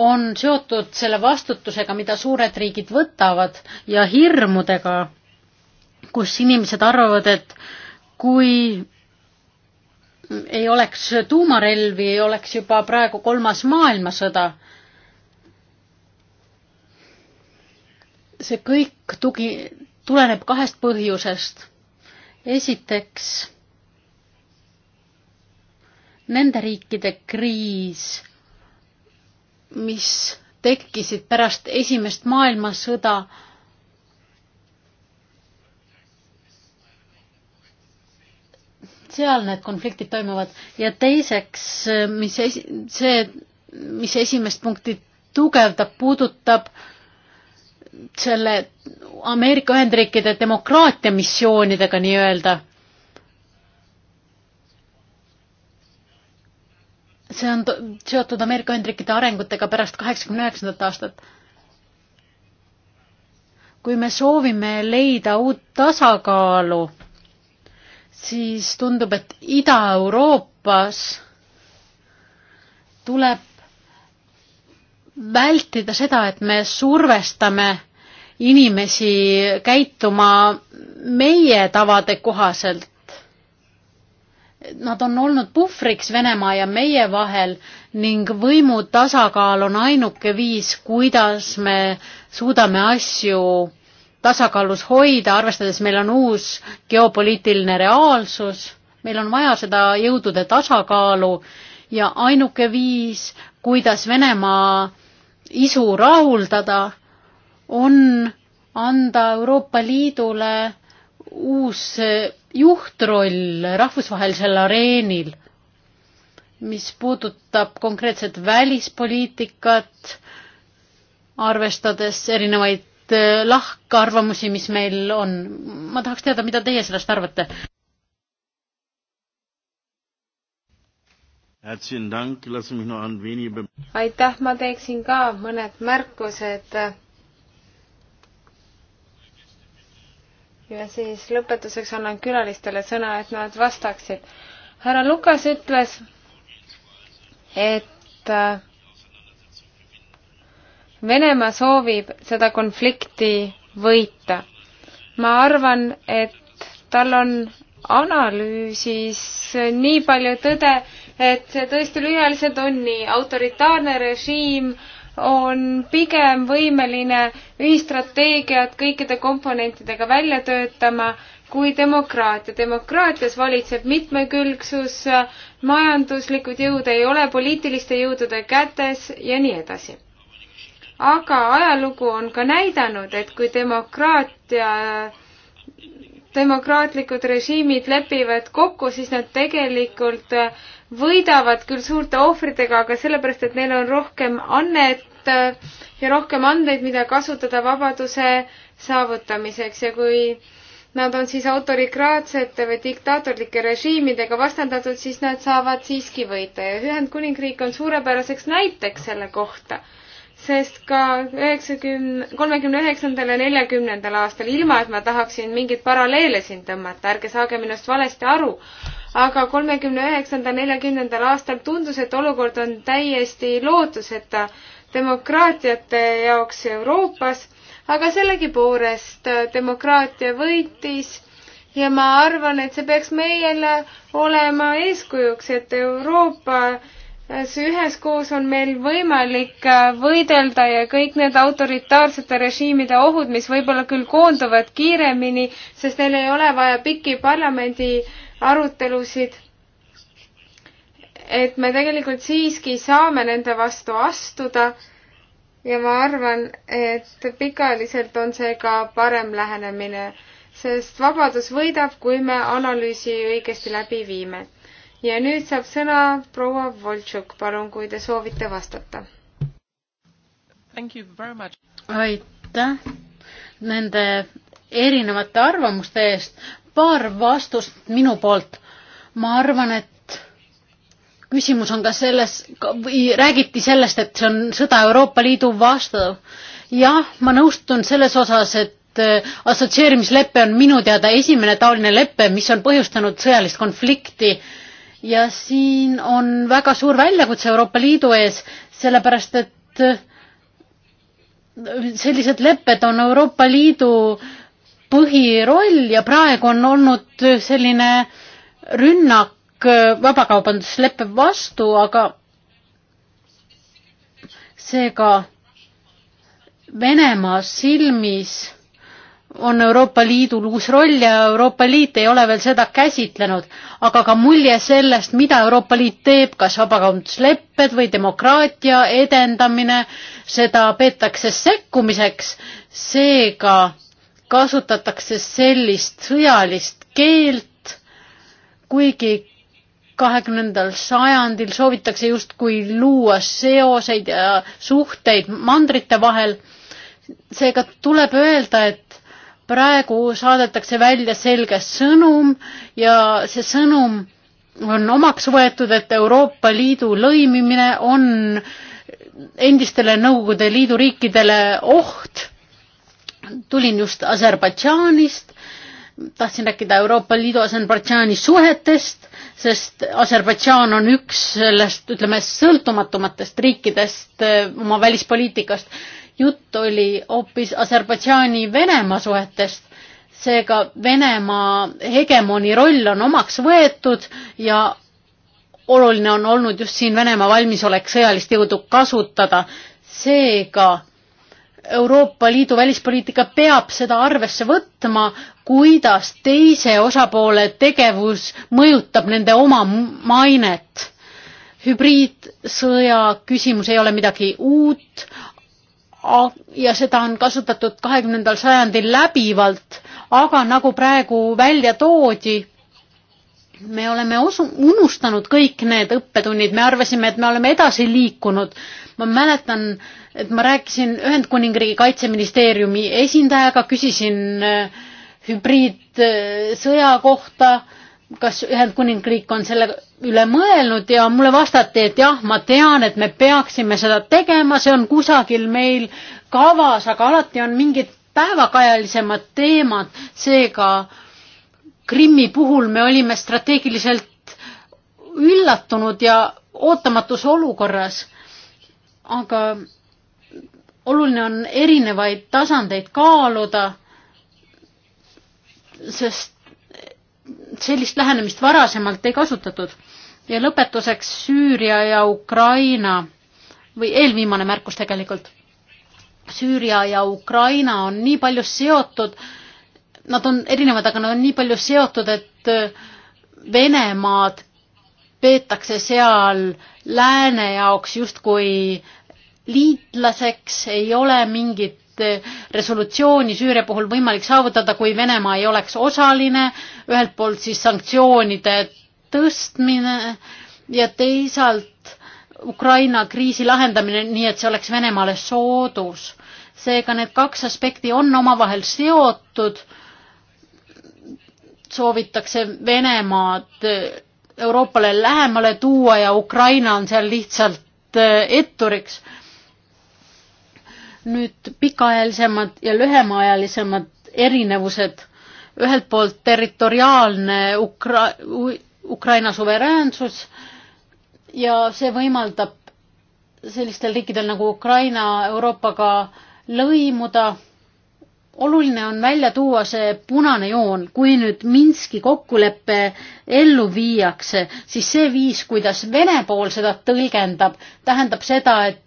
on seotud selle vastutusega, mida suured riigid võtavad ja hirmudega, kus inimesed arvavad, et kui ei oleks tuumarelvi, ei oleks juba praegu kolmas maailmasõda. see kõik tugi, tuleneb kahest põhjusest. esiteks, nende riikide kriis, mis tekkisid pärast esimest maailmasõda seal need konfliktid toimuvad ja teiseks, mis esi-, see, mis esimest punkti tugevdab, puudutab selle Ameerika Ühendriikide demokraatia missioonidega nii-öelda. see on seotud Ameerika Ühendriikide arengutega pärast kaheksakümne üheksandat aastat. kui me soovime leida uut tasakaalu siis tundub, et Ida-Euroopas tuleb vältida seda, et me survestame inimesi käituma meie tavade kohaselt. Nad on olnud puhvriks Venemaa ja meie vahel ning võimu tasakaal on ainuke viis, kuidas me suudame asju tasakaalus hoida, arvestades meil on uus geopoliitiline reaalsus, meil on vaja seda jõudude tasakaalu ja ainuke viis, kuidas Venemaa isu rahuldada, on anda Euroopa Liidule uus juhtroll rahvusvahelisel areenil, mis puudutab konkreetset välispoliitikat, arvestades erinevaid Äh, lahkarvamusi, mis meil on. ma tahaks teada, mida teie sellest arvate? aitäh, ma teeksin ka mõned märkused. ja siis lõpetuseks annan külalistele sõna, et nad vastaksid. härra Lukas ütles, et äh, Venemaa soovib seda konflikti võita. ma arvan, et tal on analüüsis nii palju tõde, et see tõesti lühiajaliselt on nii, autoritaarne režiim on pigem võimeline ühistrateegiat kõikide komponentidega välja töötama kui demokraatia. demokraatias valitseb mitmekülgsus, majanduslikud jõud ei ole poliitiliste jõudude kätes ja nii edasi aga ajalugu on ka näidanud, et kui demokraatia, demokraatlikud režiimid lepivad kokku, siis nad tegelikult võidavad küll suurte ohvritega, aga sellepärast, et neil on rohkem annet ja rohkem andeid, mida kasutada vabaduse saavutamiseks ja kui nad on siis autorikraatsete või diktaatorlike režiimidega vastandatud, siis nad saavad siiski võita ja Ühendkuningriik on suurepäraseks näiteks selle kohta sest ka üheksakümne, kolmekümne üheksandal ja neljakümnendal aastal, ilma et ma tahaksin mingeid paralleele siin tõmmata, ärge saage minust valesti aru, aga kolmekümne üheksandal, neljakümnendal aastal tundus, et olukord on täiesti lootuseta demokraatiate jaoks Euroopas, aga sellegipoolest demokraatia võitis ja ma arvan, et see peaks meile olema eeskujuks, et Euroopa üheskoos on meil võimalik äh, võidelda ja kõik need autoritaarsete režiimide ohud, mis võib-olla küll koonduvad kiiremini, sest neil ei ole vaja pikki parlamendi arutelusid. et me tegelikult siiski saame nende vastu astuda ja ma arvan, et pikaajaliselt on see ka parem lähenemine, sest vabadus võidab, kui me analüüsi õigesti läbi viime ja nüüd saab sõna proua Voltšuk, palun, kui te soovite vastata. aitäh nende erinevate arvamuste eest. paar vastust minu poolt. ma arvan, et küsimus on ka selles, räägiti sellest, et see on sõda Euroopa Liidu vastu. jah, ma nõustun selles osas, et äh, assotsieerimislepe on minu teada esimene taoline lepe, mis on põhjustanud sõjalist konflikti ja siin on väga suur väljakutse Euroopa Liidu ees, sellepärast et äh, sellised lepped on Euroopa Liidu põhiroll ja praegu on olnud selline rünnak äh, vabakaubandusleppe vastu, aga seega Venemaa silmis on Euroopa Liidul uus roll ja Euroopa Liit ei ole veel seda käsitlenud, aga ka mulje sellest, mida Euroopa Liit teeb, kas vabakaubanduslepped või demokraatia edendamine, seda peetakse sekkumiseks, seega kasutatakse sellist sõjalist keelt, kuigi kahekümnendal sajandil soovitakse justkui luua seoseid ja suhteid mandrite vahel. seega tuleb öelda, et praegu saadetakse välja selge sõnum ja see sõnum on omaks võetud, et Euroopa Liidu lõimimine on endistele Nõukogude Liidu riikidele oht. tulin just Aserbaidžaanist, tahtsin rääkida Euroopa Liidu Aserbaidžaani suhetest, sest Aserbaidžaan on üks sellest, ütleme, sõltumatumatest riikidest eh, oma välispoliitikast jutt oli hoopis Aserbaidžaani-Venemaa suhetest. seega Venemaa hegemoni roll on omaks võetud ja oluline on olnud just siin Venemaa valmisolek sõjalist jõudu kasutada. seega Euroopa Liidu välispoliitika peab seda arvesse võtma, kuidas teise osapoole tegevus mõjutab nende oma mainet. hübriidsõja küsimus ei ole midagi uut, Ah, ja seda on kasutatud kahekümnendal sajandil läbivalt, aga nagu praegu välja toodi, me oleme osu-, unustanud kõik need õppetunnid, me arvasime, et me oleme edasi liikunud. ma mäletan, et ma rääkisin Ühendkuningriigi kaitseministeeriumi esindajaga, küsisin äh, hübriidsõja kohta äh, kas Ühendkuningriik on selle üle mõelnud ja mulle vastati, et jah, ma tean, et me peaksime seda tegema, see on kusagil meil kavas, aga alati on mingid päevakajalisemad teemad, seega Krimmi puhul me olime strateegiliselt üllatunud ja ootamatus olukorras. aga oluline on erinevaid tasandeid kaaluda, sest sellist lähenemist varasemalt ei kasutatud. ja lõpetuseks Süüria ja Ukraina või eelviimane märkus tegelikult. Süüria ja Ukraina on nii palju seotud, nad on erinevad, aga nad on nii palju seotud, et äh, Venemaad peetakse seal lääne jaoks justkui liitlaseks, ei ole mingit Eh, resolutsiooni Süüria puhul võimalik saavutada, kui Venemaa ei oleks osaline, ühelt poolt siis sanktsioonide tõstmine ja teisalt Ukraina kriisi lahendamine, nii et see oleks Venemaale soodus. seega need kaks aspekti on omavahel seotud, soovitakse Venemaad eh, Euroopale lähemale tuua ja Ukraina on seal lihtsalt eh, etturiks nüüd pikaajalisemad ja lühemaajalisemad erinevused. ühelt poolt territoriaalne Ukra-, Ukraina suveräänsus ja see võimaldab sellistel riikidel nagu Ukraina Euroopaga lõimuda. oluline on välja tuua see punane joon, kui nüüd Minski kokkulepe ellu viiakse, siis see viis, kuidas Vene pool seda tõlgendab, tähendab seda, et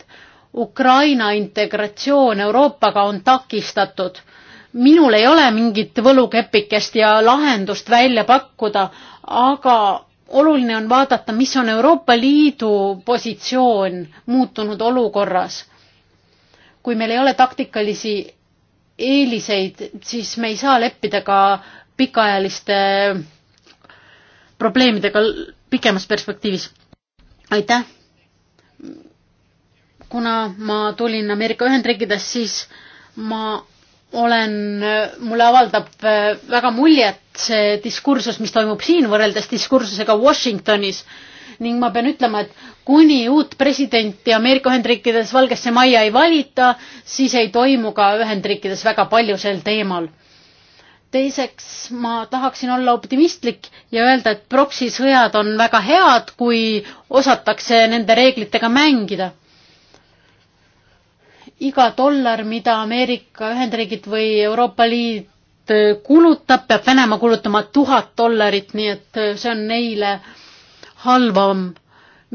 Ukraina integratsioon Euroopaga on takistatud. minul ei ole mingit võlukepikest ja lahendust välja pakkuda, aga oluline on vaadata, mis on Euroopa Liidu positsioon muutunud olukorras. kui meil ei ole taktikalisi eeliseid, siis me ei saa leppida ka pikaajaliste probleemidega pikemas perspektiivis. aitäh! kuna ma tulin Ameerika Ühendriikidest, siis ma olen, mulle avaldab äh, väga muljet see diskursus, mis toimub siin võrreldes diskursusega Washingtonis ning ma pean ütlema, et kuni uut presidenti Ameerika Ühendriikides Valgesse Majja ei valita, siis ei toimu ka Ühendriikides väga palju sel teemal. teiseks, ma tahaksin olla optimistlik ja öelda, et proksisõjad on väga head, kui osatakse nende reeglitega mängida iga dollar, mida Ameerika Ühendriigid või Euroopa Liit kulutab, peab Venemaa kulutama tuhat dollarit, nii et see on neile halvam.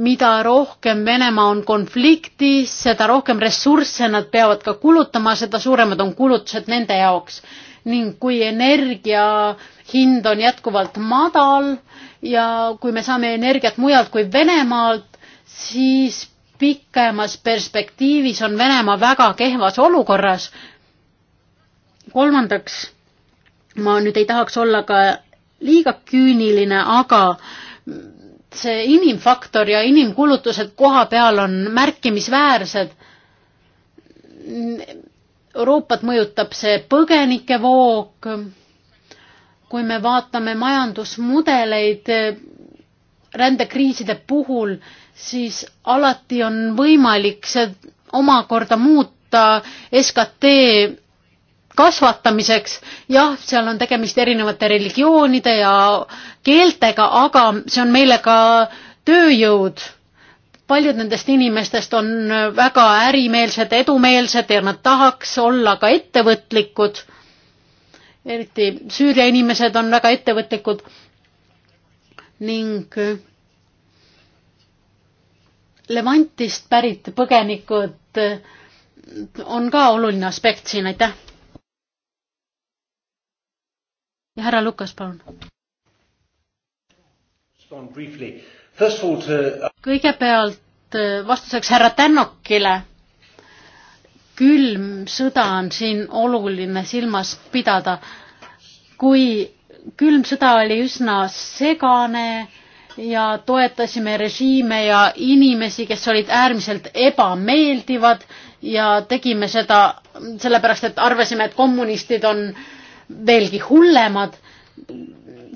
mida rohkem Venemaa on konfliktis, seda rohkem ressursse nad peavad ka kulutama, seda suuremad on kulutused nende jaoks. ning kui energia hind on jätkuvalt madal ja kui me saame energiat mujalt kui Venemaalt, siis pikemas perspektiivis on Venemaa väga kehvas olukorras. kolmandaks, ma nüüd ei tahaks olla ka liiga küüniline, aga see inimfaktor ja inimkulutused koha peal on märkimisväärsed. Euroopat mõjutab see põgenikevoog. kui me vaatame majandusmudeleid rändekriiside puhul, siis alati on võimalik see omakorda muuta SKT kasvatamiseks, jah, seal on tegemist erinevate religioonide ja keeltega, aga see on meile ka tööjõud. paljud nendest inimestest on väga ärimeelsed, edumeelsed ja nad tahaks olla ka ettevõtlikud. eriti Süüria inimesed on väga ettevõtlikud ning Levantist pärit põgenikud on ka oluline aspekt siin, aitäh. ja härra Lukas, palun. Uh, kõigepealt uh, vastuseks härra Tännokile. külm sõda on siin oluline silmas pidada. kui külm sõda oli üsna segane ja toetasime režiime ja inimesi, kes olid äärmiselt ebameeldivad ja tegime seda sellepärast, et arvasime, et kommunistid on veelgi hullemad.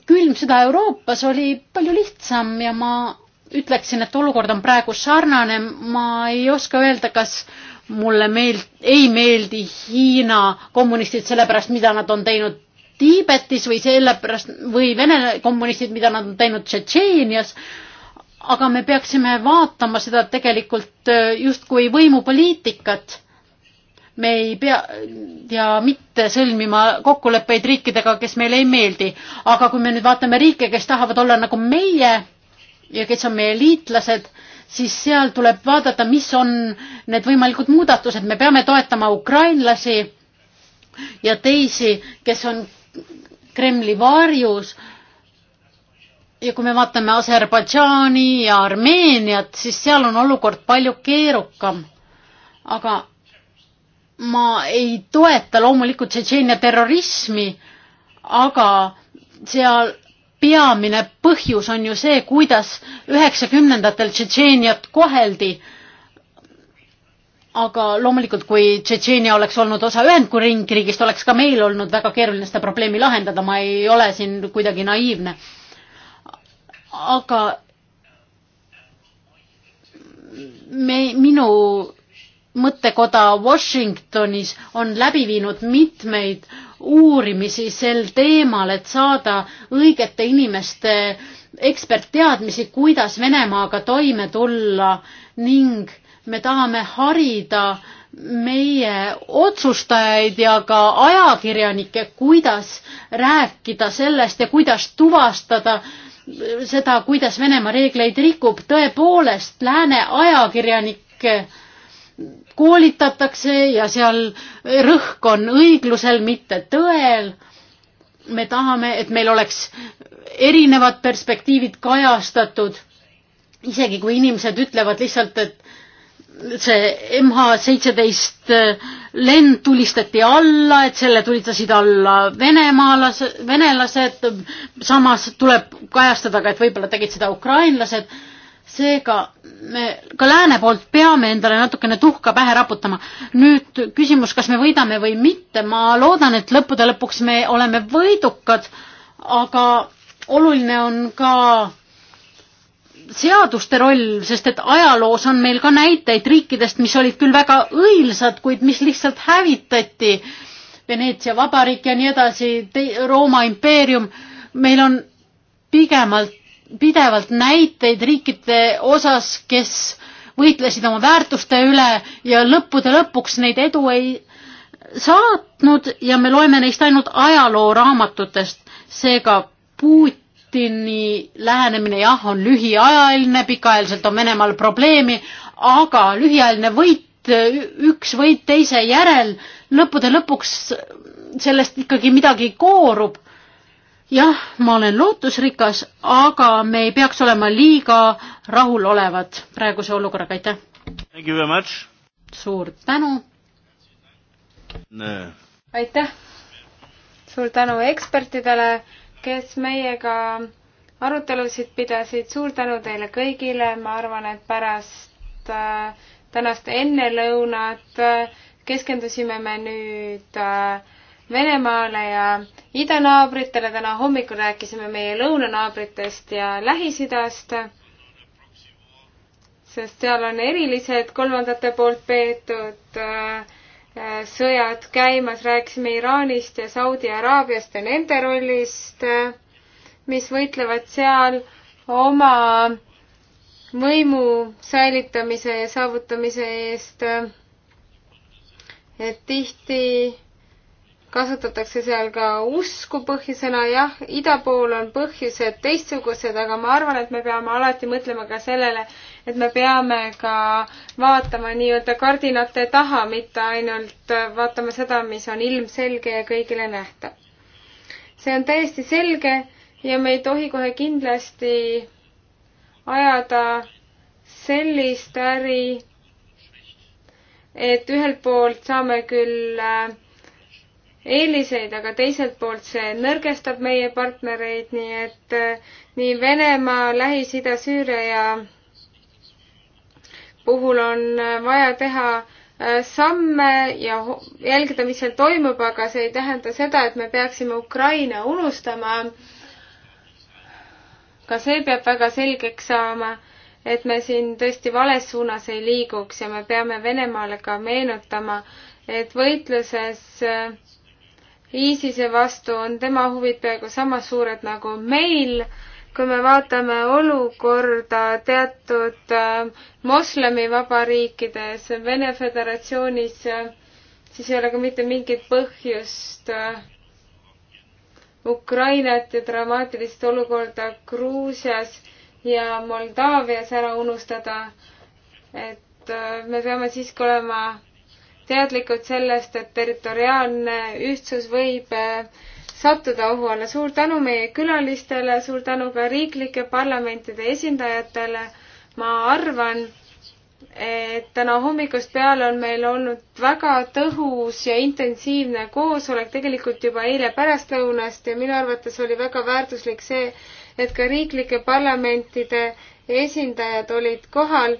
külmsõda Euroopas oli palju lihtsam ja ma ütleksin, et olukord on praegu sarnane, ma ei oska öelda, kas mulle meeld-, ei meeldi Hiina kommunistid sellepärast, mida nad on teinud Tiibetis või sellepärast või Vene kommunistid, mida nad on teinud Tšetšeenias. aga me peaksime vaatama seda tegelikult äh, justkui võimupoliitikat. me ei pea ja mitte sõlmima kokkuleppeid riikidega, kes meile ei meeldi, aga kui me nüüd vaatame riike, kes tahavad olla nagu meie ja kes on meie liitlased siis seal tuleb vaadata, mis on need võimalikud muudatused, me peame toetama ukrainlasi ja teisi, kes on Kremli varjus ja kui me vaatame Aserbaidžaani ja Armeeniat, siis seal on olukord palju keerukam. aga ma ei toeta loomulikult Tšetšeenia terrorismi, aga seal peamine põhjus on ju see, kuidas üheksakümnendatel Tšetšeeniat koheldi aga loomulikult, kui Tšetšeenia oleks olnud osa Ühendkuningriigist, oleks ka meil olnud väga keeruline seda probleemi lahendada, ma ei ole siin kuidagi naiivne. aga me, minu mõttekoda Washingtonis on läbi viinud mitmeid uurimisi sel teemal, et saada õigete inimeste ekspertteadmisi, kuidas Venemaaga toime tulla ning me tahame harida meie otsustajaid ja ka ajakirjanikke, kuidas rääkida sellest ja kuidas tuvastada seda, kuidas Venemaa reegleid rikub. tõepoolest, lääne ajakirjanikke koolitatakse ja seal rõhk on õiglusel, mitte tõel. me tahame, et meil oleks erinevad perspektiivid kajastatud. isegi kui inimesed ütlevad lihtsalt, et see MH seitseteist äh, lend tulistati alla, et selle tulistasid alla venemaalased, venelased, samas tuleb kajastada ka, et võib-olla tegid seda ukrainlased. seega me ka lääne poolt peame endale natukene tuhka pähe raputama. nüüd küsimus, kas me võidame või mitte, ma loodan, et lõppude lõpuks me oleme võidukad, aga oluline on ka seaduste roll, sest et ajaloos on meil ka näiteid riikidest, mis olid küll väga õilsad, kuid mis lihtsalt hävitati. Veneetsia vabariik ja nii edasi, Rooma impeerium. meil on pigemalt, pidevalt näiteid riikide osas, kes võitlesid oma väärtuste üle ja lõppude lõpuks neid edu ei saatnud ja me loeme neist ainult ajalooraamatutest. seega Putin Putini lähenemine jah, on lühiajaline, pikaajaliselt on Venemaal probleemi, aga lühiajaline võit, üks võit teise järel, lõppude lõpuks sellest ikkagi midagi koorub. jah, ma olen lootusrikas, aga me ei peaks olema liiga rahulolevad praeguse olukorraga, aitäh! suur tänu nee.! aitäh! suur tänu ekspertidele kes meiega arutelusid pidasid, suur tänu teile kõigile, ma arvan, et pärast äh, tänast ennelõunat äh, keskendusime me nüüd äh, Venemaale ja idanaabritele, täna hommikul rääkisime meie lõunanaabritest ja Lähis-Idast, sest seal on erilised kolmandate poolt peetud äh, sõjad käimas, rääkisime Iraanist ja Saudi Araabiast ja nende rollist, mis võitlevad seal oma võimu säilitamise ja saavutamise eest. et tihti kasutatakse seal ka usku põhjusena, jah, ida pool on põhjused teistsugused, aga ma arvan, et me peame alati mõtlema ka sellele, et me peame ka vaatama nii-öelda kardinate taha, mitte ainult vaatama seda, mis on ilmselge ja kõigile nähtav. see on täiesti selge ja me ei tohi kohe kindlasti ajada sellist äri, et ühelt poolt saame küll äh, eeliseid, aga teiselt poolt see nõrgestab meie partnereid, nii et äh, nii Venemaa, Lähis-Ida, Süüria ja puhul on äh, vaja teha äh, samme ja jälgida, mis seal toimub, aga see ei tähenda seda, et me peaksime Ukraina unustama. ka see peab väga selgeks saama, et me siin tõesti vales suunas ei liiguks ja me peame Venemaale ka meenutama, et võitluses äh, ISISe vastu on tema huvid peaaegu sama suured nagu meil kui me vaatame olukorda teatud äh, moslemivabariikides, Vene Föderatsioonis, siis ei ole ka mitte mingit põhjust äh, Ukrainat ja dramaatilist olukorda Gruusias ja Moldaavias ära unustada. et äh, me peame siiski olema teadlikud sellest, et territoriaalne ühtsus võib sattuda ohu alla. suur tänu meie külalistele, suur tänu ka riiklike parlamentide esindajatele. ma arvan, et täna hommikust peale on meil olnud väga tõhus ja intensiivne koosolek, tegelikult juba eile pärastlõunast ja minu arvates oli väga väärtuslik see, et ka riiklike parlamentide esindajad olid kohal,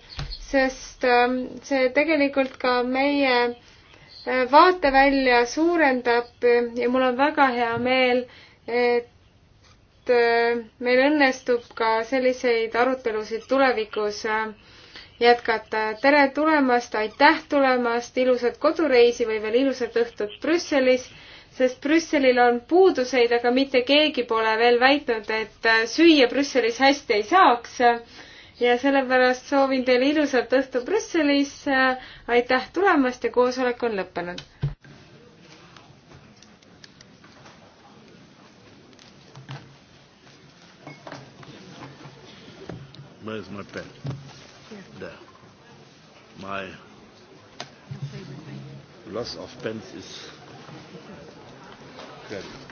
sest ähm, see tegelikult ka meie vaatevälja suurendab ja mul on väga hea meel, et äh, meil õnnestub ka selliseid arutelusid tulevikus äh, jätkata. tere tulemast, aitäh tulemast, ilusat kodureisi või veel ilusat õhtut Brüsselis, sest Brüsselil on puuduseid, aga mitte keegi pole veel väitnud, et äh, süüa Brüsselis hästi ei saaks. ja sellepärast soovin teile ilusat õhtu Brüsselis aitäh tulemast ja koosolek on lõppenud. Where's my pen? Here. There. My loss of pens is credit.